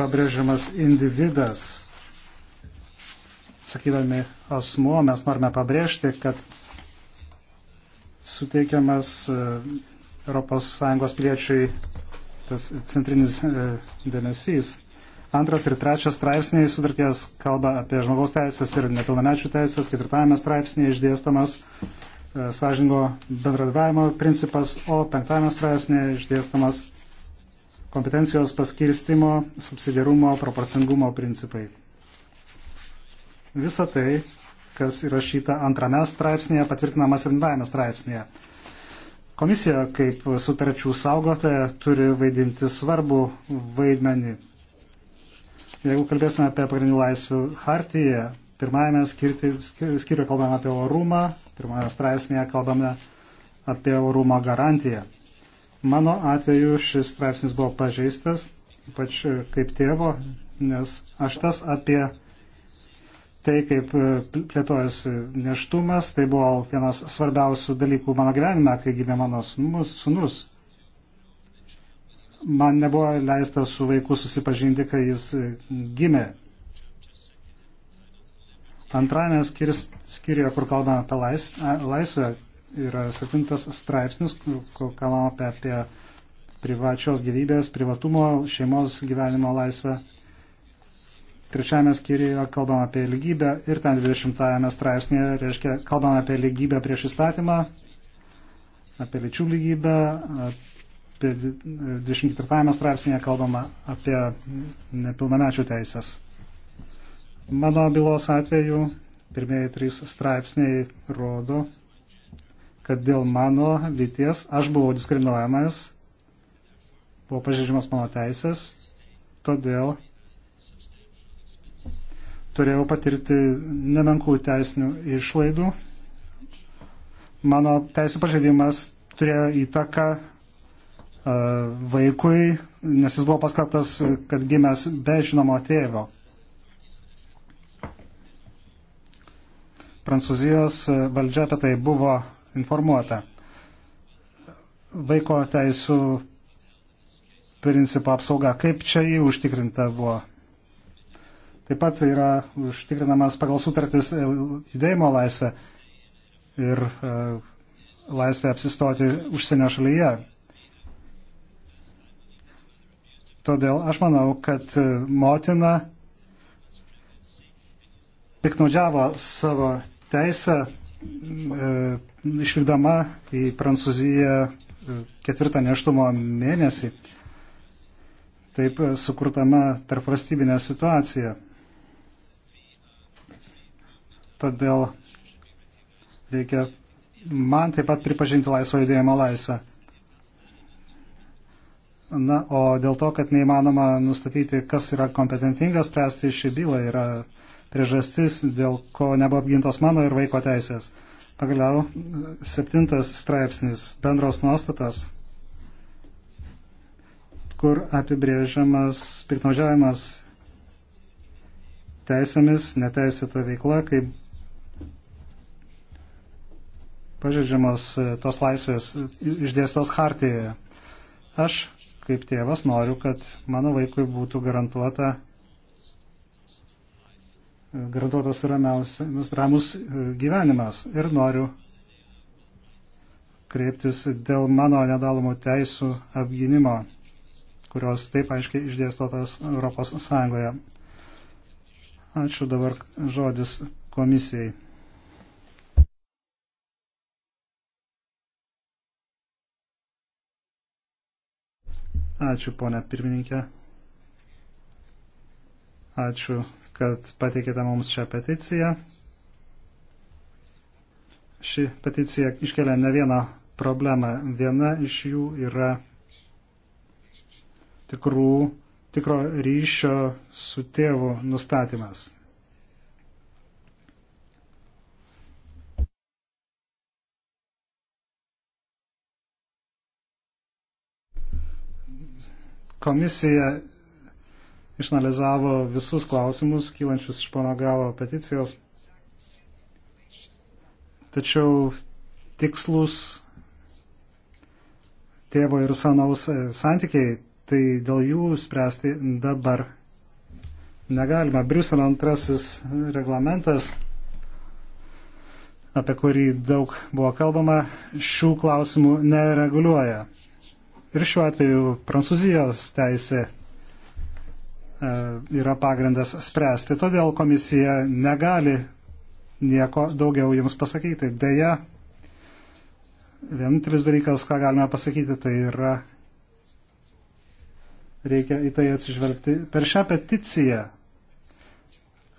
pabrėžiamas individas. Sakydami asmuo, mes norime pabrėžti, kad suteikiamas ES piliečiai tas centrinis e, dėmesys Antras ir trečias straipsniai sutarties kalba apie žmogaus teisės ir nepilnamečių teisės. Ketvirtajame straipsnėje išdėstamas e, sąžingo bendradavimo principas, o penktajame straipsnėje išdėstamas kompetencijos paskirstimo, subsidiarumo, proporcingumo principai. Visa tai, kas įrašyta antrame straipsnėje, patvirtinama septintajame straipsnėje. Komisija kaip sutarčių saugotoja turi vaidinti svarbų vaidmenį Jeigu kalbėsime apie pagrindinių laisvių hartiją, pirmajame skyriuje kalbame apie orumą, pirmajame straipsnėje kalbame apie orumo garantiją. Mano atveju šis straipsnis buvo pažeistas, ypač e, kaip tėvo, nes aš tas apie tai, kaip e, plėtojasi neštumas, tai buvo vienas svarbiausių dalykų mano gyvenime, kai gimė mano sunus. sunus man nebuvo leista su vaiku susipažinti, kai jis e, gimė. Antrajame skyriuje, kur kalbame apie laisvę, laisvę, yra septintas straipsnis, kur kalbame apie, apie privačios gyvybės, privatumo, šeimos gyvenimo laisvę. Trečiajame skyriuje kalbame apie lygybę ir ten 20 straipsnėje reiškia, kalbame apie lygybę prieš įstatymą, apie lyčių lygybę, apie 24 straipsnėje kalbama apie nepilnamečių teisės. Mano bylos atveju pirmieji trys straipsniai rodo, kad dėl mano lyties aš buvau diskriminuojamas, buvo pažeidžiamas mano teisės, todėl turėjau patirti nemenkų teisinių išlaidų. Mano teisų pažeidimas turėjo įtaką E, vaikui, nes jis buvo paskelbtas, kad gimęs be žinomo tėvo. Prancūzijos valdžia apie tai buvo informuota. Vaiko teisų principo apsauga, kaip čia jį užtikrinta buvo. Taip pat yra užtikrinamas pagal sutartis judėjimo laisvė ir e, laisvė apsistoti užsienio šalyje. Todėl aš manau, kad e, motina piknaudžiavo savo teisę e, išvykdama į Prancūziją e, ketvirtą neštumo mėnesį, taip sukurtama tarpvalstybinė situacija. Todėl reikia man taip pat pripažinti laisvo judėjimo laisvę. Na, o dėl to, kad neįmanoma nustatyti, kas yra kompetentingas spręsti šį bylą, yra priežastis, dėl ko nebuvo apgintos mano ir vaiko teisės. Pagaliau, septintas straipsnis - bendros nuostatos, kur apibrėžiamas piknaudžiavimas teisėmis, neteisėta veikla, kaip pažeidžiamos tos laisvės išdėstos hartijoje. Aš kaip tėvas noriu, kad mano vaikui būtų garantuota, garantuotas ramus gyvenimas ir noriu kreiptis dėl mano nedalomų teisų apginimo, kurios taip aiškiai išdėstotas Europos Sąjungoje. Ačiū dabar žodis komisijai. Ačiū, ponia pirmininkė. Ačiū, kad pateikėte mums šią peticiją. Ši peticija iškelia ne vieną problemą. Viena iš jų yra tikrų, tikro ryšio su tėvu nustatymas. Komisija išanalizavo visus klausimus, kylančius iš pono galo peticijos. Tačiau tikslus tėvo ir sanaus e, santykiai, tai dėl jų spręsti dabar negalima. Briuselio antrasis reglamentas, apie kurį daug buvo kalbama, šių klausimų nereguliuoja. Ir šiuo atveju Prancūzijos teisė e, yra pagrindas spręsti. Todėl komisija negali nieko daugiau jums pasakyti. Deja, vienintelis dalykas, ką galime pasakyti, tai yra reikia į tai atsižvelgti. Per šią peticiją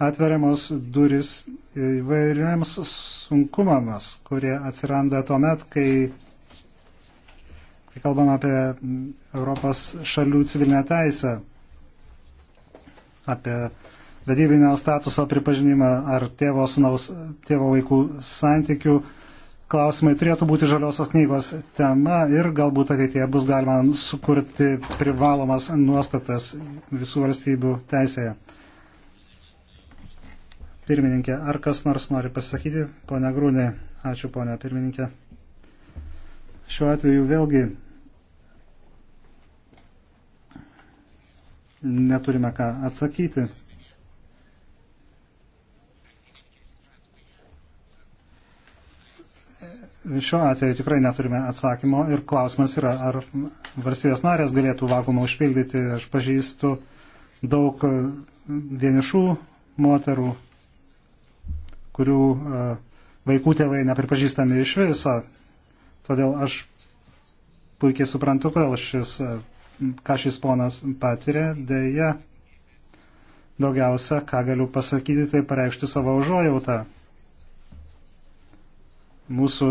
atveriamos duris įvairiams sunkumams, kurie atsiranda tuo met, kai kai kalbam apie Europos šalių civilinę teisę, apie vedybinio statuso pripažinimą ar tėvo, sunaus, tėvo vaikų santykių, klausimai turėtų būti žaliosios knygos tema ir galbūt ateitie bus galima sukurti privalomas nuostatas visų valstybių teisėje. Pirmininkė, ar kas nors nori pasakyti? Pone Grūnė, ačiū pone pirmininkė. Šiuo atveju vėlgi neturime ką atsakyti. Šiuo atveju tikrai neturime atsakymo ir klausimas yra, ar valstybės narės galėtų vakumą užpildyti. Aš pažįstu daug vienišų moterų, kurių e, vaikų tėvai nepripažįstami iš viso. Todėl aš puikiai suprantu, kodėl šis, ką šis ponas patiria. Deja, daugiausia, ką galiu pasakyti, tai pareikšti savo užuojautą. Mūsų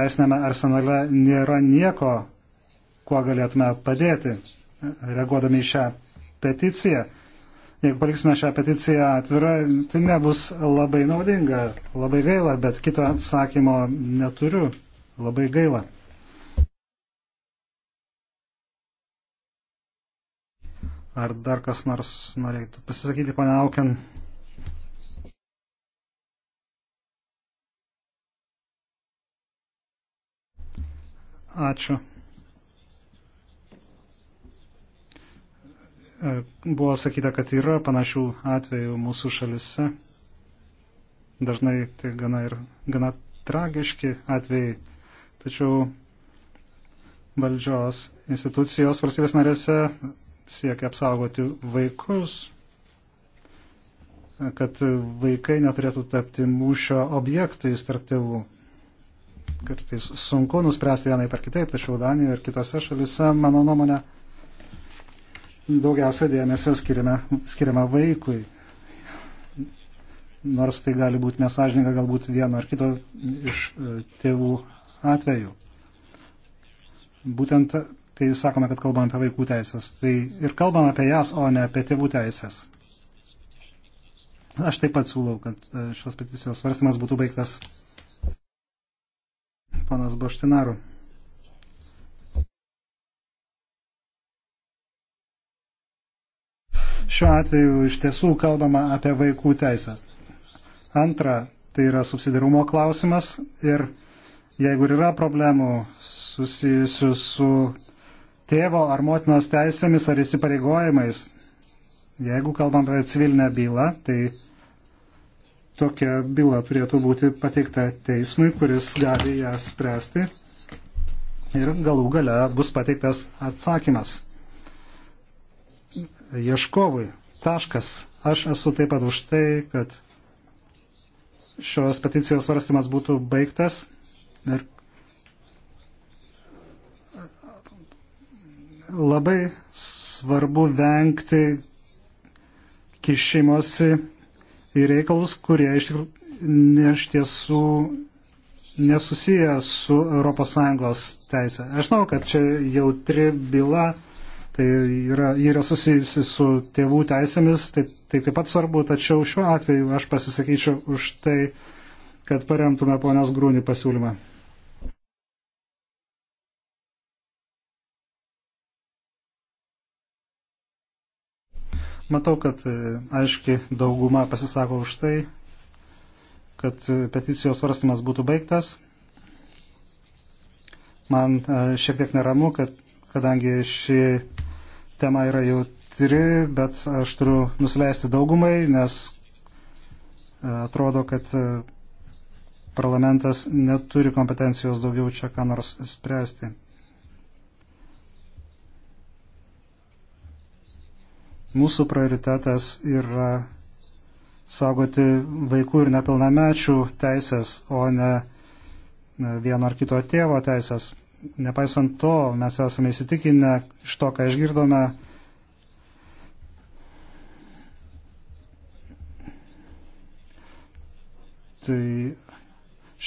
teisinėme arsenale nėra nieko, kuo galėtume padėti, reaguodami į šią peticiją. Jeigu paliksime šią peticiją atvirą, tai nebus labai naudinga, labai gaila, bet kito atsakymo neturiu. Labai gaila. Ar dar kas nors norėtų pasisakyti, pane Auken? Ačiū. E, buvo sakyta, kad yra panašių atvejų mūsų šalise. Dažnai tai gana ir gana tragiški atvejai. Tačiau valdžios institucijos valstybės narėse siekia apsaugoti vaikus, kad vaikai neturėtų tapti mūšio objektais tarp tėvų. Kartais sunku nuspręsti vienai per kitaip, tačiau Danijoje ir kitose šalise, mano nuomonė, daugiausia dėmesio skiriame, skiriame vaikui. Nors tai gali būti nesažininga galbūt vieno ar kito iš e, tėvų atveju. Būtent kai sakome, kad kalbam apie vaikų teisės, tai ir kalbam apie jas, o ne apie tėvų teisės. Aš taip pat siūlau, kad e, šios peticijos svarstymas būtų baigtas. Panas Boštinaru. Šiuo atveju iš tiesų kalbama apie vaikų teisės. Antra, tai yra subsidarumo klausimas ir Jeigu ir yra problemų susijusių su tėvo ar motinos teisėmis ar įsipareigojimais, jeigu kalbam apie civilinę bylą, tai tokia byla turėtų būti pateikta teismui, kuris gali ją spręsti ir galų gale bus pateiktas atsakymas. Ieškovui. Taškas. Aš esu taip pat už tai, kad šios peticijos svarstymas būtų baigtas Ir labai svarbu vengti kišimosi į reikalus, kurie iš tikrųjų iš tiesų nesusiję su ES teise. Aš žinau, kad čia jautri byla, tai yra, yra susijusi su tėvų teisėmis, tai, tai taip pat svarbu, tačiau šiuo atveju aš pasisakyčiau už tai, kad paremtume ponios Grūnį pasiūlymą. Matau, kad e, aiški dauguma pasisako už tai, kad e, peticijos svarstymas būtų baigtas. Man e, šiek tiek neramu, kad, kadangi ši tema yra jautri, bet aš turiu nusileisti daugumai, nes atrodo, kad parlamentas neturi kompetencijos daugiau čia ką nors spręsti. Mūsų prioritetas yra saugoti vaikų ir nepilnamečių teisės, o ne vieno ar kito tėvo teisės. Nepaisant to, mes esame įsitikinę iš to, ką išgirdome, tai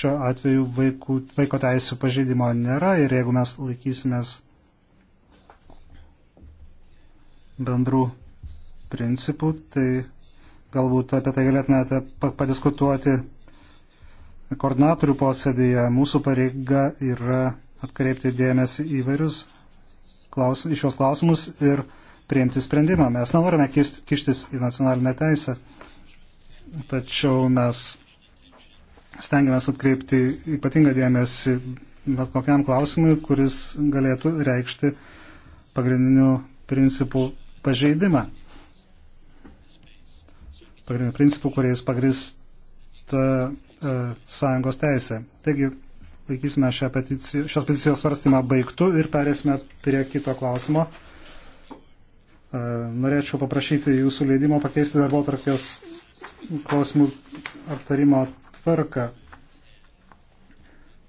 šiuo atveju vaikų, vaiko teisų pažeidimo nėra ir jeigu mes laikysimės bendrų principų, tai galbūt apie tai galėtumėte padiskutuoti koordinatorių posėdėje. Mūsų pareiga yra atkreipti dėmesį į vairius klaus, į šios klausimus ir priimti sprendimą. Mes nenorime kištis į nacionalinę teisę, tačiau mes stengiamės atkreipti ypatingą dėmesį bet kokiam klausimui, kuris galėtų reikšti pagrindinių principų pažeidimą pagrindinių principų, kuriais pagrįsta e, sąjungos teisė. Taigi laikysime šią peticiją, šios peticijos svarstymą baigtų ir perėsime prie kito klausimo. E, norėčiau paprašyti jūsų leidimo pakeisti darbo tarkės klausimų aptarimo tvarką.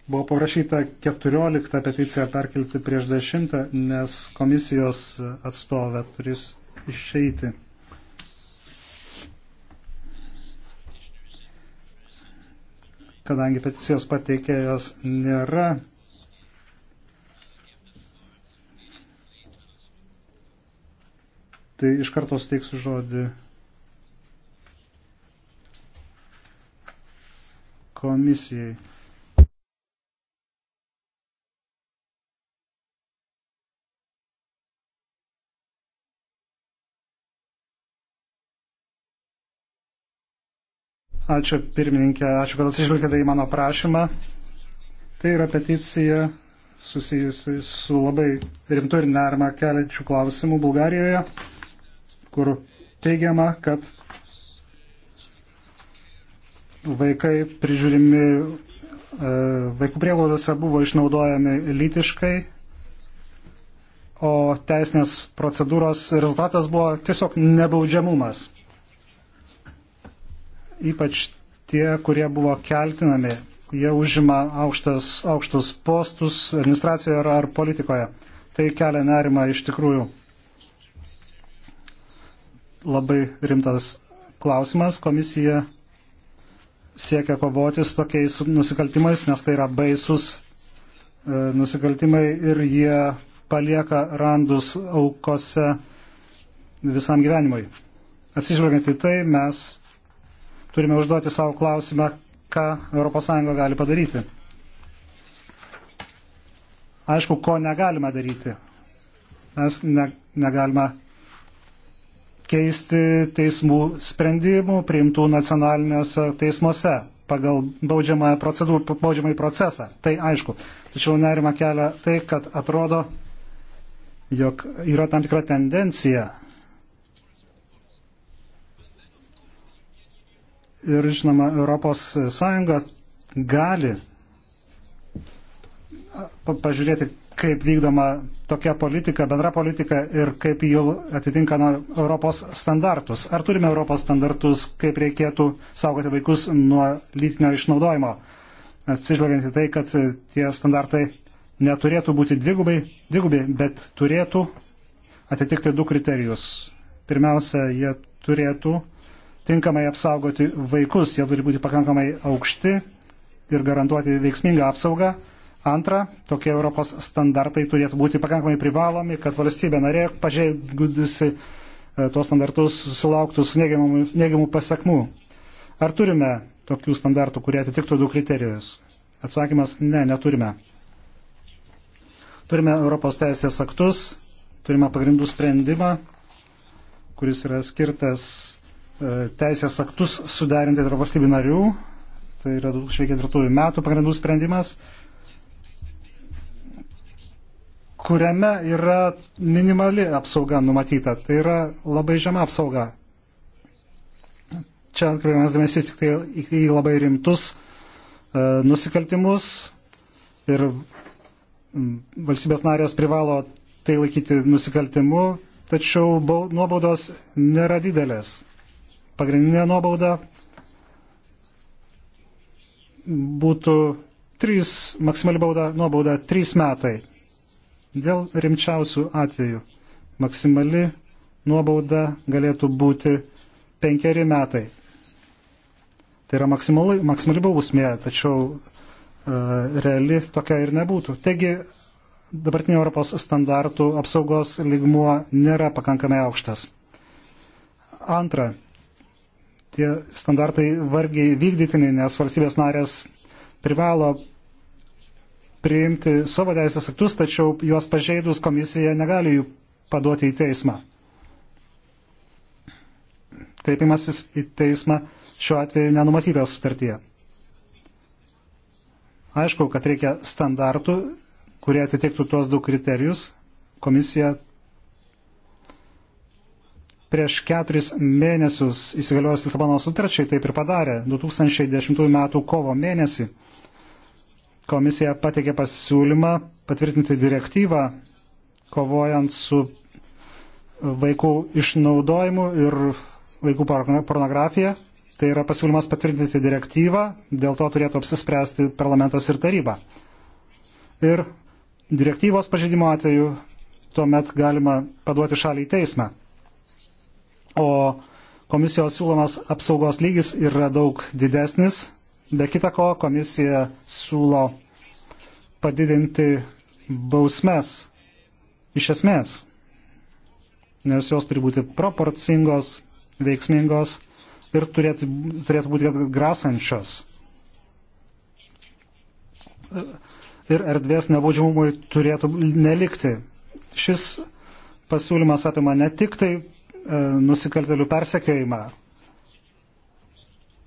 Buvo paprašyta 14 peticiją perkelti prieš 10, nes komisijos atstovė turės išeiti. kadangi peticijos pateikėjos nėra. Tai iš karto steiksiu žodį komisijai. Ačiū pirmininkė, ačiū, kad atsižvelgėte į mano prašymą. Tai yra peticija susijusi su labai rimtu ir nerma keliančių klausimų Bulgarijoje, kur teigiama, kad vaikai prižiūrimi, e, vaikų prieglaudose buvo išnaudojami lytiškai, o teisinės procedūros rezultatas buvo tiesiog nebaudžiamumas ypač tie, kurie buvo keltinami. Jie užima aukštas, aukštus postus administracijoje ar, ar politikoje. Tai kelia nerima iš tikrųjų. Labai rimtas klausimas. Komisija siekia kovoti su tokiais nusikaltimais, nes tai yra baisus e, nusikaltimai ir jie palieka randus aukose visam gyvenimui. Atsižvelgiant į tai, mes turime užduoti savo klausimą, ką ES gali padaryti. Aišku, ko negalima daryti. Mes ne, negalime keisti teismų sprendimų priimtų nacionaliniuose teismuose pagal baudžiamąjį baudžiamą procesą. Tai aišku. Tačiau nerima kelia tai, kad atrodo, jog yra tam tikra tendencija Ir žinoma, ES gali pažiūrėti, kaip vykdoma tokia politika, bendra politika ir kaip ji atitinka nuo Europos standartus. Ar turime Europos standartus, kaip reikėtų saugoti vaikus nuo lytinio išnaudojimo, atsižvelgiant į tai, kad tie standartai neturėtų būti dvigubai, dvigubai bet turėtų atitikti du kriterijus. Pirmiausia, jie turėtų tinkamai apsaugoti vaikus, jie turi būti pakankamai aukšti ir garantuoti veiksmingą apsaugą. Antra, tokie Europos standartai turėtų būti pakankamai privalomi, kad valstybė narė pažeidusi e, tuos standartus sulauktų su neigiamų pasiekmų. Ar turime tokių standartų, kurie atitiktų du kriterijus? Atsakymas - ne, neturime. Turime Europos teisės aktus, turime pagrindų sprendimą, kuris yra skirtas E, teisės aktus suderinti tarp valstybių narių. Tai yra 2004 metų pagrindų sprendimas, kuriame yra minimali apsauga numatyta. Tai yra labai žema apsauga. Čia atkreipiamas dėmesys tik tai į labai rimtus e, nusikaltimus ir valstybės narės privalo tai laikyti nusikaltimu, tačiau nuobaudos nėra didelės pagrindinė nuobauda būtų trys, maksimali bauda, nuobauda 3 metai. Dėl rimčiausių atvejų maksimali nuobauda galėtų būti 5 metai. Tai yra maksimali, maksimali bausmė, tačiau e, reali tokia ir nebūtų. Taigi dabartinių Europos standartų apsaugos lygmuo nėra pakankamai aukštas. Antra, tie standartai vargiai vykdytini, nes valstybės narės privalo priimti savo teisės aktus, tačiau juos pažeidus komisija negali jų paduoti į teismą. Kreipimasis į teismą šiuo atveju nenumatytas sutartyje. Aišku, kad reikia standartų, kurie atitiktų tuos du kriterijus. Komisija prieš keturis mėnesius įsigaliojus Lisabono sutarčiai taip ir padarė. 2010 m. kovo mėnesį komisija pateikė pasiūlymą patvirtinti direktyvą kovojant su vaikų išnaudojimu ir vaikų pornografija. Tai yra pasiūlymas patvirtinti direktyvą, dėl to turėtų apsispręsti parlamentas ir taryba. Ir direktyvos pažeidimo atveju tuomet galima paduoti šalį į teismą o komisijos siūlomas apsaugos lygis yra daug didesnis. Be kita ko, komisija siūlo padidinti bausmes iš esmės, nes jos turi būti proporcingos, veiksmingos ir turėtų, turėtų būti grasančios. Ir erdvės nebaudžiamumui turėtų nelikti. Šis pasiūlymas apima ne tik tai E, nusikaltelių persekiojimą,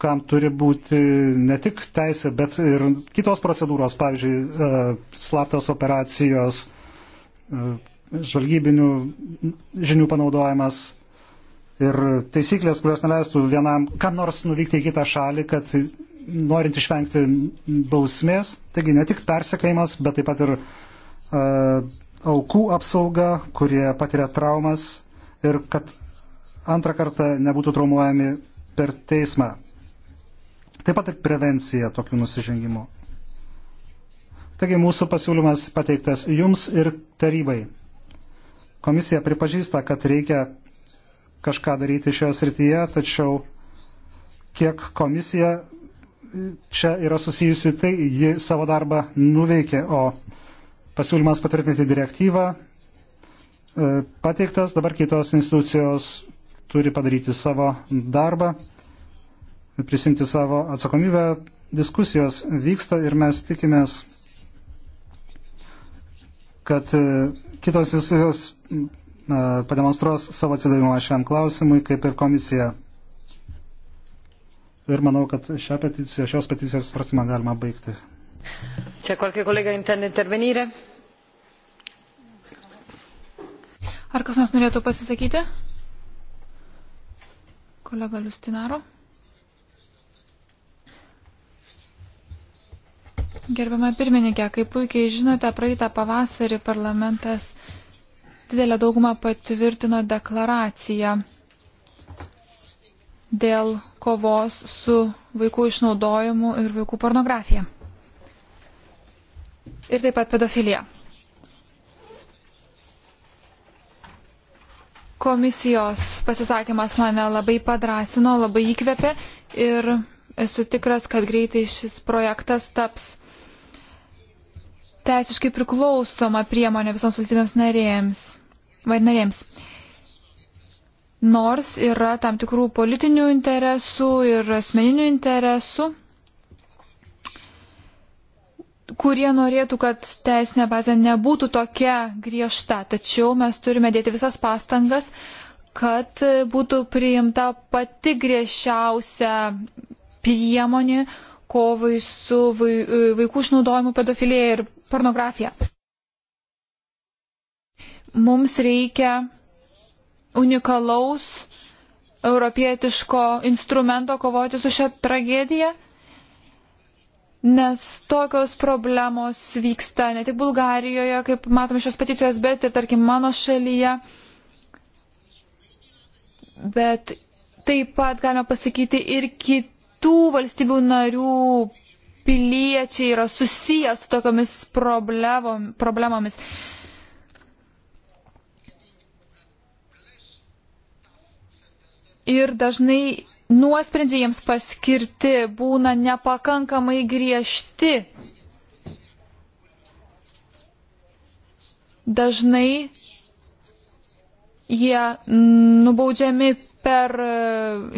kam turi būti ne tik teisė, bet ir kitos procedūros, pavyzdžiui, e, slaptos operacijos, e, žvalgybinių žinių panaudojimas ir taisyklės, kurios neleistų vienam, kam nors nuvykti į kitą šalį, kad norint išvengti bausmės, taigi ne tik persekėjimas, bet taip pat ir uh, aukų apsauga, kurie patiria traumas ir kad antrą kartą nebūtų traumuojami per teismą. Taip pat ir prevencija tokių nusižengimų. Taigi mūsų pasiūlymas pateiktas jums ir tarybai. Komisija pripažįsta, kad reikia kažką daryti šioje srityje, tačiau kiek komisija čia yra susijusi, tai ji savo darbą nuveikė, o pasiūlymas patvirtinti direktyvą e, pateiktas, dabar kitos institucijos turi padaryti savo darbą, prisimti savo atsakomybę. Diskusijos vyksta ir mes tikimės, kad e, kitos diskusijos e, pademonstruos savo atsidavimą šiam klausimui, kaip ir komisija. Ir manau, kad šią peticiją, šios peticijos svarstymą galima baigti. Čia kokie kolega intende intervenire? Ar kas nors norėtų pasisakyti? Kolega Liustinaro. Gerbiama pirmininkė, kaip puikiai žinote, praeitą pavasarį parlamentas didelę daugumą patvirtino deklaraciją dėl kovos su vaikų išnaudojimu ir vaikų pornografija. Ir taip pat pedofilija. Komisijos pasisakymas mane labai padrasino, labai įkvėpė ir esu tikras, kad greitai šis projektas taps teisiškai priklausoma priemonė visoms valstybėms narėms. Vadinarėms. Nors yra tam tikrų politinių interesų ir asmeninių interesų kurie norėtų, kad teisinė bazė nebūtų tokia griežta. Tačiau mes turime dėti visas pastangas, kad būtų priimta pati griežčiausia priemonė kovai su e, vaikų išnaudojimu pedofilija ir pornografija. Mums reikia unikalaus europietiško instrumento kovoti su šią tragediją nes tokios problemos vyksta ne tik Bulgarijoje, kaip matome šios peticijos, bet ir tarkim mano šalyje. Bet taip pat galima pasakyti ir kitų valstybių narių piliečiai yra susiję su tokiamis problemomis. Ir dažnai nuosprendžiai jiems paskirti būna nepakankamai griežti. Dažnai jie nubaudžiami per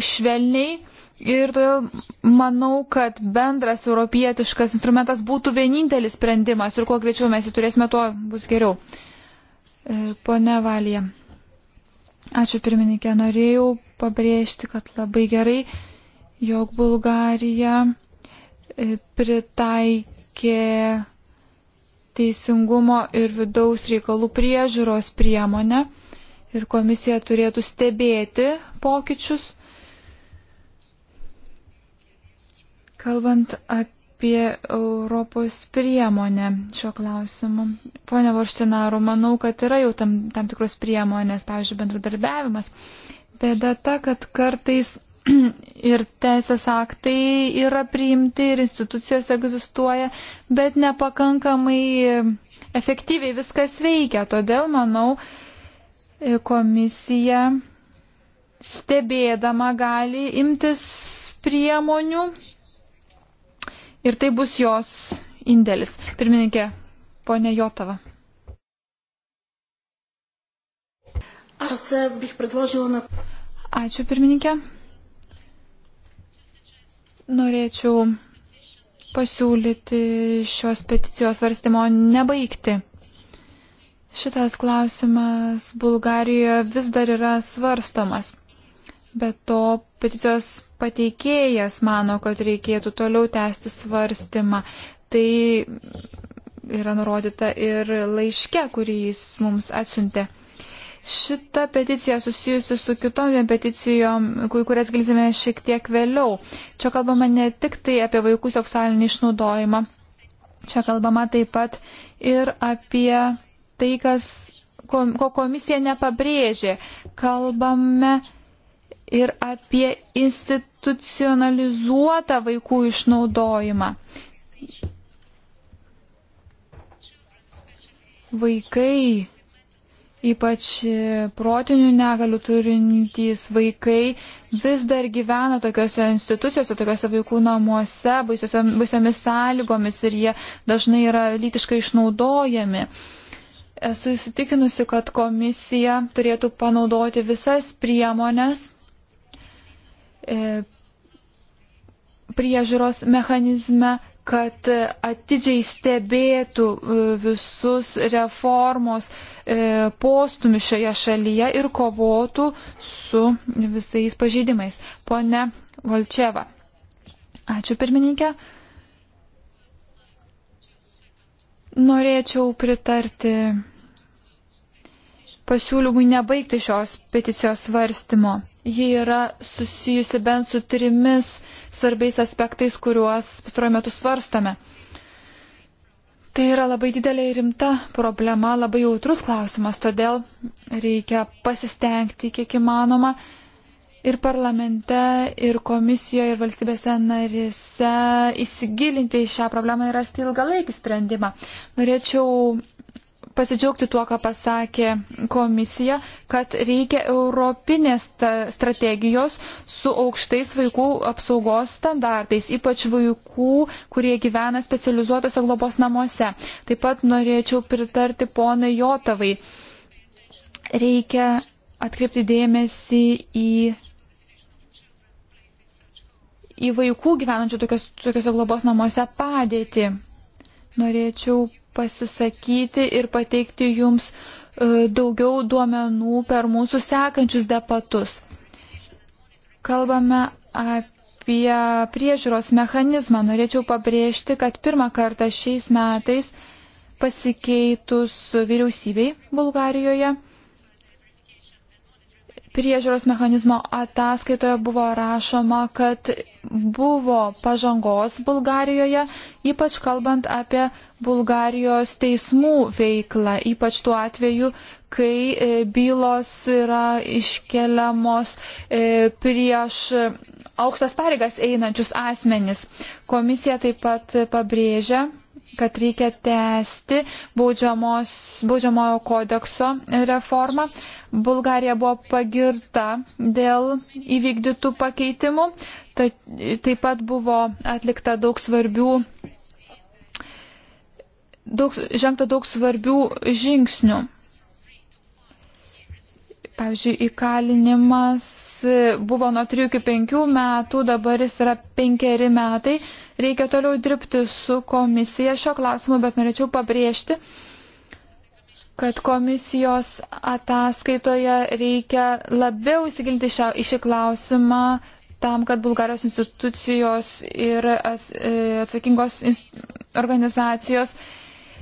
švelniai ir todėl manau, kad bendras europietiškas instrumentas būtų vienintelis sprendimas ir kuo greičiau mes jį turėsime, tuo bus geriau. E, pone Valija. Ačiū pirmininkė, norėjau pabrėžti, kad labai gerai, jog Bulgarija e, pritaikė teisingumo ir vidaus reikalų priežiūros priemonę ir komisija turėtų stebėti pokyčius. Kalbant apie apie Europos priemonę šio klausimu. Pone Vorštinaru, manau, kad yra jau tam, tam tikros priemonės, pavyzdžiui, bendradarbiavimas. Bėda ta, kad kartais ir teisės aktai yra priimti ir institucijos egzistuoja, bet nepakankamai efektyviai viskas veikia. Todėl, manau, komisija stebėdama gali imtis priemonių ir tai bus jos indėlis. Pirmininkė, ponė Jotava. Ačiū, pirmininkė. Norėčiau pasiūlyti šios peticijos varstymo nebaigti. Šitas klausimas Bulgarijoje vis dar yra svarstomas. Be to peticijos pateikėjas mano, kad reikėtų toliau tęsti svarstymą. Tai yra nurodyta ir laiške, kurį jis mums atsiuntė. Šita peticija susijusi su kitom peticijom, kurias gilsime šiek tiek vėliau. Čia kalbama ne tik tai apie vaikų seksualinį išnaudojimą, čia kalbama taip pat ir apie tai, kas, ko komisija nepabrėžė. Kalbame ir apie institucionalizuotą vaikų išnaudojimą. Vaikai, ypač protinių negalių turintys vaikai, vis dar gyvena tokiuose institucijose, tokiuose vaikų namuose, baisiomis sąlygomis ir jie dažnai yra lytiškai išnaudojami. Esu įsitikinusi, kad komisija turėtų panaudoti visas priemonės E, priežiūros mechanizme, kad atidžiai stebėtų e, visus reformos e, postumius šioje šalyje ir kovotų su visais pažeidimais. Pone Volčeva. Ačiū pirmininkė. Norėčiau pritarti pasiūlymui nebaigti šios peticijos svarstymo. Ji yra susijusi bent su trimis svarbiais aspektais, kuriuos pastaruoju metu svarstome. Tai yra labai didelė ir rimta problema, labai jautrus klausimas, todėl reikia pasistengti kiek įmanoma ir parlamente, ir komisijoje, ir valstybėse narėse įsigilinti į šią problemą ir rasti ilgalaikį sprendimą. Norėčiau pasidžiaugti tuo, ką pasakė komisija, kad reikia europinės strategijos su aukštais vaikų apsaugos standartais, ypač vaikų, kurie gyvena specializuotose globos namuose. Taip pat norėčiau pritarti ponai Jotavai. Reikia atkreipti dėmesį į į vaikų gyvenančių tokios, tokiose globos namuose padėti. Norėčiau pasisakyti ir pateikti jums e, daugiau duomenų per mūsų sekančius debatus. Kalbame apie priežiūros mechanizmą. Norėčiau pabrėžti, kad pirmą kartą šiais metais pasikeitus vyriausybei Bulgarijoje priežiūros mechanizmo ataskaitoje buvo rašoma, kad buvo pažangos Bulgarijoje, ypač kalbant apie Bulgarijos teismų veiklą, ypač tuo atveju, kai e, bylos yra iškeliamos e, prieš aukštas pareigas einančius asmenis. Komisija taip pat pabrėžia, kad reikia tęsti baudžiamojo kodekso reformą. Bulgarija buvo pagirta dėl įvykdytų pakeitimų. Ta, taip pat buvo atlikta daug svarbių, daug, žengta daug svarbių žingsnių. Pavyzdžiui, įkalinimas buvo nuo 3 iki 5 metų, dabar jis yra 5 metai. Reikia toliau dirbti su komisija šio klausimu, bet norėčiau pabrėžti, kad komisijos ataskaitoje reikia labiau įsigilinti šią, į šį klausimą tam, kad Bulgarijos institucijos ir e, atsakingos organizacijos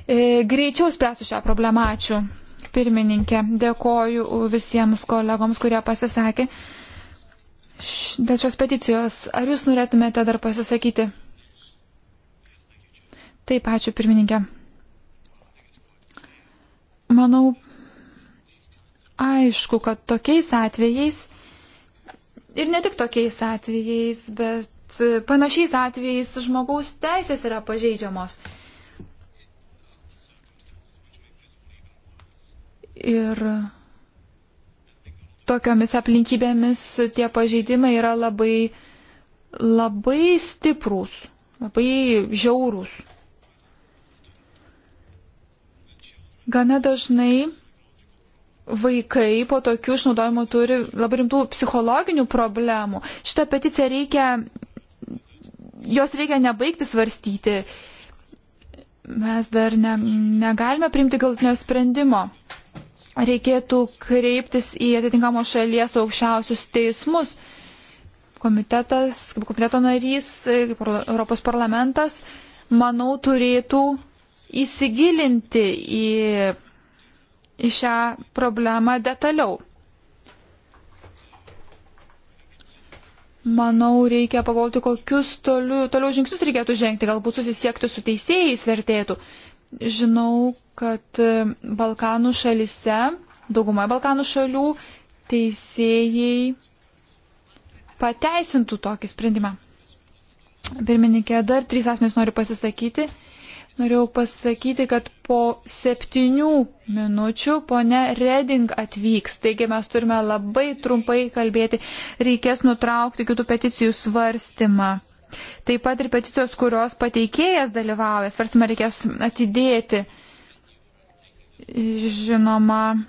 e, greičiau spręstų šią problemą. Ačiū pirmininkė. Dėkoju visiems kolegoms, kurie pasisakė dėl šios peticijos. Ar jūs norėtumėte dar pasisakyti? Taip, ačiū pirmininkė. Manau, aišku, kad tokiais atvejais ir ne tik tokiais atvejais, bet panašiais atvejais žmogaus teisės yra pažeidžiamos. Ir tokiomis aplinkybėmis tie pažeidimai yra labai, labai stiprūs, labai žiaurūs. Gana dažnai vaikai po tokių išnaudojimų turi labai rimtų psichologinių problemų. Šitą peticiją reikia, jos reikia nebaigti svarstyti. Mes dar ne, negalime priimti galutinio sprendimo reikėtų kreiptis į atitinkamos šalies aukščiausius teismus. Komitetas, kaip komiteto narys, kaip Europos parlamentas, manau, turėtų įsigilinti į, į šią problemą detaliau. Manau, reikia pagalvoti, kokius toliu, toliau žingsnius reikėtų žengti, galbūt susisiekti su teisėjais vertėtų. Žinau, kad e, Balkanų šalise, daugumoje Balkanų šalių, teisėjai pateisintų tokį sprendimą. Pirmininkė, dar trys asmenys noriu pasisakyti. Norėjau pasakyti, kad po septynių minučių ponia Reding atvyks, taigi mes turime labai trumpai kalbėti, reikės nutraukti kitų peticijų svarstymą. Taip pat ir peticijos, kurios pateikėjas dalyvauja, svarstymą reikės atidėti. Žinoma,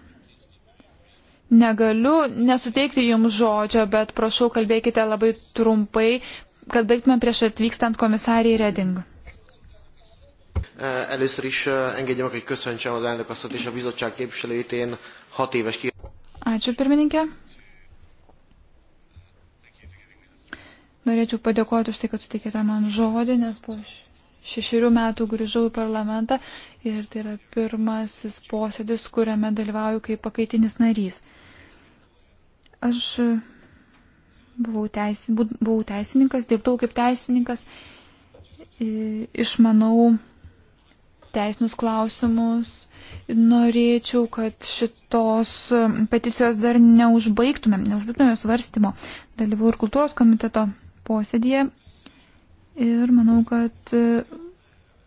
negaliu nesuteikti jums žodžio, bet prašau kalbėkite labai trumpai, kad baigtume prieš atvykstant komisariai Reding. E, először is e, engedje meg, hogy köszöntsem az elnök asszat és a bizottság képviselőjét. Én hat éves ki... Ačiū pirmininkė. Norėčiau padėkoti už tai, kad sutikėte man žodį, nes po šešerių metų grįžau į parlamentą ir tai yra pirmasis posėdis, kuriame dalyvauju kaip pakaitinis narys. Aš buvau, teisi, buvau teisininkas, dirbtau kaip teisininkas, išmanau teisinius klausimus. Norėčiau, kad šitos peticijos dar neužbaigtumėm, neužbaigtumėm jos varstymo. Dalyvau ir kultūros komiteto posėdėje Ir manau, kad e,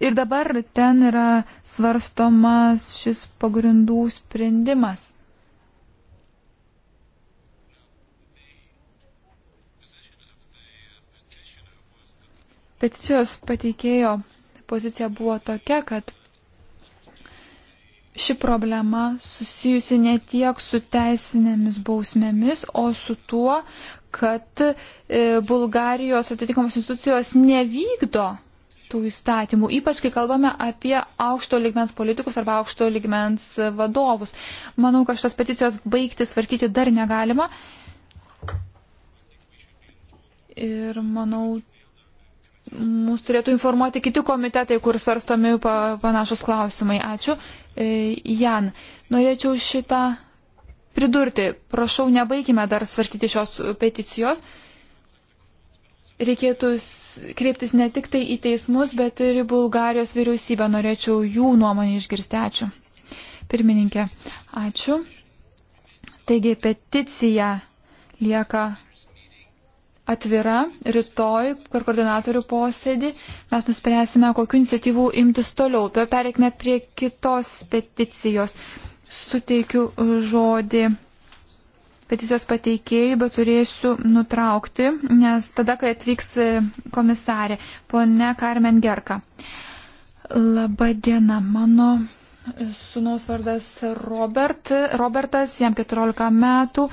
ir dabar ten yra svarstomas šis pagrindų sprendimas. Peticijos pateikėjo pozicija buvo tokia, kad ši problema susijusi ne tiek su teisinėmis bausmėmis, o su tuo, kad e, Bulgarijos atitinkamos institucijos nevykdo tų įstatymų, ypač kai kalbame apie aukšto ligmens politikus arba aukšto ligmens vadovus. Manau, kad šios peticijos baigti svartyti dar negalima. Ir manau, mūsų turėtų informuoti kiti komitetai, kur svarstomi panašus klausimai. Ačiū. E, Jan, norėčiau šitą pridurti. Prašau, nebaigime dar svarstyti šios peticijos. Reikėtų kreiptis ne tik tai į teismus, bet ir į Bulgarijos vyriausybę. Norėčiau jų nuomonę išgirsti. Ačiū. Pirmininkė, ačiū. Taigi peticija lieka atvira rytoj per koordinatorių posėdį. Mes nuspręsime, kokiu iniciatyvu imtis toliau. Pereikime prie kitos peticijos suteikiu e, žodį peticijos pateikėjai, bet turėsiu nutraukti, nes tada, kai atvyks e, komisarė, ponė Karmen Gerka. Labadiena, mano e, Sūnaus vardas Robert, Robertas, jam 14 metų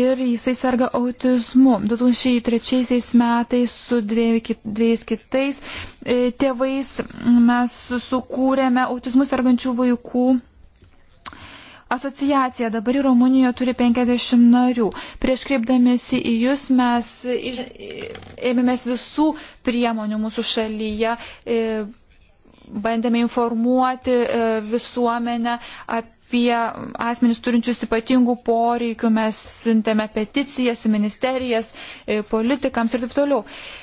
ir jisai serga autizmu. 2003 metais su dviejais kitais tėvais mes sukūrėme autizmus sergančių vaikų Asociacija dabar į Rumuniją turi 50 narių. Prieš kreipdamėsi į jūs mes ėmėmės visų priemonių mūsų šalyje, bandėme informuoti e, visuomenę apie apie asmenys turinčius ypatingų poreikių, mes siuntėme peticijas į ministerijas, e, politikams ir taip toliau.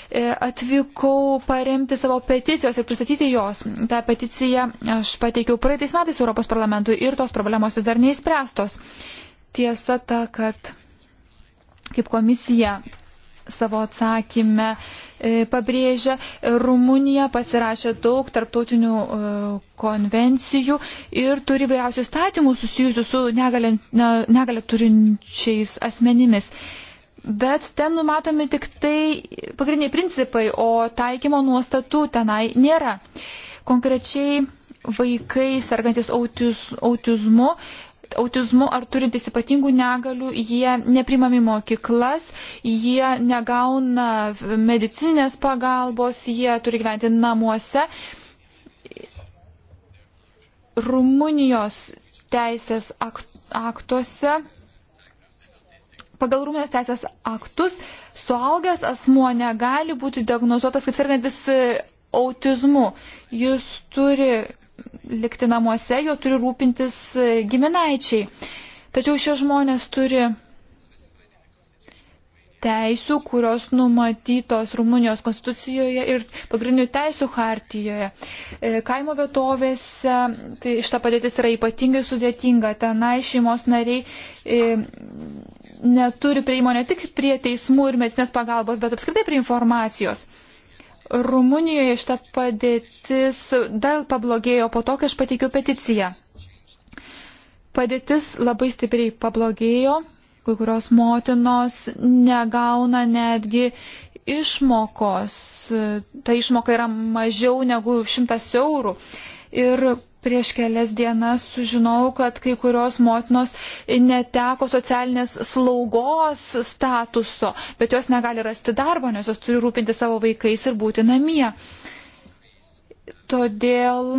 E, atvykau paremti savo peticijos ir pristatyti jos. Ta peticija aš pateikiau praeitais metais Europos parlamentui ir tos problemos vis dar neįspręstos. Tiesa ta, kad kaip komisija savo atsakymę e, pabrėžia, Rumunija pasirašė daug tarptautinių e, konvencijų ir turi vairiausių statymų susijusių su negalę, negalę turinčiais asmenimis. Bet ten numatomi tik tai pagrindiniai principai, o taikymo nuostatų tenai nėra. Konkrečiai vaikai sergantis autiz, autizmu autizmu ar turintys ypatingų negalių, jie neprimami mokyklas, jie negauna medicinės pagalbos, jie turi gyventi namuose. Rumunijos teisės aktuose. Pagal Rumunijos teisės aktus suaugęs asmuo negali būti diagnozuotas kaip sergantis autizmu. Jis turi likti namuose, jo turi rūpintis giminaičiai. Tačiau šie žmonės turi teisų, kurios numatytos Rumunijos konstitucijoje ir pagrindinių teisų hartijoje. E, kaimo vietovėse tai šita padėtis yra ypatingai sudėtinga. Tenai šeimos nariai e, neturi prieimo ne tik prie teismų ir medicinės pagalbos, bet apskritai prie informacijos. Rumunijoje šita padėtis dar pablogėjo po to, kai aš pateikiau peticiją. Padėtis labai stipriai pablogėjo, kai kurios motinos negauna netgi išmokos. Ta išmoka yra mažiau negu 100 eurų. Ir Prieš kelias dienas sužinojau, kad kai kurios motinos neteko socialinės slaugos statuso, bet jos negali rasti darbo, nes jos turi rūpinti savo vaikais ir būti namie. Todėl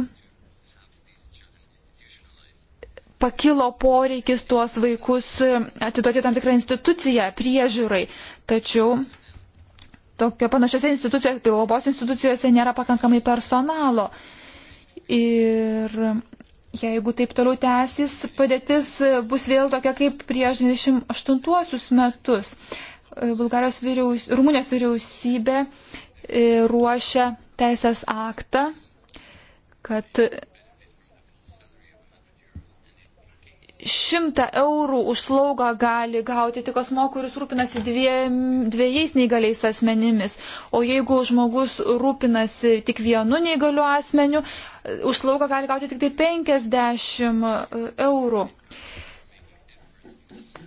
pakilo poreikis tuos vaikus atiduoti tam tikrą instituciją priežiūrai. Tačiau tokio panašiose institucijose, tai globos institucijose nėra pakankamai personalo. Ir jeigu taip toliau tęsis, padėtis bus vėl tokia kaip prieš 28 metus. Bulgarijos vyriaus, Rumunijos vyriausybė e, ruošia teisės aktą, kad šimtą eurų už slaugą gali gauti tik asmo, kuris rūpinasi dviem, dviejais neįgaliais asmenimis. O jeigu žmogus rūpinasi tik vienu neįgaliu asmeniu, už slaugą gali gauti tik tai 50 e, eurų.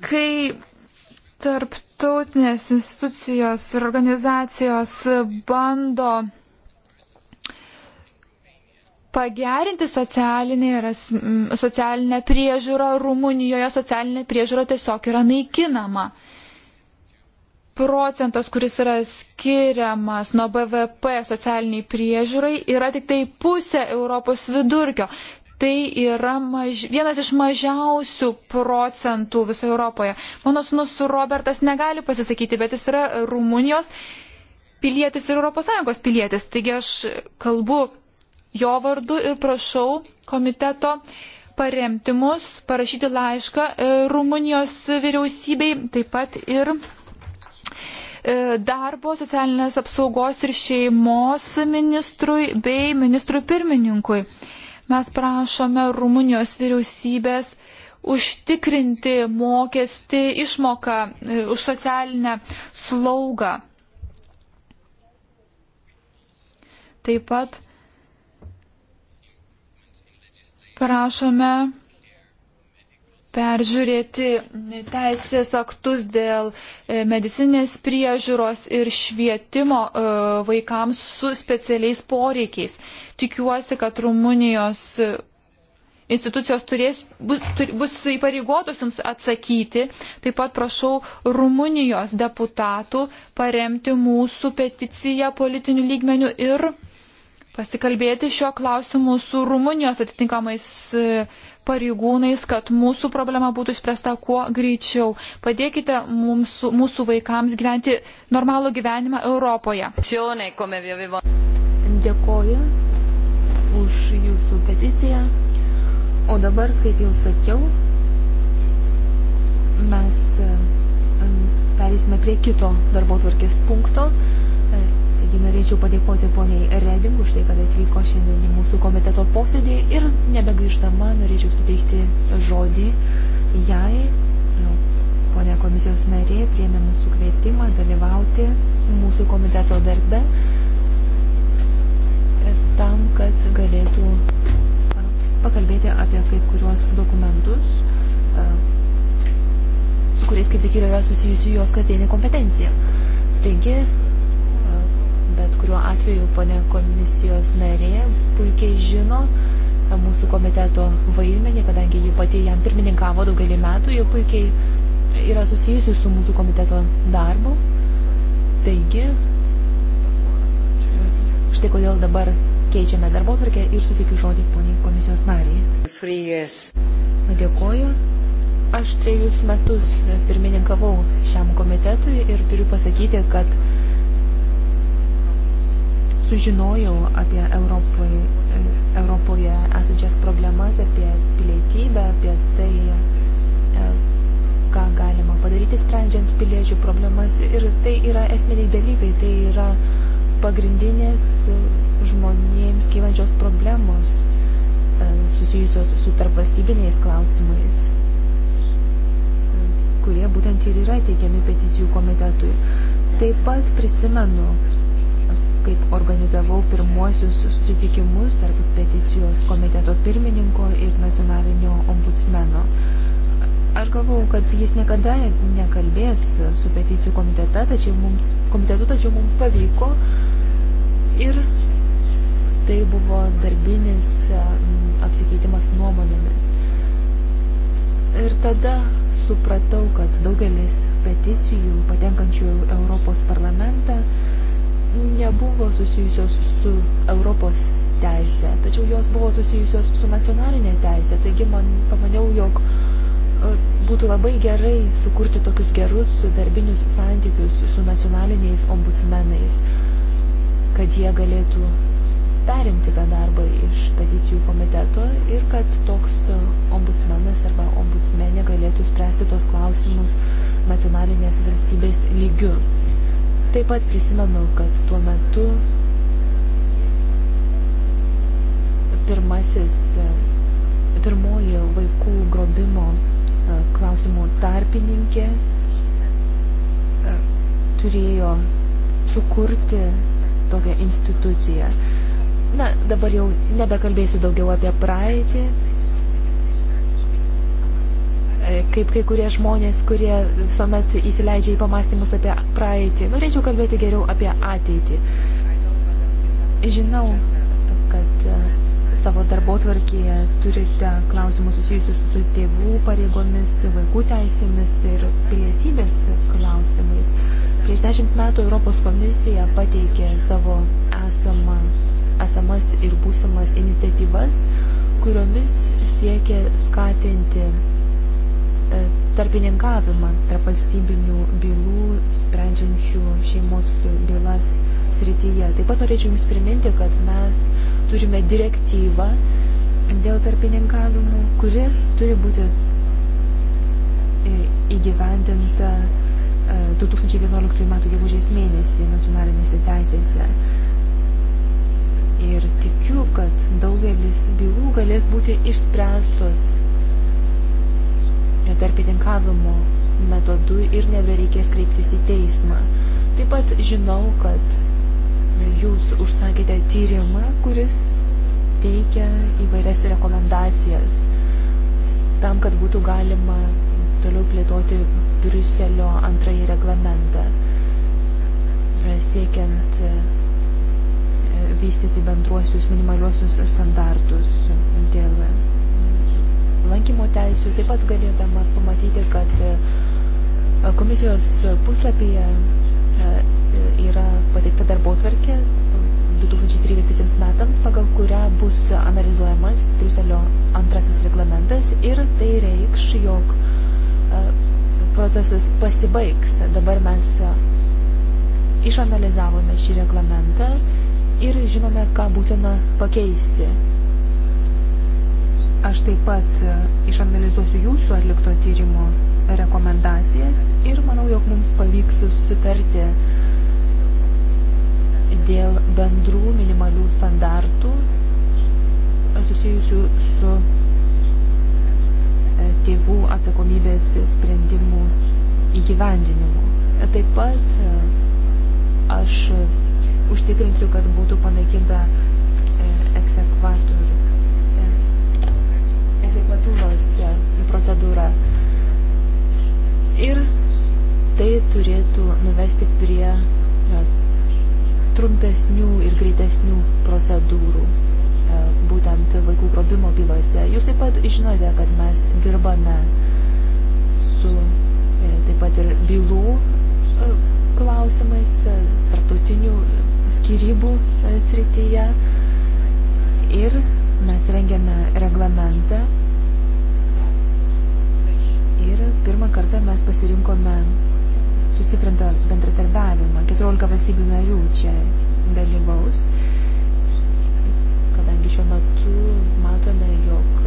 Kai tarptautinės institucijos ir organizacijos bando pagerinti socialinę, ir as, socialinę priežiūrą Rumunijoje, socialinė priežiūra tiesiog yra naikinama. Procentas, kuris yra skiriamas nuo BVP socialiniai priežiūrai, yra tik tai pusė Europos vidurkio. Tai yra maž... vienas iš mažiausių procentų visoje Europoje. Mano sunus Robertas negali pasisakyti, bet jis yra Rumunijos pilietis ir ES pilietis. Taigi aš kalbu jo vardu ir prašau komiteto paremti mus, parašyti laišką e, Rumunijos vyriausybei, taip pat ir e, darbo, socialinės apsaugos ir šeimos ministrui bei ministrui pirmininkui. Mes prašome Rumunijos vyriausybės užtikrinti mokestį išmoką e, už socialinę slaugą. Taip pat prašome peržiūrėti teisės aktus dėl e, medicinės priežiūros ir švietimo e, vaikams su specialiais poreikiais. Tikiuosi, kad Rumunijos institucijos turės, bus, bus įpareigotos jums atsakyti. Taip pat prašau Rumunijos deputatų paremti mūsų peticiją politinių lygmenių ir pasikalbėti šio klausimu su Rumunijos atitinkamais e, pareigūnais, kad mūsų problema būtų išspręsta kuo greičiau. Padėkite mums, mūsų vaikams gyventi normalų gyvenimą Europoje. Dėkoju už jūsų peticiją. O dabar, kaip jau sakiau, mes e, perėsime prie kito darbo tvarkės punkto. Taigi norėčiau padėkoti poniai Reding už tai, kad atvyko šiandien į mūsų komiteto posėdį ir nebegaiždama norėčiau suteikti žodį jai. Pone komisijos narė priėmė mūsų kvietimą dalyvauti mūsų komiteto darbe tam, kad galėtų pakalbėti apie kai kuriuos dokumentus, su kuriais kaip tik ir yra susijusi jos kasdienė kompetencija. Taigi, bet kuriuo atveju ponė komisijos narė puikiai žino e, mūsų komiteto vaidmenį, kadangi ji pati jam pirmininkavo daugelį metų, ji puikiai yra susijusi su mūsų komiteto darbu. Taigi, štai kodėl dabar keičiame darbo tvarkę ir sutikiu žodį poniai komisijos nariai. Dėkoju. Aš trejus metus pirmininkavau šiam komitetui ir turiu pasakyti, kad sužinojau apie Europoje, e, Europoje esančias problemas, apie pilietybę, apie tai, e, ką galima padaryti sprendžiant piliečių problemas. Ir tai yra esminiai dalykai, tai yra pagrindinės žmonėms kylančios problemos e, susijusios su tarpvalstybiniais klausimais, kurie būtent ir yra teikiami peticijų komitetui. Taip pat prisimenu kaip organizavau pirmuosius susitikimus tarp peticijos komiteto pirmininko ir nacionalinio ombudsmeno. Aš galvau, kad jis niekada nekalbės su peticijų komitete, tačiau mums, komitetu, tačiau mums pavyko ir tai buvo darbinis apsikeitimas nuomonėmis. Ir tada supratau, kad daugelis peticijų patenkančių Europos parlamentą nebuvo susijusios su Europos teisė, tačiau jos buvo susijusios su nacionalinė teisė. Taigi man pamaniau, jog e, būtų labai gerai sukurti tokius gerus darbinius santykius su nacionaliniais ombudsmenais, kad jie galėtų perimti tą darbą iš peticijų komiteto ir kad toks ombudsmenas arba ombudsmenė galėtų spręsti tos klausimus nacionalinės valstybės lygiu. Taip pat prisimenu, kad tuo metu pirmasis, pirmoji vaikų grobimo e, klausimų tarpininkė e, turėjo sukurti tokią instituciją. Na, dabar jau nebekalbėsiu daugiau apie praeitį, E, kaip kai kurie žmonės, kurie visuomet įsileidžia į pamastymus apie praeitį. Norėčiau kalbėti geriau apie ateitį. Žinau, kad e, savo darbo tvarkėje turite klausimus susijusius su tėvų pareigomis, vaikų teisėmis ir pilietybės klausimais. Prieš dešimt metų Europos komisija pateikė savo esamą, esamas ir būsimas iniciatyvas, kuriomis siekia skatinti E, tarpininkavimą tarp valstybinių bylų, sprendžiančių šeimos bylas srityje. Taip pat norėčiau Jums priminti, kad mes turime direktyvą dėl tarpininkavimų, kuri turi būti e, įgyvendinta 2011 e, m. gegužės mėnesį nacionalinėse teisėse. Ir tikiu, kad daugelis bylų galės būti išspręstos tarpininkavimo metodu ir nebereikės kreiptis į teismą. Taip pat žinau, kad jūs užsakėte tyrimą, kuris teikia įvairias rekomendacijas tam, kad būtų galima toliau plėtoti Briuselio antrąjį reglamentą, siekiant e, vystyti bendruosius minimaliuosius standartus dėl lankymo teisių, taip pat galėdama pamatyti, kad e, komisijos puslapyje e, yra pateikta darbo tvarkė 2013 metams, pagal kurią bus analizuojamas Briuselio antrasis reglamentas ir tai reikš, jog e, procesas pasibaigs. Dabar mes išanalizavome šį reglamentą ir žinome, ką būtina pakeisti. Aš taip pat e, išanalizuosiu jūsų atlikto tyrimo rekomendacijas ir manau, jog mums pavyks susitarti dėl bendrų minimalių standartų susijusių su e, tėvų atsakomybės sprendimų įgyvendinimu. Taip pat e, aš užtikrinsiu, kad būtų panaikinta eksekvatorių egzekvatūros procedūra. Ir tai turėtų nuvesti prie e, trumpesnių ir greitesnių procedūrų, e, būtent vaikų grobimo bylose. Jūs taip pat žinote, kad mes dirbame su e, taip pat ir bylų klausimais, tarptautinių skirybų srityje ir mes rengiame reglamentą Ir pirmą kartą mes pasirinkome sustiprintą bendratarbiavimą. 14 valstybių narių čia dalyvaus, kadangi šiuo metu matome, jog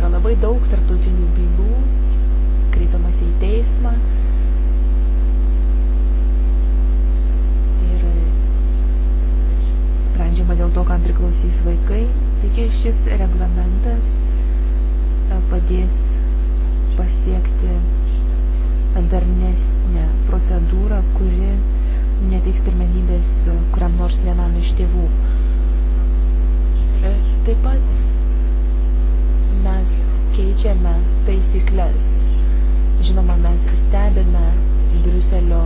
yra labai daug tarptautinių bylų, kreipiamasi į teismą. Ir sprendžiama dėl to, kam priklausys vaikai. Taigi šis reglamentas padės pasiekti darnesnę procedūrą, kuri neteiks pirmenybės kuriam nors vienam iš tėvų. E, taip pat mes keičiame taisyklės. Žinoma, mes stebime Briuselio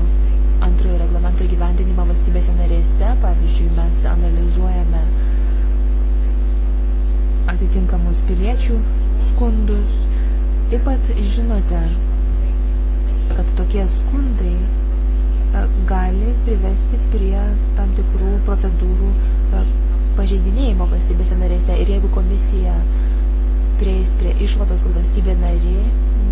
antrojo reglamento įgyvendinimą valstybėse narėse. Pavyzdžiui, mes analizuojame atitinkamus piliečių skundus Taip pat žinote, kad tokie skundai e, gali privesti prie tam tikrų procedūrų e, pažeidinėjimo valstybėse narėse. Ir jeigu komisija prieis prie išvados, kad valstybė narė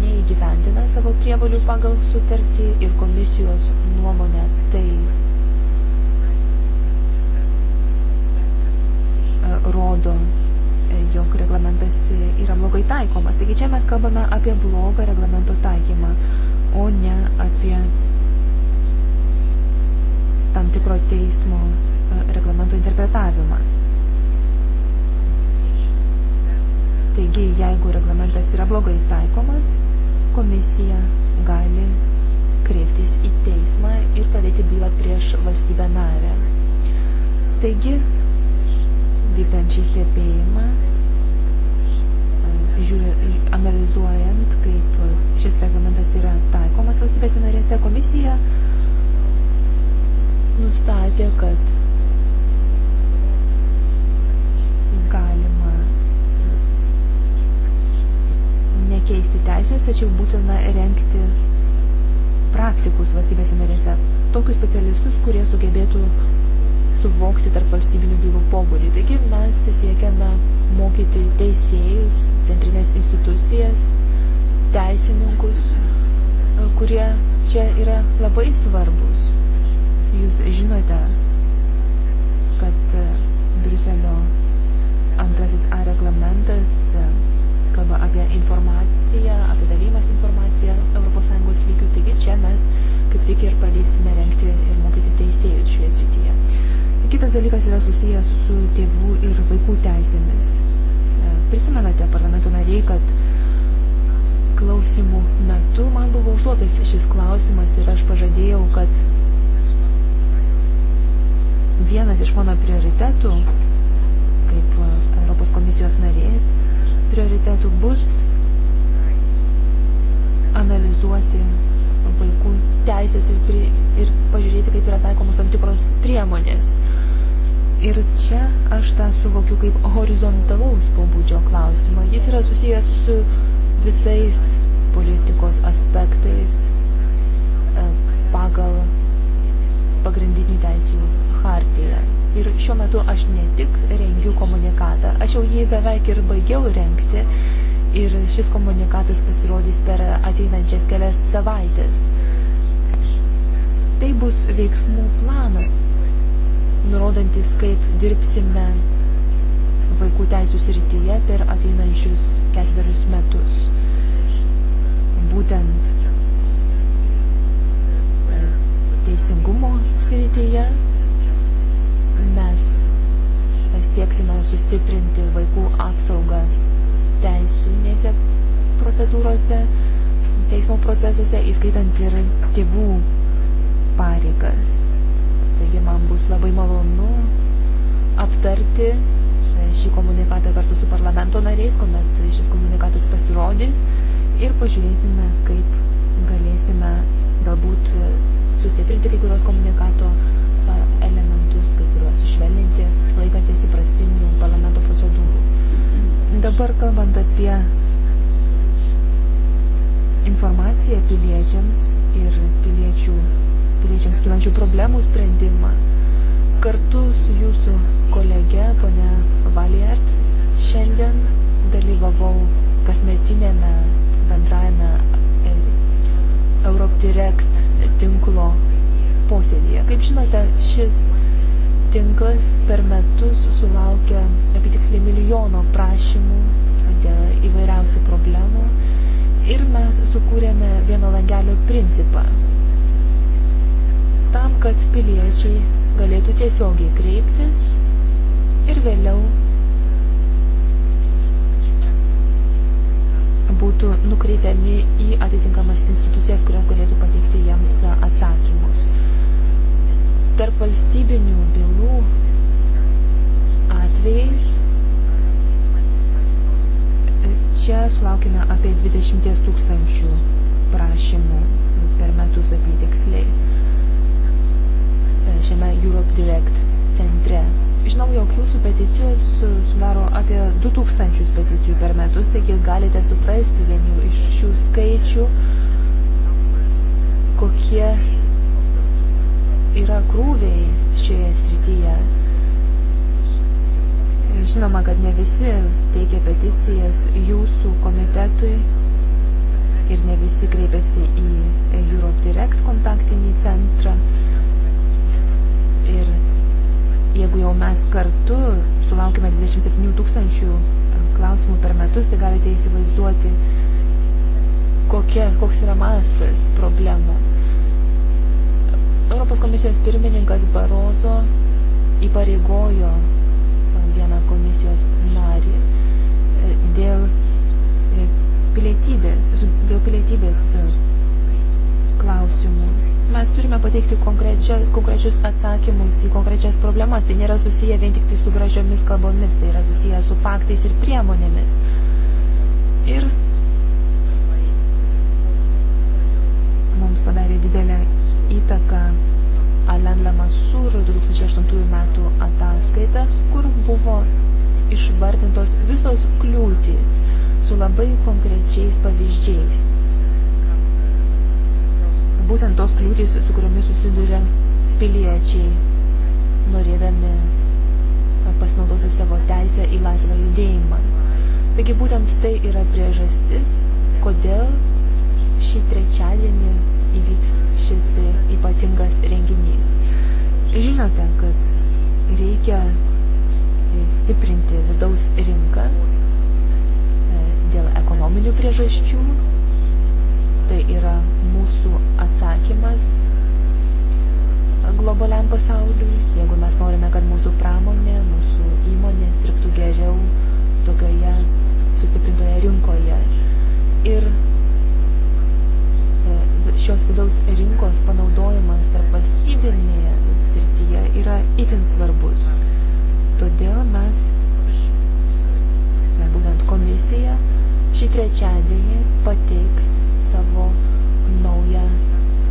neįgyvendina savo prievalių pagal sutartį ir komisijos nuomonė tai e, rodo jog reglamentas yra blogai taikomas. Taigi čia mes kalbame apie blogą reglamento taikymą, o ne apie tam tikro teismo e, reglamento interpretavimą. Taigi, jeigu reglamentas yra blogai taikomas, komisija gali kreiptis į teismą ir pradėti bylą prieš valstybę narę. Taigi, vykdant šį stebėjimą, žiūri, analizuojant, kaip šis reglamentas yra taikomas valstybėse narėse, komisija nustatė, kad galima nekeisti teisės, tačiau būtina renkti praktikus valstybėse narėse, tokius specialistus, kurie sugebėtų suvokti tarp valstybinių bylų pobūdį. Taigi mes siekiame mokyti teisėjus, centrinės institucijas, teisininkus, kurie čia yra labai svarbus. Jūs žinote, kad e, Briuselio antrasis A reglamentas e, kalba apie informaciją, apie dalymas informaciją ES lygių. Taigi čia mes kaip tik ir pradėsime renkti ir mokyti teisėjus šioje srityje. Kitas dalykas yra susijęs su tėvų ir vaikų teisėmis. E, prisimenate, parlamento nariai, kad klausimų metu man buvo užduotas šis klausimas ir aš pažadėjau, kad vienas iš mano prioritetų, kaip e, Europos komisijos narės, prioritetų bus analizuoti vaikų teisės ir, pri, ir pažiūrėti, kaip yra taikomos tam tikros priemonės. Uh, Ir čia aš tą suvokiu kaip horizontalaus pobūdžio klausimą. Jis yra susijęs su visais politikos aspektais e, pagal pagrindinių teisių hartiją. Ir šiuo metu aš ne tik rengiu komunikatą, aš jau jį beveik ir baigiau rengti ir šis komunikatas pasirodys per ateinančias kelias savaitės. Tai bus veiksmų planas nurodantis, kaip dirbsime vaikų teisų srityje per ateinančius ketverius metus. Būtent teisingumo srityje mes sieksime sustiprinti vaikų apsaugą teisinėse procedūrose, teismo procesuose, įskaitant ir tėvų pareigas. Taigi man bus labai malonu aptarti e, šį komunikatą kartu su parlamento nariais, kuomet šis komunikatas pasirodys ir pažiūrėsime, kaip galėsime galbūt sustiprinti kai kurios komunikato e, elementus, kai kuriuos išvelninti, laikantis įprastinių parlamento procedūrų. Dabar kalbant apie informaciją piliečiams ir piliečių piliečiams kylančių problemų sprendimą. Kartu su jūsų kolege, ponia Valiart, šiandien dalyvavau kasmetinėme bendrajame e, Europe Direct tinklo posėdėje. Kaip žinote, šis tinklas per metus sulaukia apitiksliai milijono prašymų dėl įvairiausių problemų ir mes sukūrėme vieno langelio principą tam, kad piliečiai galėtų tiesiogiai kreiptis ir vėliau būtų nukreipiami į atitinkamas institucijas, kurios galėtų pateikti jiems atsakymus. Tarp valstybinių bylų atvejais čia sulaukime apie 20 tūkstančių prašymų per metus apytiksliai. E, šiame Europe Direct centre. Žinau, jog jūsų peticijos sudaro apie 2000 peticijų per metus, taigi galite suprasti vieni iš šių skaičių, kokie yra krūviai šioje srityje. Žinoma, kad ne visi teikia peticijas jūsų komitetui ir ne visi kreipiasi į Europe Direct kontaktinį centrą. Ir jeigu jau mes kartu sulaukime 27 tūkstančių e, klausimų per metus, tai galite įsivaizduoti, kokie, koks yra mastas problemų. Europos komisijos pirmininkas Barozo įpareigojo vieną komisijos narį e, dėl e, pilietybės, dėl pilietybės klausimų mes turime pateikti konkrečius atsakymus į konkrečias problemas. Tai nėra susiję vien tik tai su gražiomis kalbomis, tai yra susiję su faktais ir priemonėmis. Ir mums padarė didelę įtaką Alen Lamassur 2008 metų ataskaita, kur buvo išvardintos visos kliūtys su labai konkrečiais pavyzdžiais būtent tos kliūtys, su kuriomis susiduria piliečiai, norėdami e, pasinaudoti savo teisę į laisvą judėjimą. Taigi būtent tai yra priežastis, kodėl šį trečiadienį įvyks šis ypatingas renginys. Žinote, kad reikia e, stiprinti vidaus rinką e, dėl ekonominių priežasčių, Tai yra mūsų atsakymas globaliam pasauliui, jeigu mes norime, kad mūsų pramonė, mūsų įmonės dirbtų geriau tokioje sustiprintoje rinkoje. Ir e, šios vidaus rinkos panaudojimas tarp valstybinėje srityje yra itin svarbus. Todėl mes, būtent komisija, šį trečiadienį pateiks savo naują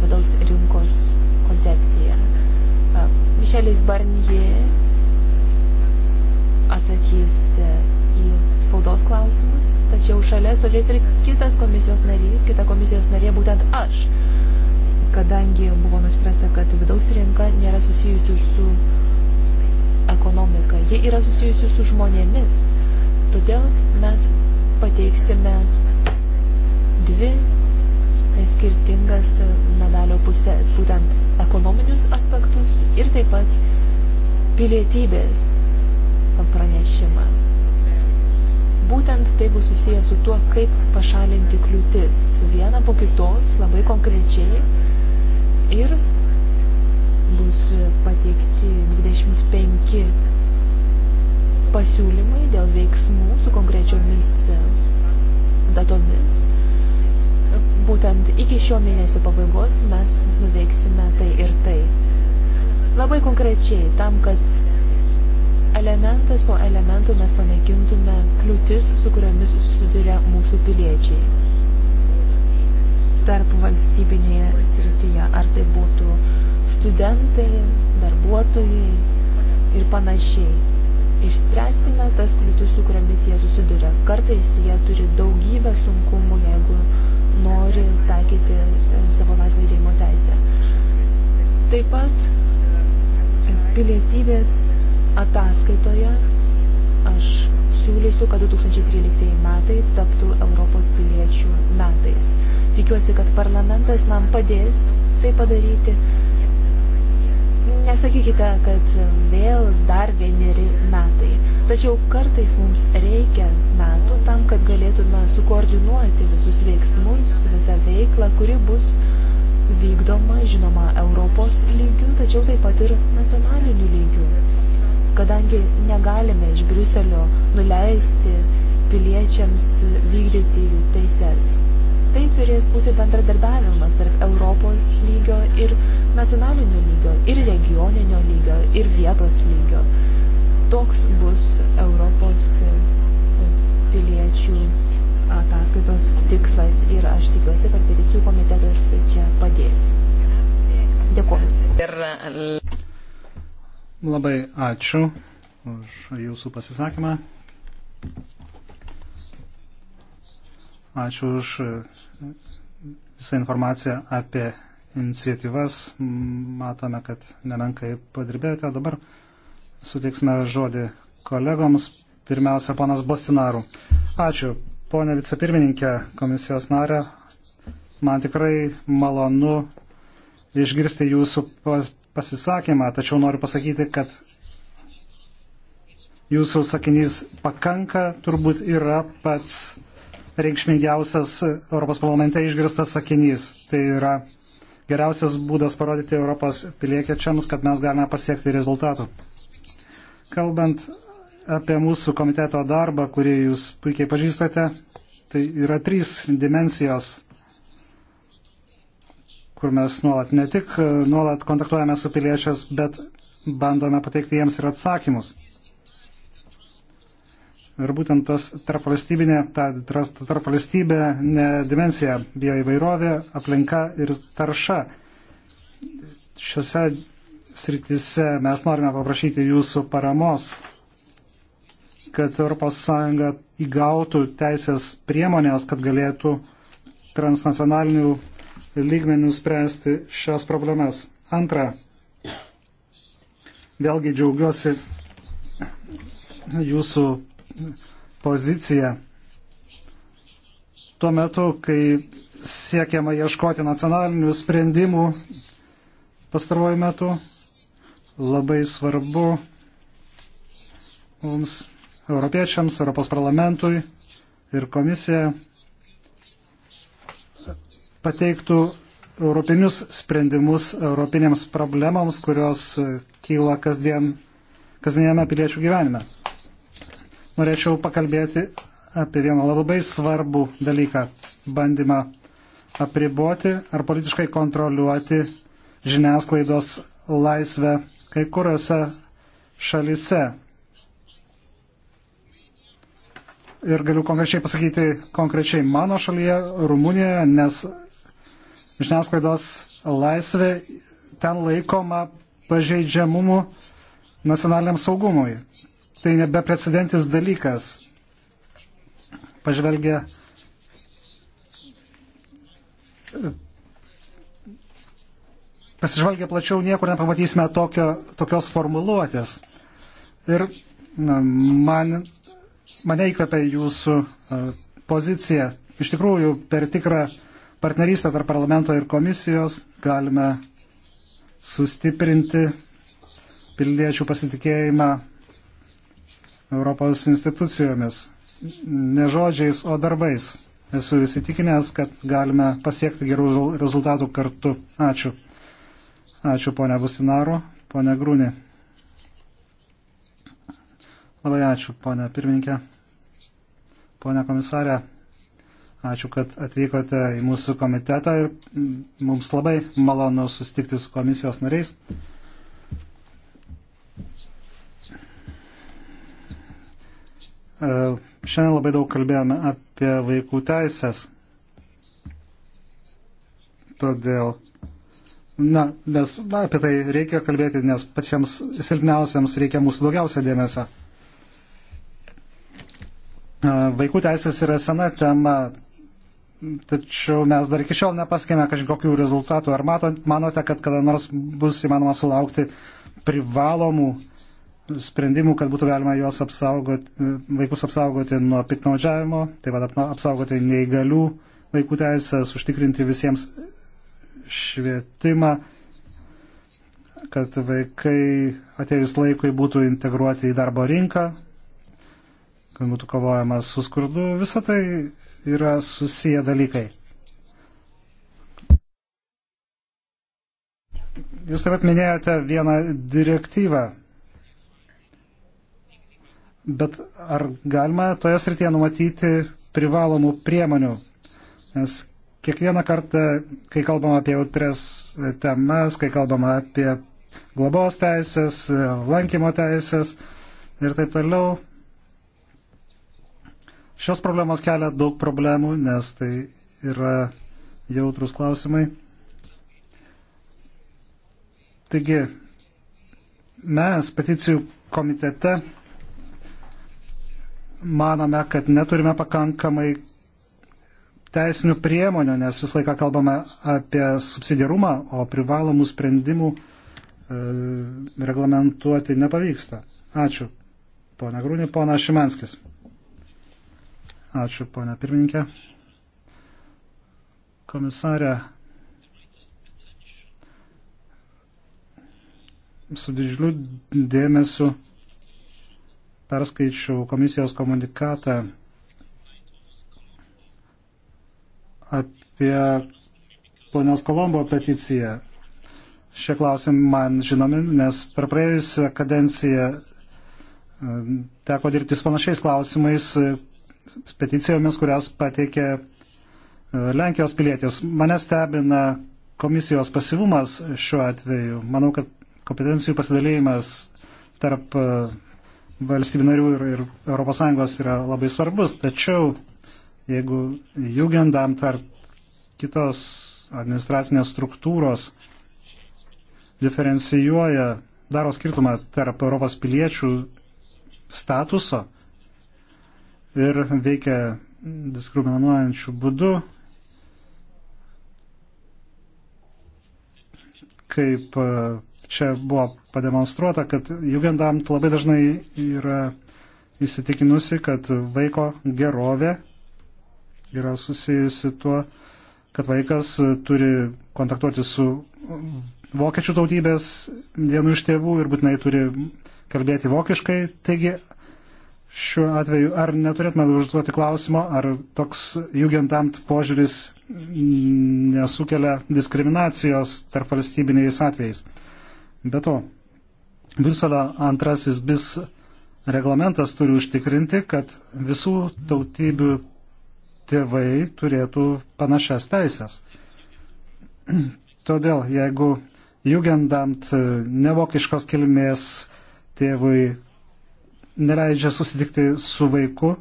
vidaus rinkos koncepciją. Mišelis Barnie atsakys e, į spaudos klausimus, tačiau šalia stovės ir kitas komisijos narys, kita komisijos narė būtent aš, kadangi buvo nuspręsta, kad vidaus rinka nėra susijusi su ekonomika, ji yra susijusi su žmonėmis. Todėl mes pateiksime dvi skirtingas medalio pusės, būtent ekonominius aspektus ir taip pat pilietybės pranešimą. Būtent tai bus susijęs su tuo, kaip pašalinti kliūtis vieną po kitos labai konkrečiai ir bus pateikti 25 pasiūlymai dėl veiksmų su konkrečiomis datomis būtent iki šio mėnesio pabaigos mes nuveiksime tai ir tai. Labai konkrečiai, tam, kad elementas po elementų mes panaikintume kliūtis, su kuriomis susiduria mūsų piliečiai tarp valstybinėje srityje, ar tai būtų studentai, darbuotojai ir panašiai išspręsime tas kliūtis, su kuriamis jie susiduria. Kartais jie turi daugybę sunkumų, jeigu nori taikyti e, savo laisvą judėjimo teisę. Taip pat e, pilietybės ataskaitoje aš siūlysiu, kad 2013 metai taptų Europos piliečių metais. Tikiuosi, kad parlamentas man padės tai padaryti Nesakykite, kad vėl dar vieneri metai. Tačiau kartais mums reikia metų tam, kad galėtume sukoordinuoti visus veiksmus, visą veiklą, kuri bus vykdoma, žinoma, Europos lygių, tačiau taip pat ir nacionalinių lygių. Kadangi negalime iš Briuselio nuleisti piliečiams vykdyti jų teises. Tai turės būti bendradarbiavimas tarp Europos lygio ir nacionalinio lygio, ir regioninio lygio, ir vietos lygio. Toks bus Europos e, piliečių ataskaitos tikslas ir aš tikiuosi, kad peticijų komitetas čia padės. Dėkuoju. Labai ačiū už jūsų pasisakymą. Ačiū už visą informaciją apie iniciatyvas. Matome, kad nemenkai padirbėjote. Dabar suteiksime žodį kolegoms. Pirmiausia, panas Bostinaru. Ačiū, ponė vicepirmininkė, komisijos narė. Man tikrai malonu išgirsti jūsų pasisakymą, tačiau noriu pasakyti, kad jūsų sakinys pakanka turbūt yra pats reikšmingiausias Europos parlamente išgirstas sakinys. Tai yra geriausias būdas parodyti Europos piliečiams, kad mes galime pasiekti rezultatų. Kalbant apie mūsų komiteto darbą, kurį jūs puikiai pažįstate, tai yra trys dimensijos, kur mes nuolat ne tik nuolat kontaktuojame su piliečiais, bet bandome pateikti jiems ir atsakymus. Ir būtent tas tarpvalstybinė, ta tarpvalstybinė dimensija, bioįvairovė, aplinka ir tarša. Šiuose srityse mes norime paprašyti jūsų paramos, kad ES įgautų teisės priemonės, kad galėtų transnacionalinių lygmenių spręsti šias problemas. Antra, vėlgi džiaugiuosi jūsų poziciją. Tuo metu, kai siekiama ieškoti nacionalinių sprendimų pastaruoju metu, labai svarbu mums, europiečiams, Europos parlamentui ir komisija pateiktų europinius sprendimus europinėms problemams, kurios kyla kasdien, kasdienėme piliečių gyvenime norėčiau pakalbėti apie vieną labai svarbų dalyką - bandymą apriboti ar politiškai kontroliuoti žiniasklaidos laisvę kai kuriuose šalise. Ir galiu konkrečiai pasakyti konkrečiai mano šalyje, Rumunijoje, nes žiniasklaidos laisvė ten laikoma pažeidžiamumu nacionaliniam saugumui tai nebeprecedentis dalykas. Pažvelgia pasižvalgę plačiau niekur nepamatysime tokio, tokios formuluotės. Ir na, man, mane įkvepia jūsų e, pozicija. Iš tikrųjų, per tikrą partnerystę tarp parlamento ir komisijos galime sustiprinti piliečių pasitikėjimą Europos institucijomis. Ne žodžiais, o darbais. Esu įsitikinęs, kad galime pasiekti gerų rezultatų kartu. Ačiū. Ačiū ponia Bustinaru, ponia Grūnė. Labai ačiū ponia pirmininkė. Pone komisarė, ačiū, kad atvykote į mūsų komitetą ir mums labai malonu susitikti su komisijos nariais. E, šiandien labai daug kalbėjome apie vaikų teisės. Todėl, na, nes na, apie tai reikia kalbėti, nes pačiams silpniausiams reikia mūsų daugiausia dėmesio. E, vaikų teisės yra sena tema, tačiau mes dar iki šiol nepaskėme kažkokių rezultatų. Ar mato, manote, kad kada nors bus įmanoma sulaukti privalomų uh, sprendimų, kad būtų galima juos apsaugoti, vaikus apsaugoti nuo piknaudžiavimo, taip pat apsaugoti neįgalių vaikų teisės, užtikrinti visiems švietimą, kad vaikai atėjus laikui būtų integruoti į darbo rinką, kad būtų kovojama su skurdu. Visą tai yra susiję dalykai. Jūs taip pat minėjote vieną direktyvą Bet ar galima toje srityje numatyti privalomų priemonių? Nes kiekvieną kartą, kai kalbam apie jautres temas, kai kalbam apie globos teisės, lankymo teisės ir taip toliau, šios problemos kelia daug problemų, nes tai yra jautrus klausimai. Taigi, mes peticijų komitete manome, kad neturime pakankamai teisinių priemonių, nes visą laiką kalbame apie subsidiarumą, o privalomų sprendimų e, reglamentuoti nepavyksta. Ačiū. Pone Grūnė, pona Šimanskis. Ačiū, pone pirmininkė. Komisarė. Su didžiuliu dėmesiu perskaičiau komisijos komunikatą apie ponios Kolombo peticiją. Šie klausimai man žinomi, nes per praėjusią kadenciją e, teko dirbti su panašiais klausimais, peticijomis, kurias pateikė e, Lenkijos pilietis. Mane stebina komisijos pasivumas šiuo atveju. Manau, kad kompetencijų pasidalėjimas tarp e, valstybių narių ir, ir ES yra labai svarbus, tačiau jeigu jugendam ar kitos administracinės struktūros diferencijuoja, daro skirtumą tarp Europos piliečių statuso ir veikia diskriminuojančių būdų, kaip e, čia buvo pademonstruota, kad Jugendamt labai dažnai yra įsitikinusi, kad vaiko gerovė yra susijusi tuo, kad vaikas turi kontaktuoti su vokiečių tautybės vienu iš tėvų ir būtinai turi kalbėti vokiškai. Taigi šiuo atveju, ar neturėtume užduoti klausimo, ar toks jugendamt požiūris nesukelia diskriminacijos tarp valstybiniais atvejais. Be to, Briuselio antrasis bis reglamentas turi užtikrinti, kad visų tautybių tėvai turėtų panašias teisės. Todėl, jeigu jugendamt nevokiškos kilmės tėvui neleidžia susitikti su vaiku.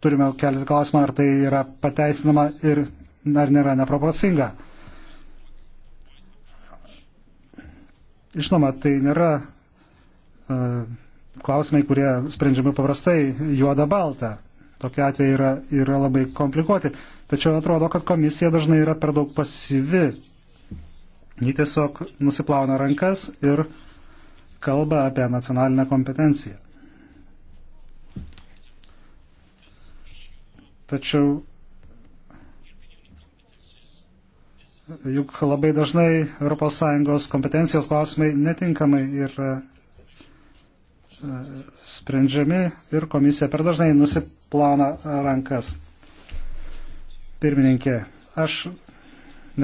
Turime kelti klausimą, ar tai yra pateisinama ir ar nėra neproporcinga. Žinoma, tai nėra uh, klausimai, kurie sprendžiami paprastai juoda-balta. Tokie atvejai yra, yra labai komplikuoti. Tačiau atrodo, kad komisija dažnai yra per daug pasyvi. Ji tiesiog nusiplauna rankas ir kalba apie nacionalinę kompetenciją. Tačiau juk labai dažnai ES kompetencijos klausimai netinkamai yra e, sprendžiami ir komisija per dažnai nusiplauna rankas. Pirmininkė, aš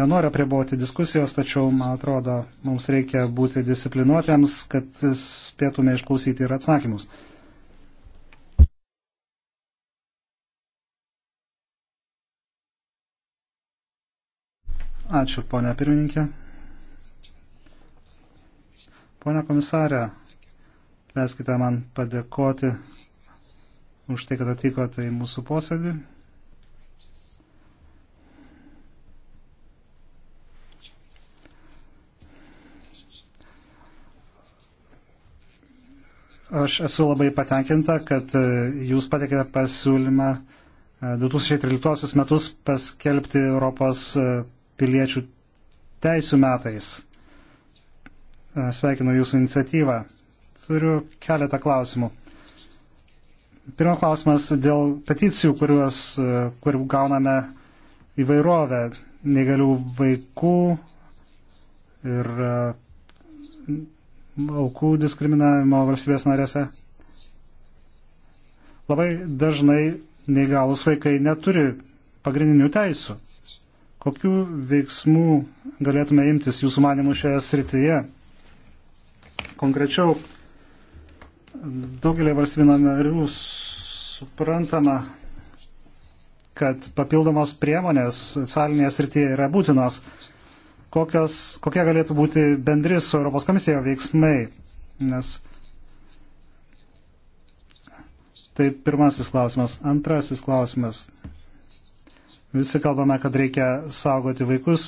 nenoriu priboti diskusijos, tačiau, man atrodo, mums reikia būti disciplinuotėms, kad spėtume išklausyti ir atsakymus. Ačiū, ponia pirmininkė. Pone komisarė, leiskite man padėkoti už tai, kad atvykote į mūsų posėdį. Aš esu labai patenkinta, kad jūs patekėte pasiūlymą 2013 e, metus paskelbti Europos e, piliečių teisų metais. E, sveikinu jūsų iniciatyvą. Turiu keletą klausimų. Pirmas klausimas dėl peticijų, kuriuos, e, kurių gauname įvairovę negalių vaikų ir e, aukų diskriminavimo valstybės narėse. Labai dažnai neįgalus vaikai neturi pagrindinių teisų. Kokių veiksmų galėtume imtis jūsų manimų šioje srityje? Konkrečiau, daugelį valstybinio narių suprantama, kad papildomos priemonės salinėje srityje yra būtinos. Kokios, kokie galėtų būti bendri su Europos komisija veiksmai? Nes tai pirmasis klausimas. Antrasis klausimas. Visi kalbame, kad reikia saugoti vaikus,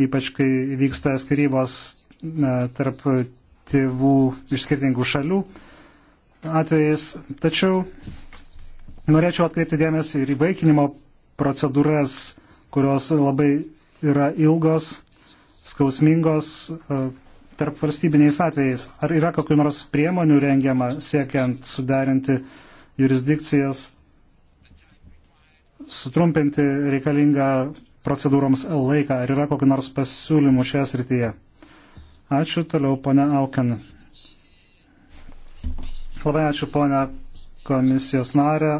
ypač kai vyksta skirybos e, tarp tėvų iš skirtingų šalių atvejais. Tačiau norėčiau atkreipti dėmesį ir į vaikinimo procedūras, kurios labai yra ilgos, skausmingos e, tarp valstybiniais atvejais. Ar yra kokiu nors priemonių rengiama siekiant suderinti jurisdikcijas sutrumpinti reikalingą procedūroms laiką. Ar yra kokiu nors pasiūlymu šioje srityje? Ačiū toliau, ponia Auken. Labai ačiū, ponia komisijos narė.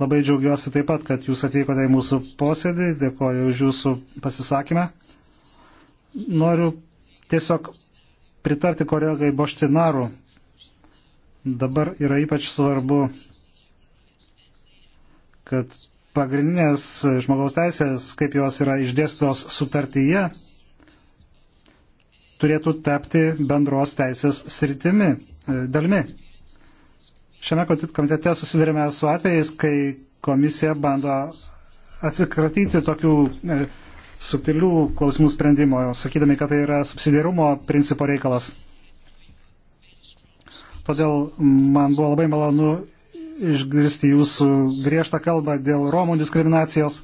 Labai džiaugiuosi taip pat, kad jūs atvykote į mūsų posėdį. Dėkoju už jūsų pasisakymą. Noriu tiesiog pritarti kolegai Boštinaru. Dabar yra ypač svarbu, kad pagrindinės žmogaus teisės, kaip jos yra išdėstos sutartyje, turėtų tapti bendros teisės sritimi, e, dalimi. Šiame komitete susidurime su atvejais, kai komisija bando atsikratyti tokių e, subtilių klausimų sprendimo, sakydami, kad tai yra subsidiarumo principo reikalas. Todėl man buvo labai malonu išgirsti jūsų griežtą kalbą dėl Romų diskriminacijos.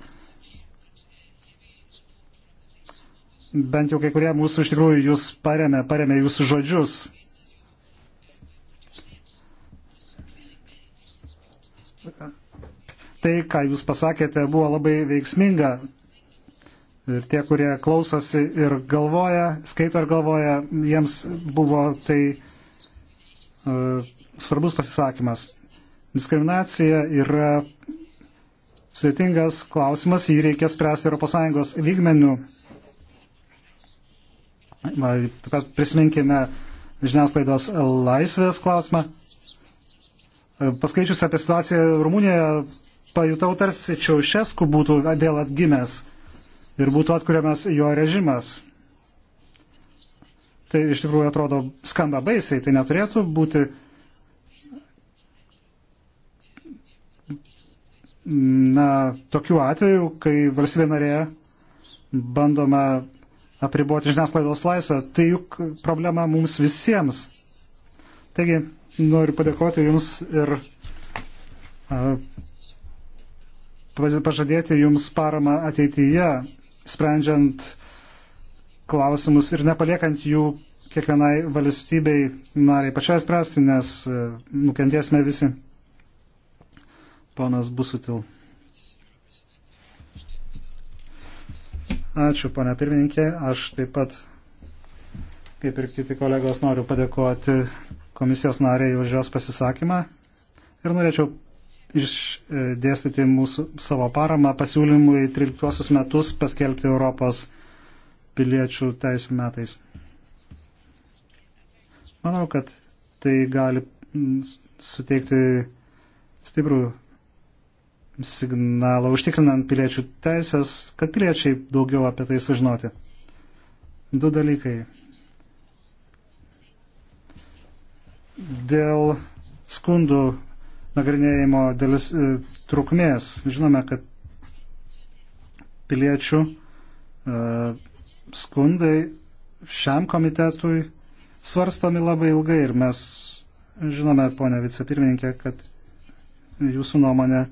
Bent jau kai kurie mūsų iš tikrųjų jūs paremė, paremė jūsų žodžius. Tai, ką jūs pasakėte, buvo labai veiksminga. Ir tie, kurie klausosi ir galvoja, skaito ir galvoja, jiems buvo tai uh, svarbus pasisakymas. Diskriminacija yra sudėtingas klausimas, jį reikia spręsti ES lygmenių. Taip pat prisiminkime žiniasklaidos laisvės klausimą. Paskaičius apie situaciją Rumunijoje, pajutau tarsi Čiaušesku būtų dėl atgimęs ir būtų atkuriamas jo režimas. Tai iš tikrųjų atrodo skamba baisiai, tai neturėtų būti na, tokių atvejų, kai valstybė narė bandoma apriboti žiniasklaidos laisvę, tai juk problema mums visiems. Taigi, noriu padėkoti Jums ir a, pažadėti Jums paramą ateityje, sprendžiant klausimus ir nepaliekant jų kiekvienai valstybei nariai pačiai spręsti, nes nukentėsime visi. Ponas Busutil. Ačiū, ponia pirmininkė. Aš taip pat, kaip ir kiti kolegos, noriu padėkoti komisijos nariai už jos pasisakymą ir norėčiau išdėstyti mūsų savo paramą pasiūlymui 13 metus paskelbti Europos piliečių teisų metais. Manau, kad tai gali suteikti stiprų signalą užtikrinant piliečių teisės, kad piliečiai daugiau apie tai sužinoti. Du dalykai. Dėl skundų nagrinėjimo dalis, e, trukmės žinome, kad piliečių e, skundai šiam komitetui svarstomi labai ilgai ir mes žinome, ponia vicepirmininkė, kad jūsų nuomonė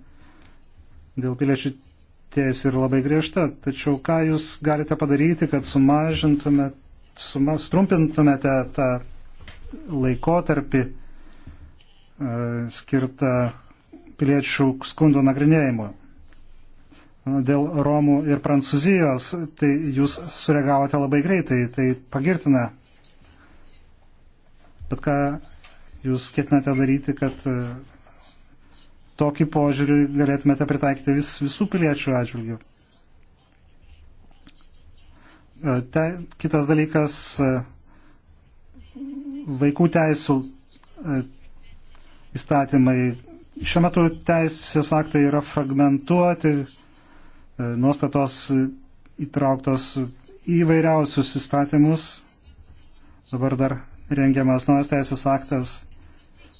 dėl piliečių teisų ir labai griežta. Tačiau ką jūs galite padaryti, kad sumažintumėte, suma, strumpintumėte tą laikotarpį e, skirtą piliečių skundų nagrinėjimui? dėl Romų ir Prancūzijos, tai jūs sureagavote labai greitai, tai pagirtina. Bet ką jūs ketinate daryti, kad e, tokį požiūrį galėtumėte pritaikyti vis, visų piliečių atžvilgių. E, te, kitas dalykas e, - vaikų teisų e, įstatymai. Šiuo metu teisės aktai yra fragmentuoti, nuostatos įtrauktos įvairiausius įstatymus. Dabar dar rengiamas naujas teisės aktas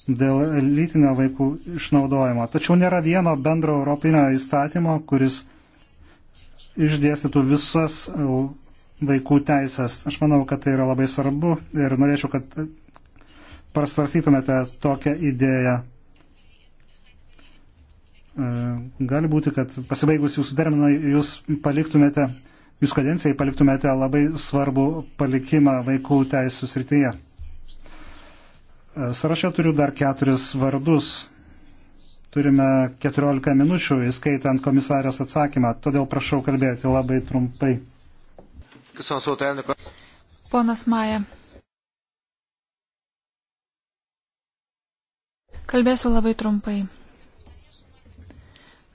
dėl lytinio vaikų išnaudojimo. Tačiau nėra vieno bendro europinio įstatymo, kuris išdėstytų visas vaikų teisės. Aš manau, kad tai yra labai svarbu ir norėčiau, kad prasvarstytumėte tokią idėją. E, gali būti, kad pasibaigus jūsų terminą jūs paliktumėte, jūs kadencijai paliktumėte labai svarbų palikimą vaikų teisų srityje. E, Sarašė turiu dar keturis vardus. Turime 14 minučių, įskaitant komisarės atsakymą, todėl prašau kalbėti labai trumpai. Ponas Maja. Kalbėsiu labai trumpai.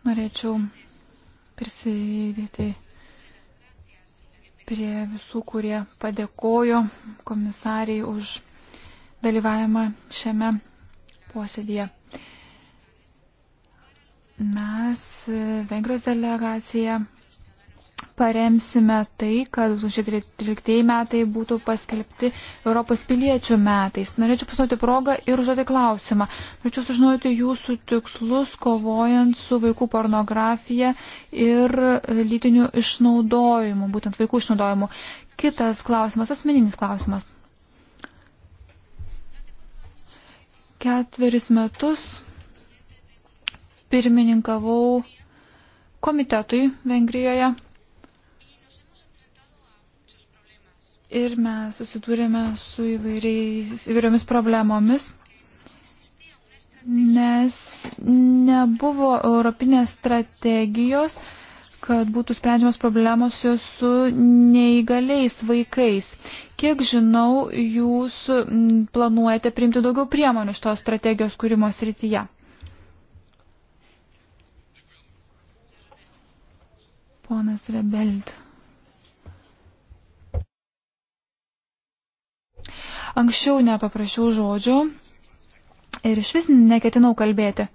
Norėčiau prisidėti prie visų, kurie padėkojo komisariai už dalyvavimą šiame posėdėje. Mes, e, Vengrijos delegacija, paremsime tai, kad 2013 metai būtų paskelbti Europos piliečių metais. Norėčiau pasinaudoti progą ir užduoti klausimą. Norėčiau sužinoti jūsų tikslus, kovojant su vaikų pornografija ir lytiniu išnaudojimu, būtent vaikų išnaudojimu. Kitas klausimas, asmeninis klausimas. ketveris metus pirmininkavau komitetui Vengrijoje. Ir mes susidūrėme su įvairiomis problemomis, nes nebuvo europinės strategijos kad būtų sprendžiamas problemos su neįgaliais vaikais. Kiek žinau, jūs planuojate priimti daugiau priemonių šitos strategijos kūrimo srityje. Ponas Rebeld. Anksčiau nepaprašiau žodžio ir iš vis neketinau kalbėti.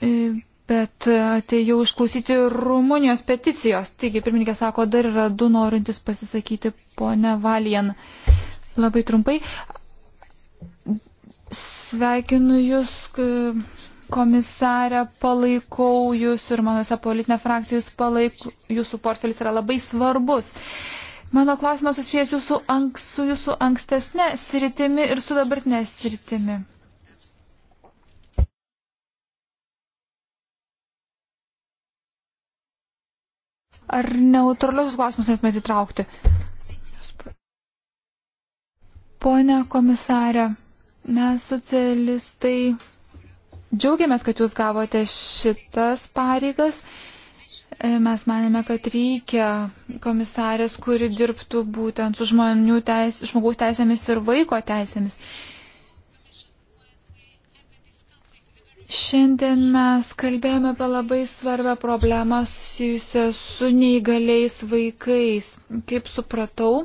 E, bet atėjau išklausyti Rumunijos peticijos. Taigi, pirmininkė sako, dar yra du norintys pasisakyti ponę Valijan. Labai trumpai. Sveikinu Jūs, komisarė, palaikau Jūs ir manose politinė frakcija Jūs palaikau. Jūsų portfelis yra labai svarbus. Mano klausimas susijęs jūsų anks, su Jūsų ankstesnė sritimi ir su dabartinė sritimi. Ar neutralius klausimus norėtumėte įtraukti? Pone komisarė, mes socialistai džiaugiamės, kad jūs gavote šitas pareigas. E, mes manėme, kad reikia komisarės, kuri dirbtų būtent su teis, žmogaus teisėmis ir vaiko teisėmis. Šiandien mes kalbėjome apie labai svarbę problemą susijusią su neįgaliais vaikais. Kaip supratau,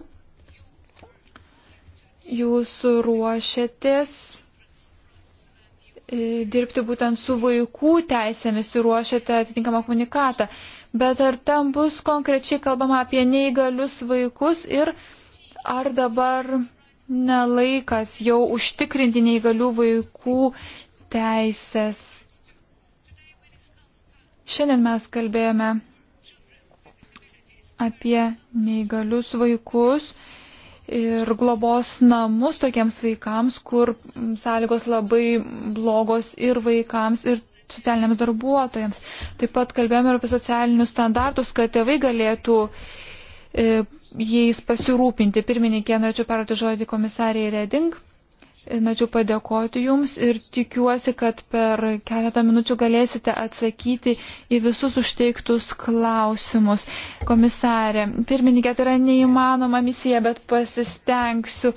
jūs ruošiatės e, dirbti būtent su vaikų teisėmis ir ruošiate atitinkamą komunikatą. Bet ar ten bus konkrečiai kalbama apie neįgalius vaikus ir ar dabar nelaikas jau užtikrinti neįgalių vaikų teisės. Šiandien mes kalbėjome apie neįgalius vaikus ir globos namus tokiems vaikams, kur sąlygos labai blogos ir vaikams, ir socialiniams darbuotojams. Taip pat kalbėjome ir apie socialinius standartus, kad tėvai galėtų e, jais pasirūpinti. Pirmininkė, norėčiau perduoti žodį komisariai Reding. Norėčiau padėkoti Jums ir tikiuosi, kad per keletą minučių galėsite atsakyti į visus užteiktus klausimus. Komisarė, pirmininkė, tai yra neįmanoma misija, bet pasistengsiu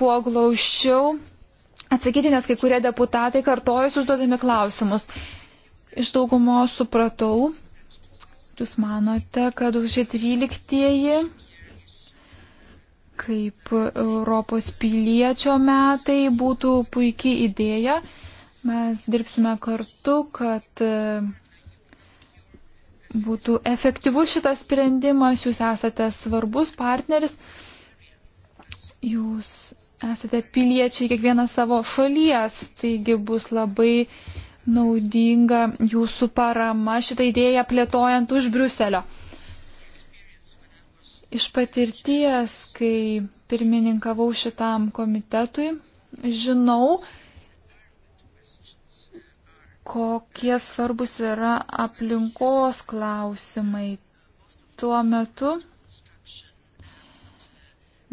kuo glaušiau atsakyti, nes kai kurie deputatai kartojus užduodami klausimus. Iš daugumo supratau, Jūs manote, kad už 13 kaip Europos piliečio metai būtų puikiai idėja. Mes dirbsime kartu, kad e, būtų efektyvus šitas sprendimas, jūs esate svarbus partneris, jūs esate piliečiai kiekvieną savo šalies, taigi bus labai naudinga jūsų parama šitą idėją plėtojant už Briuselio. Iš patirties, kai pirmininkavau šitam komitetui, žinau, kokie svarbus yra aplinkos klausimai. Tuo metu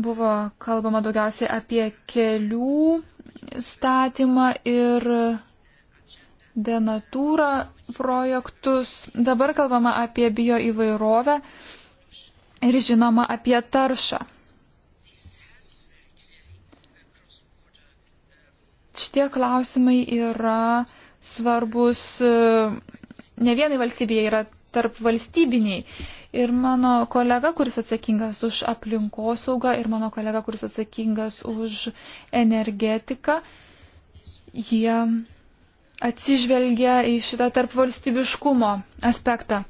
buvo kalbama daugiausiai apie kelių statymą ir denatūrą projektus. Dabar kalbama apie bio įvairovę ir žinoma apie taršą. Šitie klausimai yra svarbus e, ne vienai valstybėje, yra tarp valstybiniai. Ir mano kolega, kuris atsakingas už aplinkosaugą ir mano kolega, kuris atsakingas už energetiką, jie atsižvelgia į šitą tarp valstybiškumo aspektą.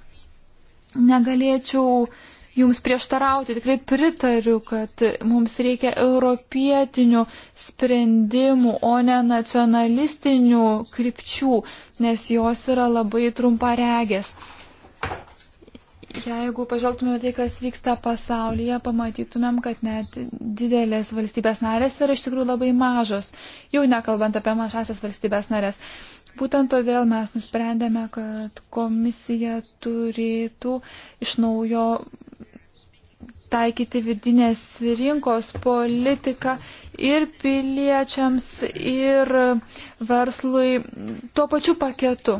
Negalėčiau uh, jums prieštarauti. Tikrai pritariu, kad mums reikia europietinių sprendimų, o ne nacionalistinių krypčių, nes jos yra labai trumparegės. Jeigu pažvelgtumėm tai, kas vyksta pasaulyje, pamatytumėm, kad net didelės valstybės narės yra iš tikrųjų labai mažos, jau nekalbant apie mažasias valstybės narės. Būtent todėl mes nusprendėme, kad komisija turėtų iš naujo taikyti vidinės rinkos politiką ir piliečiams, ir verslui tuo pačiu paketu.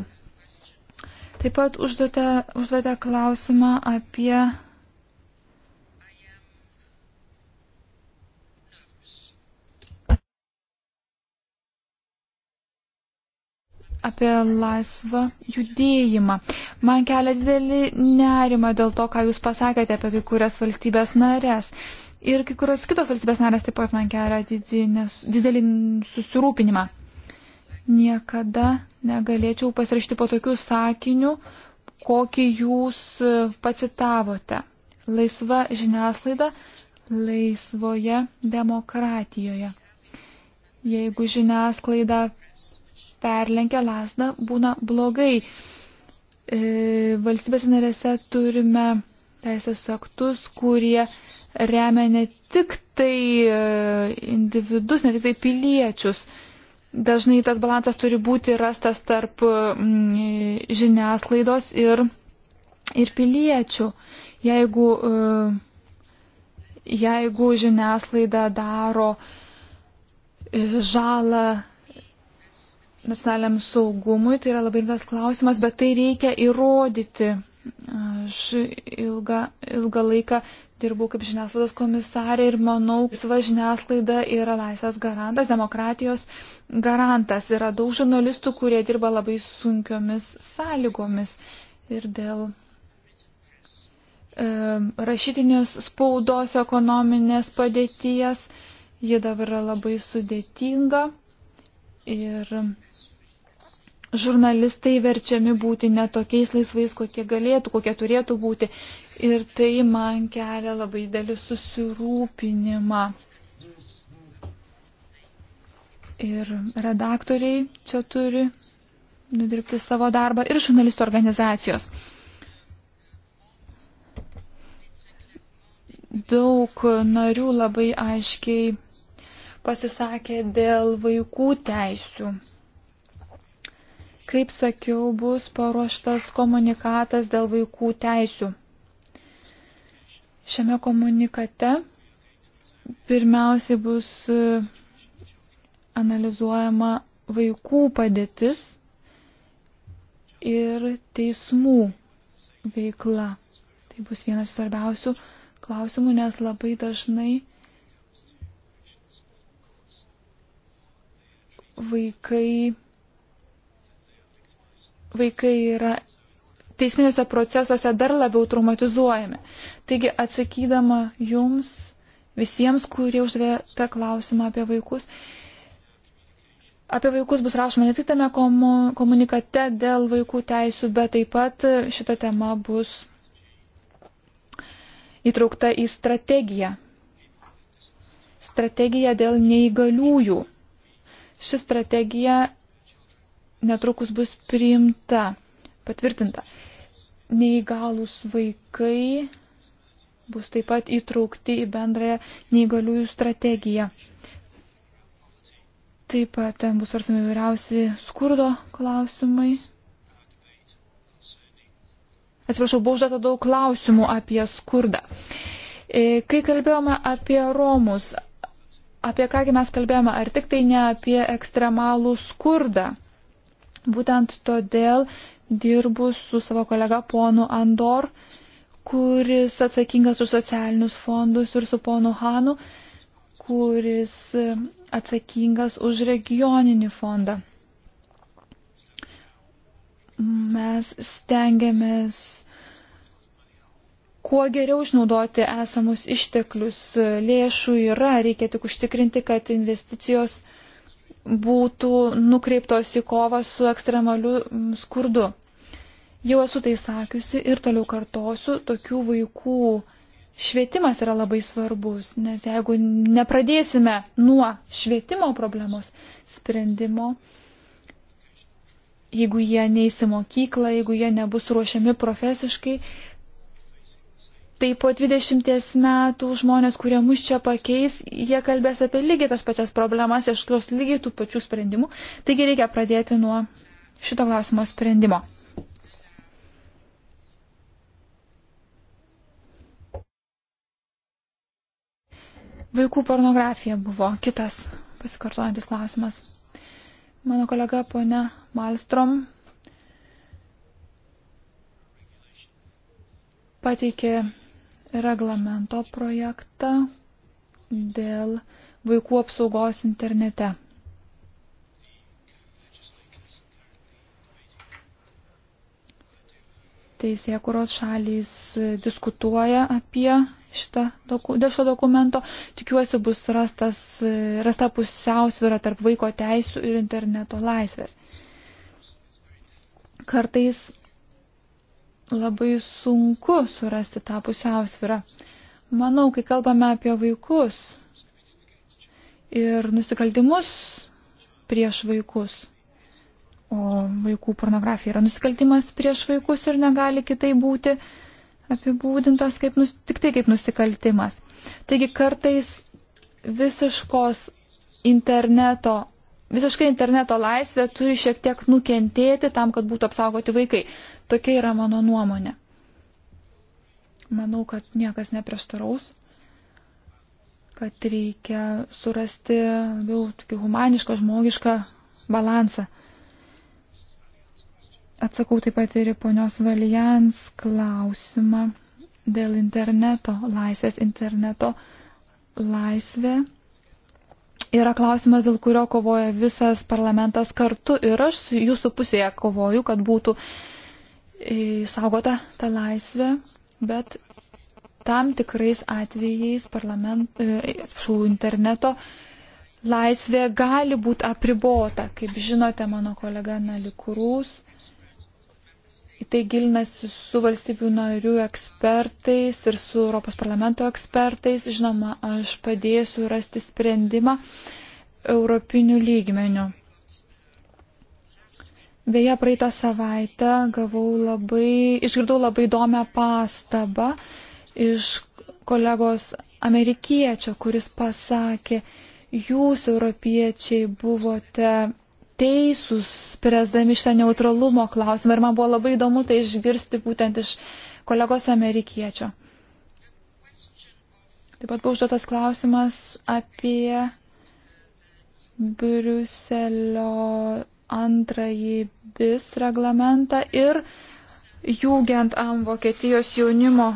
Taip pat užduotė, užduotė klausimą apie apie laisvą judėjimą. Man kelia didelį nerimą dėl to, ką Jūs pasakėte apie kai kurias valstybės narės. Ir kai kurios kitos valstybės narės taip pat man kelia didelį susirūpinimą. Niekada negalėčiau pasirašyti po tokių sakinių, kokį Jūs e, pacitavote. Laisva žiniaslaida laisvoje demokratijoje. Jeigu žiniasklaida perlenkia lasdą, būna blogai. E, Valstybės narėse turime teisės aktus, kurie remia ne tik tai e, individus, ne tik tai piliečius. Dažnai tas balansas turi būti rastas tarp mm, žiniasklaidos ir, ir piliečių. Jeigu, e, jeigu žiniasklaida daro žalą nacionaliniam saugumui, tai yra labai rimtas klausimas, bet tai reikia įrodyti. Aš ilgą, ilgą laiką dirbau kaip žiniasklaidos komisarė ir manau, laisva žiniasklaida yra laisvės garantas, demokratijos garantas. Yra daug žurnalistų, kurie dirba labai sunkiomis sąlygomis ir dėl e, rašytinės spaudos ekonominės padėties. Ji dabar yra labai sudėtinga Ir žurnalistai verčiami būti netokiais laisvais, kokie galėtų, kokie turėtų būti. Ir tai man kelia labai didelį susirūpinimą. Ir redaktoriai čia turi nudirbti savo darbą ir žurnalistų organizacijos. Daug narių labai aiškiai pasisakė dėl vaikų teisių. Kaip sakiau, bus paruoštas komunikatas dėl vaikų teisių. Šiame komunikate pirmiausiai bus e, analizuojama vaikų padėtis ir teismų veikla. Tai bus vienas svarbiausių klausimų, nes labai dažnai vaikai, vaikai yra teisminiuose procesuose dar labiau traumatizuojami. Taigi atsakydama jums, visiems, kurie užvė tą klausimą apie vaikus, apie vaikus bus rašoma ne tik tame komunikate dėl vaikų teisų, bet taip pat šita tema bus įtraukta į strategiją. Strategija dėl neįgaliųjų ši strategija netrukus bus priimta, patvirtinta. Neįgalus vaikai bus taip pat įtraukti į bendrąją neįgaliųjų strategiją. Taip pat ten bus svarstami vyriausi skurdo klausimai. Atsiprašau, buvo užduota daug klausimų apie skurdą. E, kai kalbėjome apie Romus, apie kągi mes kalbėjome, ar tik tai ne apie ekstremalų skurdą. Būtent todėl dirbu su savo kolega ponu Andor, kuris atsakingas už socialinius fondus ir su ponu Hanu, kuris atsakingas už regioninį fondą. Mes stengiamės kuo geriau išnaudoti esamus išteklius. Lėšų yra, reikia tik užtikrinti, kad investicijos būtų nukreiptos į kovą su ekstremaliu skurdu. Jau esu tai sakiusi ir toliau kartosiu, tokių vaikų švietimas yra labai svarbus, nes jeigu nepradėsime nuo švietimo problemos sprendimo, jeigu jie neįsi mokyklą, jeigu jie nebus ruošiami profesiškai, Tai po 20 metų žmonės, kurie mus čia pakeis, jie kalbės apie lygiai tas pačias problemas, ieškos lygiai tų pačių sprendimų. Taigi reikia pradėti nuo šito klausimo sprendimo. Vaikų pornografija buvo kitas pasikartojantis klausimas. Mano kolega ponia Malstrom pateikė reglamento projektą dėl vaikų apsaugos internete. Teisė, kurios šalys diskutuoja apie šitą, doku, dėl šio dokumento. Tikiuosi bus rastas, rasta pusiausvyrą tarp vaiko teisų ir interneto laisvės. Kartais labai sunku surasti tą pusiausvyrą. Manau, kai kalbame apie vaikus ir nusikaltimus prieš vaikus, o vaikų pornografija yra nusikaltimas prieš vaikus ir negali kitai būti apibūdintas kaip, tik tai kaip nusikaltimas. Taigi kartais visiškos interneto visiškai interneto laisvė turi šiek tiek nukentėti tam, kad būtų apsaugoti vaikai. Tokia yra mano nuomonė. Manau, kad niekas neprieštaraus, kad reikia surasti labiau tokį humanišką, žmogišką balansą. Atsakau taip pat ir į ponios Valijans klausimą dėl interneto laisvės. Interneto laisvė yra klausimas, dėl kurio kovoja visas parlamentas kartu ir aš jūsų pusėje kovoju, kad būtų saugota ta laisvė, bet tam tikrais atvejais parlament, šau, e, interneto laisvė gali būti apribota. Kaip žinote, mano kolega Nalikurūs tai gilinasi su valstybių narių ekspertais ir su Europos parlamento ekspertais. Žinoma, aš padėsiu rasti sprendimą europinių lygmenių. Beje, praeitą savaitę gavau labai, išgirdau labai įdomią pastabą iš kolegos amerikiečio, kuris pasakė, jūs europiečiai buvote teisūs, spręsdami šitą neutralumo klausimą. Ir man buvo labai įdomu tai išgirsti būtent iš kolegos amerikiečio. Taip pat buvo užduotas klausimas apie Briuselio antrąjį bis reglamentą ir Jugend am Vokietijos jaunimo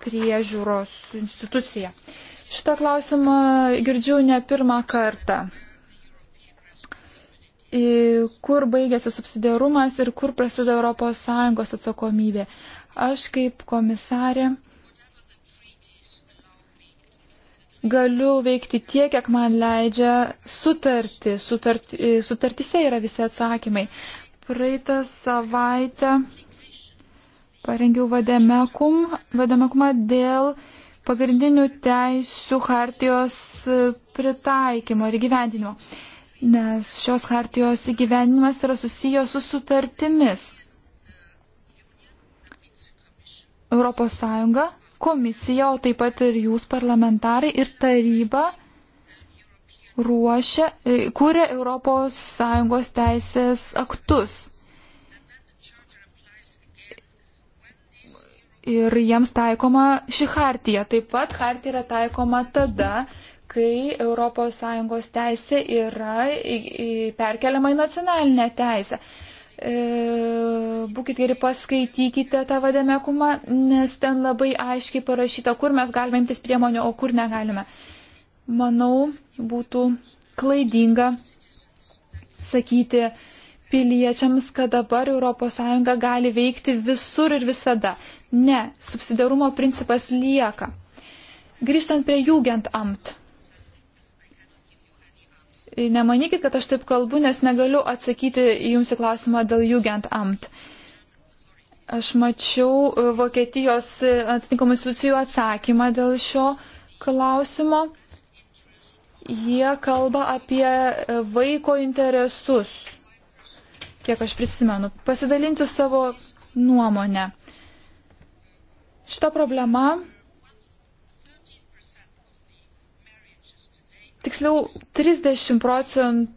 priežiūros instituciją. Šitą klausimą girdžiu ne pirmą kartą kur baigėsi subsidiarumas ir kur prasideda ES atsakomybė. Aš kaip komisarė galiu veikti tiek, kiek man leidžia sutarti. Sutart, sutartise yra visi atsakymai. Praeitą savaitę parengiau vademekum, vademekumą dėl pagrindinių teisų hartijos pritaikymo ir gyvendinimo nes šios hartijos įgyvenimas yra susijęs su sutartimis. Europos Sąjunga, komisija, o taip pat ir jūs parlamentarai ir taryba ruošia, e, kūrė Europos Sąjungos teisės aktus. Ir jiems taikoma ši hartija. Taip pat hartija yra taikoma tada, kai ES teisė yra perkeliama į nacionalinę teisę. E, būkit geri, paskaitykite tą vadėmekumą, nes ten labai aiškiai parašyta, kur mes galime imtis priemonių, o kur negalime. Manau, būtų klaidinga sakyti piliečiams, kad dabar ES gali veikti visur ir visada. Ne, subsidiarumo principas lieka. Grįžtant prie jūgiant amt Nemanykit, kad aš taip kalbu, nes negaliu atsakyti jums į klausimą dėl Jugend Amt. Aš mačiau e, Vokietijos e, atitinkamų institucijų atsakymą dėl šio klausimo. Jie kalba apie e, vaiko interesus, kiek aš prisimenu, pasidalinti savo nuomonę. Šita problema tiksliau 30 procentų.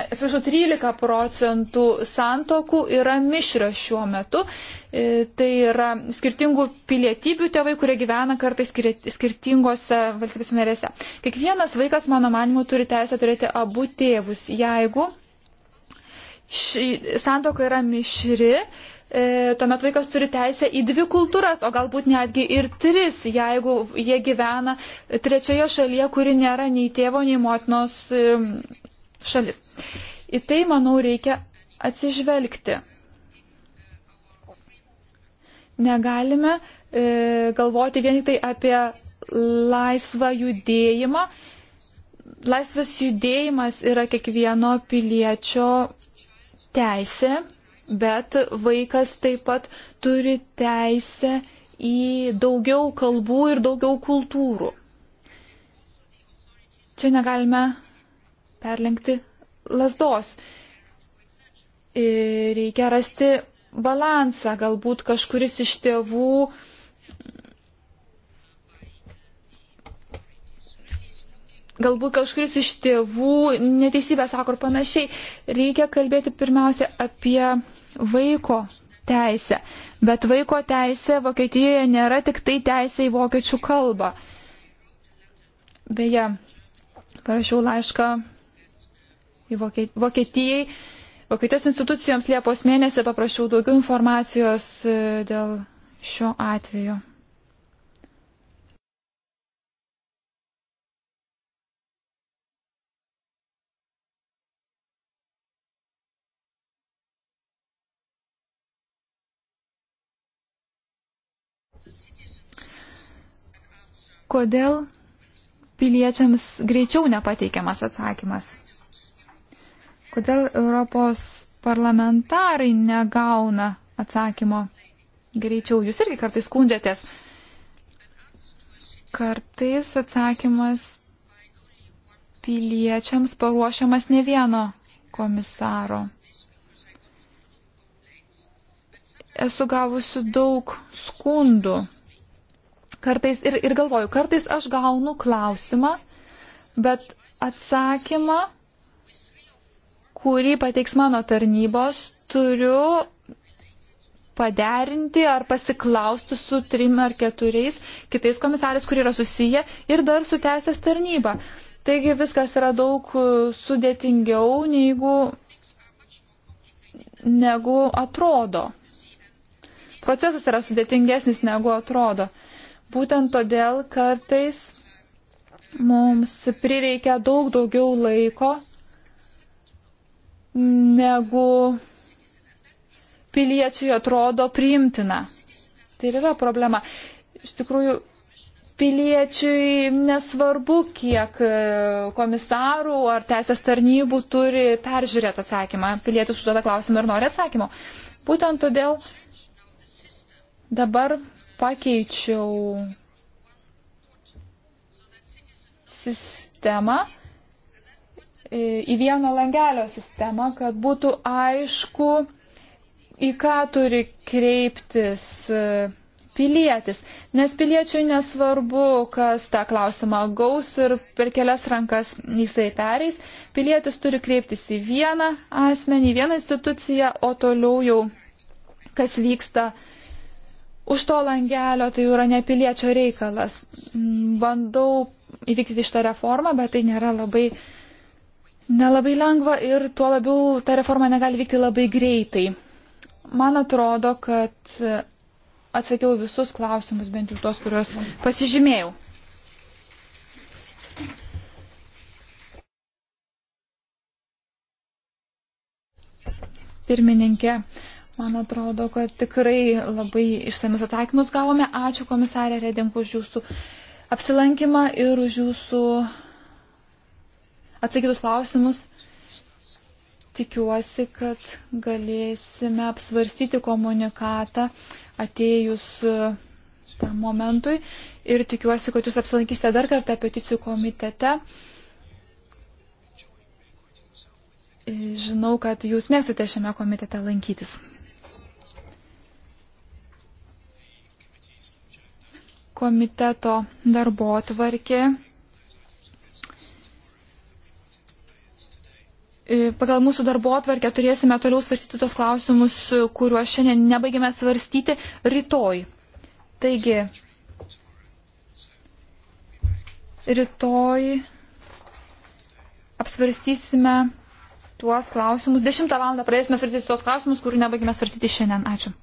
Atsiprašau, 13 procentų santokų yra mišrios šiuo metu. E, tai yra skirtingų pilietybių tėvai, kurie gyvena kartais skirtingose valstybės narėse. Kiekvienas vaikas, mano manimu, turi teisę turėti abu tėvus. Jeigu santoka yra mišri, e, tuomet vaikas turi teisę į dvi kultūras, o galbūt netgi ir tris, jeigu jie gyvena trečioje šalyje, kuri nėra nei tėvo, nei motinos e, šalis. Į tai, manau, reikia atsižvelgti. Negalime e, galvoti vien tik tai apie laisvą judėjimą. Laisvas judėjimas yra kiekvieno piliečio teisė bet vaikas taip pat turi teisę į daugiau kalbų ir daugiau kultūrų. Čia negalime perlenkti lasdos. Reikia rasti balansą, galbūt kažkuris iš tėvų uh, galbūt kažkuris iš tėvų neteisybę sako ir panašiai. Reikia kalbėti pirmiausia apie vaiko teisę. Bet vaiko teisė Vokietijoje nėra tik tai teisė į vokiečių kalbą. Beje, parašiau laišką į Vokietijai. Vokietijos institucijoms Liepos mėnesį paprašiau daugiau informacijos e, dėl šio atveju. kodėl piliečiams greičiau nepateikiamas atsakymas. Kodėl Europos parlamentarai negauna atsakymo greičiau? Jūs irgi kartais skundžiatės. Kartais atsakymas piliečiams paruošiamas ne vieno komisaro. Esu gavusi daug skundų Kartais ir, ir galvoju, kartais aš gaunu klausimą, bet atsakymą, kurį pateiks mano tarnybos, turiu paderinti ar pasiklausti su trim ar keturiais kitais komisarais, kurie yra susiję ir dar su teisės tarnyba. Taigi viskas yra daug sudėtingiau, negu, negu atrodo. Procesas yra sudėtingesnis negu atrodo. Būtent todėl kartais mums prireikia daug daugiau laiko negu piliečiui atrodo priimtina. Tai ir yra problema. Iš tikrųjų, piliečiui nesvarbu, kiek komisarų ar teisės tarnybų turi peržiūrėti atsakymą. Pilietis užduoda klausimą ir nori atsakymo. Būtent todėl dabar pakeičiau sistemą e, į vieno langelio sistemą, kad būtų aišku, į ką turi kreiptis e, pilietis. Nes piliečiui nesvarbu, kas tą klausimą gaus ir per kelias rankas jisai pereis. Pilietis turi kreiptis į vieną asmenį, į vieną instituciją, o toliau jau kas vyksta uh, už to langelio, tai yra nepiliečio reikalas. Bandau įvykdyti šitą reformą, bet tai nėra labai, nelabai lengva ir tuo labiau ta reforma negali vykti labai greitai. Man atrodo, kad atsakiau visus klausimus, bent jau tos, kuriuos pasižymėjau. Pirmininkė, Man atrodo, kad tikrai labai išsamius atsakymus gavome. Ačiū komisarė Redink už jūsų apsilankymą ir už jūsų atsakytus klausimus. Tikiuosi, kad galėsime apsvarstyti komunikatą atėjus e, tam momentui ir tikiuosi, kad jūs apsilankysite dar kartą peticijų komitete. Žinau, kad jūs mėgstate šiame komitete lankytis. komiteto darbo tvarkė. E, pagal mūsų darbo atvarkę turėsime toliau svarstyti tos klausimus, kuriuos šiandien nebaigėme svarstyti rytoj. Taigi, rytoj apsvarstysime tuos klausimus. 10 val. pradėsime svarstyti tuos klausimus, kurių nebaigėme svarstyti šiandien. Ačiū.